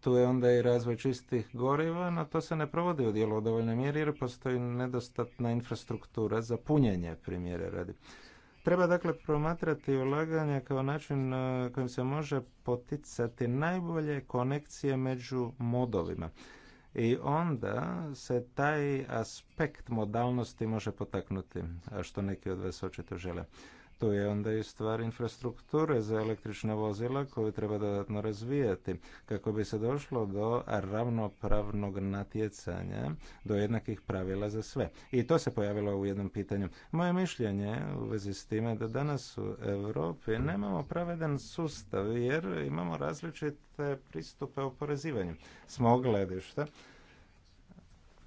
tu je onda i razvoj čistih goriva, no to se ne provodi u dijelu u dovoljnoj mjeri jer postoji nedostatna infrastruktura za punjenje primjere radi. Treba dakle promatrati ulaganja kao način e, kojim se može poticati najbolje konekcije među modovima. I onda se taj aspekt modalnosti može potaknuti, što neki od vas očito žele. Tu je onda i stvar infrastrukture za električna vozila koju treba dodatno razvijati kako bi se došlo do ravnopravnog natjecanja, do jednakih pravila za sve. I to se pojavilo u jednom pitanju. Moje mišljenje u vezi s time da danas u Europi nemamo pravedan sustav jer imamo različite pristupe oporezivanju. Smo mog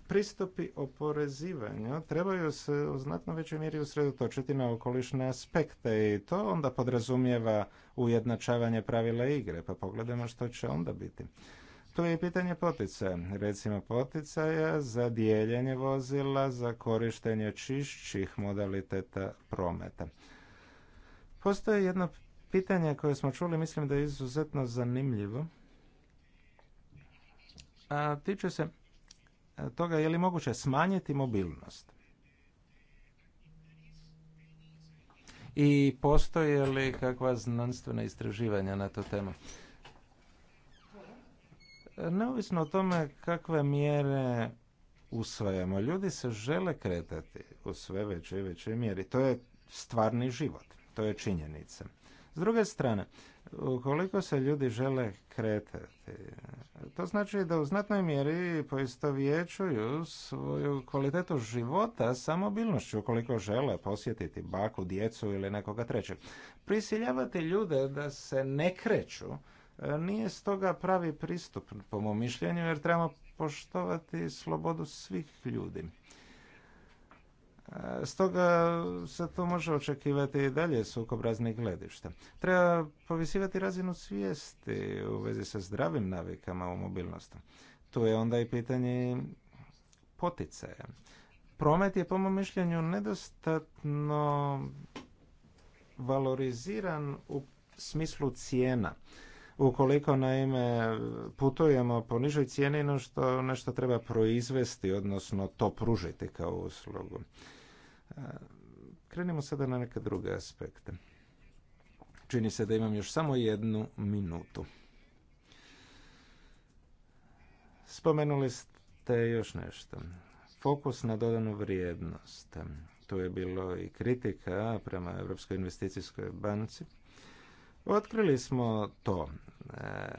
pristupi oporezivanju trebaju se u znatno većoj mjeri usredotočiti na okolišne aspekte i to onda podrazumijeva ujednačavanje pravila igre, pa pogledajmo što će onda biti. To je i pitanje poticaja, recimo poticaja za dijeljenje vozila, za korištenje čišćih modaliteta prometa. Postoji jedno pitanje koje smo čuli, mislim da je izuzetno zanimljivo. A tiče se toga je li moguće smanjiti mobilnost? I postoje li kakva znanstvena istraživanja na to temu? Neovisno o tome kakve mjere usvajamo, ljudi se žele kretati u sve veće i veće mjeri. To je stvarni život, to je činjenica. S druge strane, Ukoliko se ljudi žele kretati, to znači da u znatnoj mjeri poistovjećuju svoju kvalitetu života sa mobilnošću ukoliko žele posjetiti baku, djecu ili nekoga trećeg. Prisiljavati ljude da se ne kreću e, nije stoga pravi pristup po mom mišljenju jer trebamo poštovati slobodu svih ljudi. Stoga se to može očekivati i dalje sukob raznih gledišta. Treba povisivati razinu svijesti u vezi sa zdravim navikama u mobilnosti. Tu je onda i pitanje poticaja. Promet je po mom mišljenju nedostatno valoriziran u smislu cijena. Ukoliko naime putujemo po nižoj cijeni no što nešto treba proizvesti, odnosno to pružiti kao uslugu. Krenimo sada na neke druge aspekte. Čini se da imam još samo jednu minutu. Spomenuli ste još nešto. Fokus na dodanu vrijednost. Tu je bilo i kritika prema Europskoj investicijskoj banci. Otkrili smo to. E,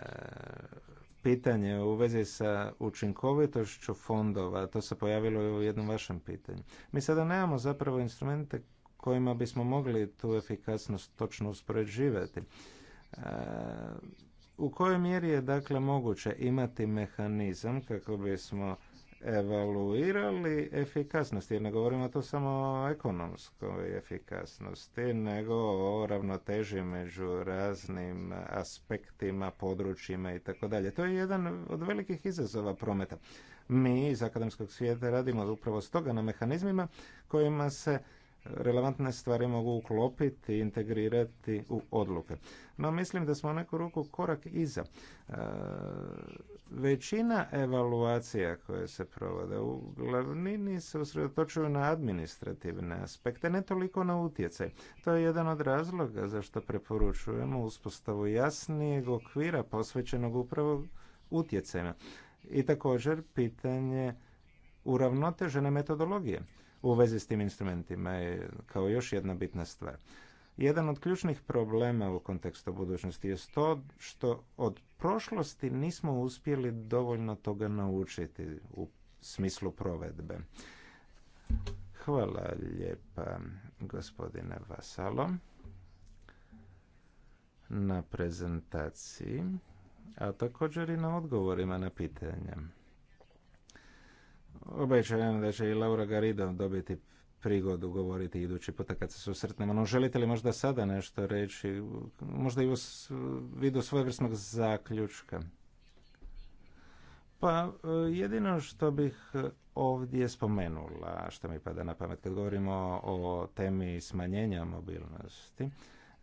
pitanje u vezi sa učinkovitošću fondova, to se pojavilo i u jednom vašem pitanju. Mi sada nemamo zapravo instrumente kojima bismo mogli tu efikasnost točno uspoređivati. E, u kojoj mjeri je dakle moguće imati mehanizam kako bismo evaluirali efikasnost, jer ne govorimo to samo o ekonomskoj efikasnosti, nego o ravnoteži među raznim aspektima, područjima i tako dalje. To je jedan od velikih izazova prometa. Mi iz akademskog svijeta radimo upravo stoga na mehanizmima kojima se relevantne stvari mogu uklopiti i integrirati u odluke. No mislim da smo u neku ruku korak iza. E, većina evaluacija koje se provode u glavnini se usredotočuju na administrativne aspekte, ne toliko na utjecaj. To je jedan od razloga zašto preporučujemo uspostavu jasnijeg okvira posvećenog upravo utjecajima. I također pitanje uravnotežene metodologije u vezi s tim instrumentima je kao još jedna bitna stvar. Jedan od ključnih problema u kontekstu budućnosti je to što od prošlosti nismo uspjeli dovoljno toga naučiti u smislu provedbe. Hvala lijepa gospodine Vasalo na prezentaciji, a također i na odgovorima na pitanje. Obećajem da će i Laura Garrido dobiti prigodu govoriti idući puta kad se susretnemo. No, želite li možda sada nešto reći? Možda i u vidu svojevrsnog zaključka. Pa e, jedino što bih ovdje spomenula, što mi pada na pamet kad govorimo o temi smanjenja mobilnosti,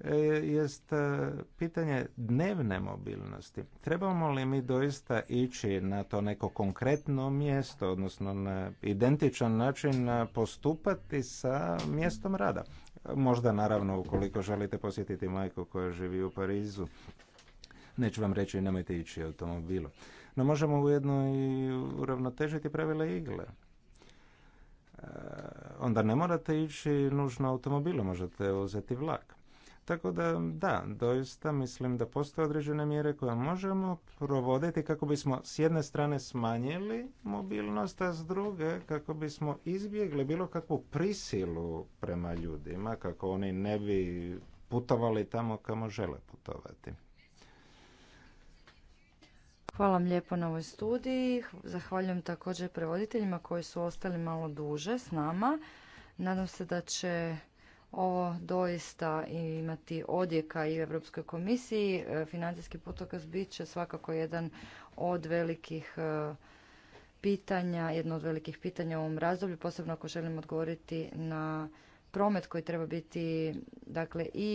E, jest e, pitanje dnevne mobilnosti. Trebamo li mi doista ići na to neko konkretno mjesto, odnosno na identičan način e, postupati sa mjestom rada? Možda naravno ukoliko želite posjetiti majku koja živi u Parizu, neću vam reći nemojte ići automobilu. No možemo ujedno i uravnotežiti pravile igle onda ne morate ići nužno automobilom, možete uzeti vlak. Tako da, da, doista mislim da postoje određene mjere koje možemo provoditi kako bismo s jedne strane smanjili mobilnost, a s druge kako bismo izbjegli bilo kakvu prisilu prema ljudima, kako oni ne bi putovali tamo kamo žele putovati. Hvala vam lijepo na ovoj studiji. Zahvaljujem također prevoditeljima koji su ostali malo duže s nama. Nadam se da će ovo doista imati odjeka i u Europskoj komisiji. E, financijski putokaz bit će svakako jedan od velikih e, pitanja, jedno od velikih pitanja u ovom razdoblju, posebno ako želim odgovoriti na promet koji treba biti dakle i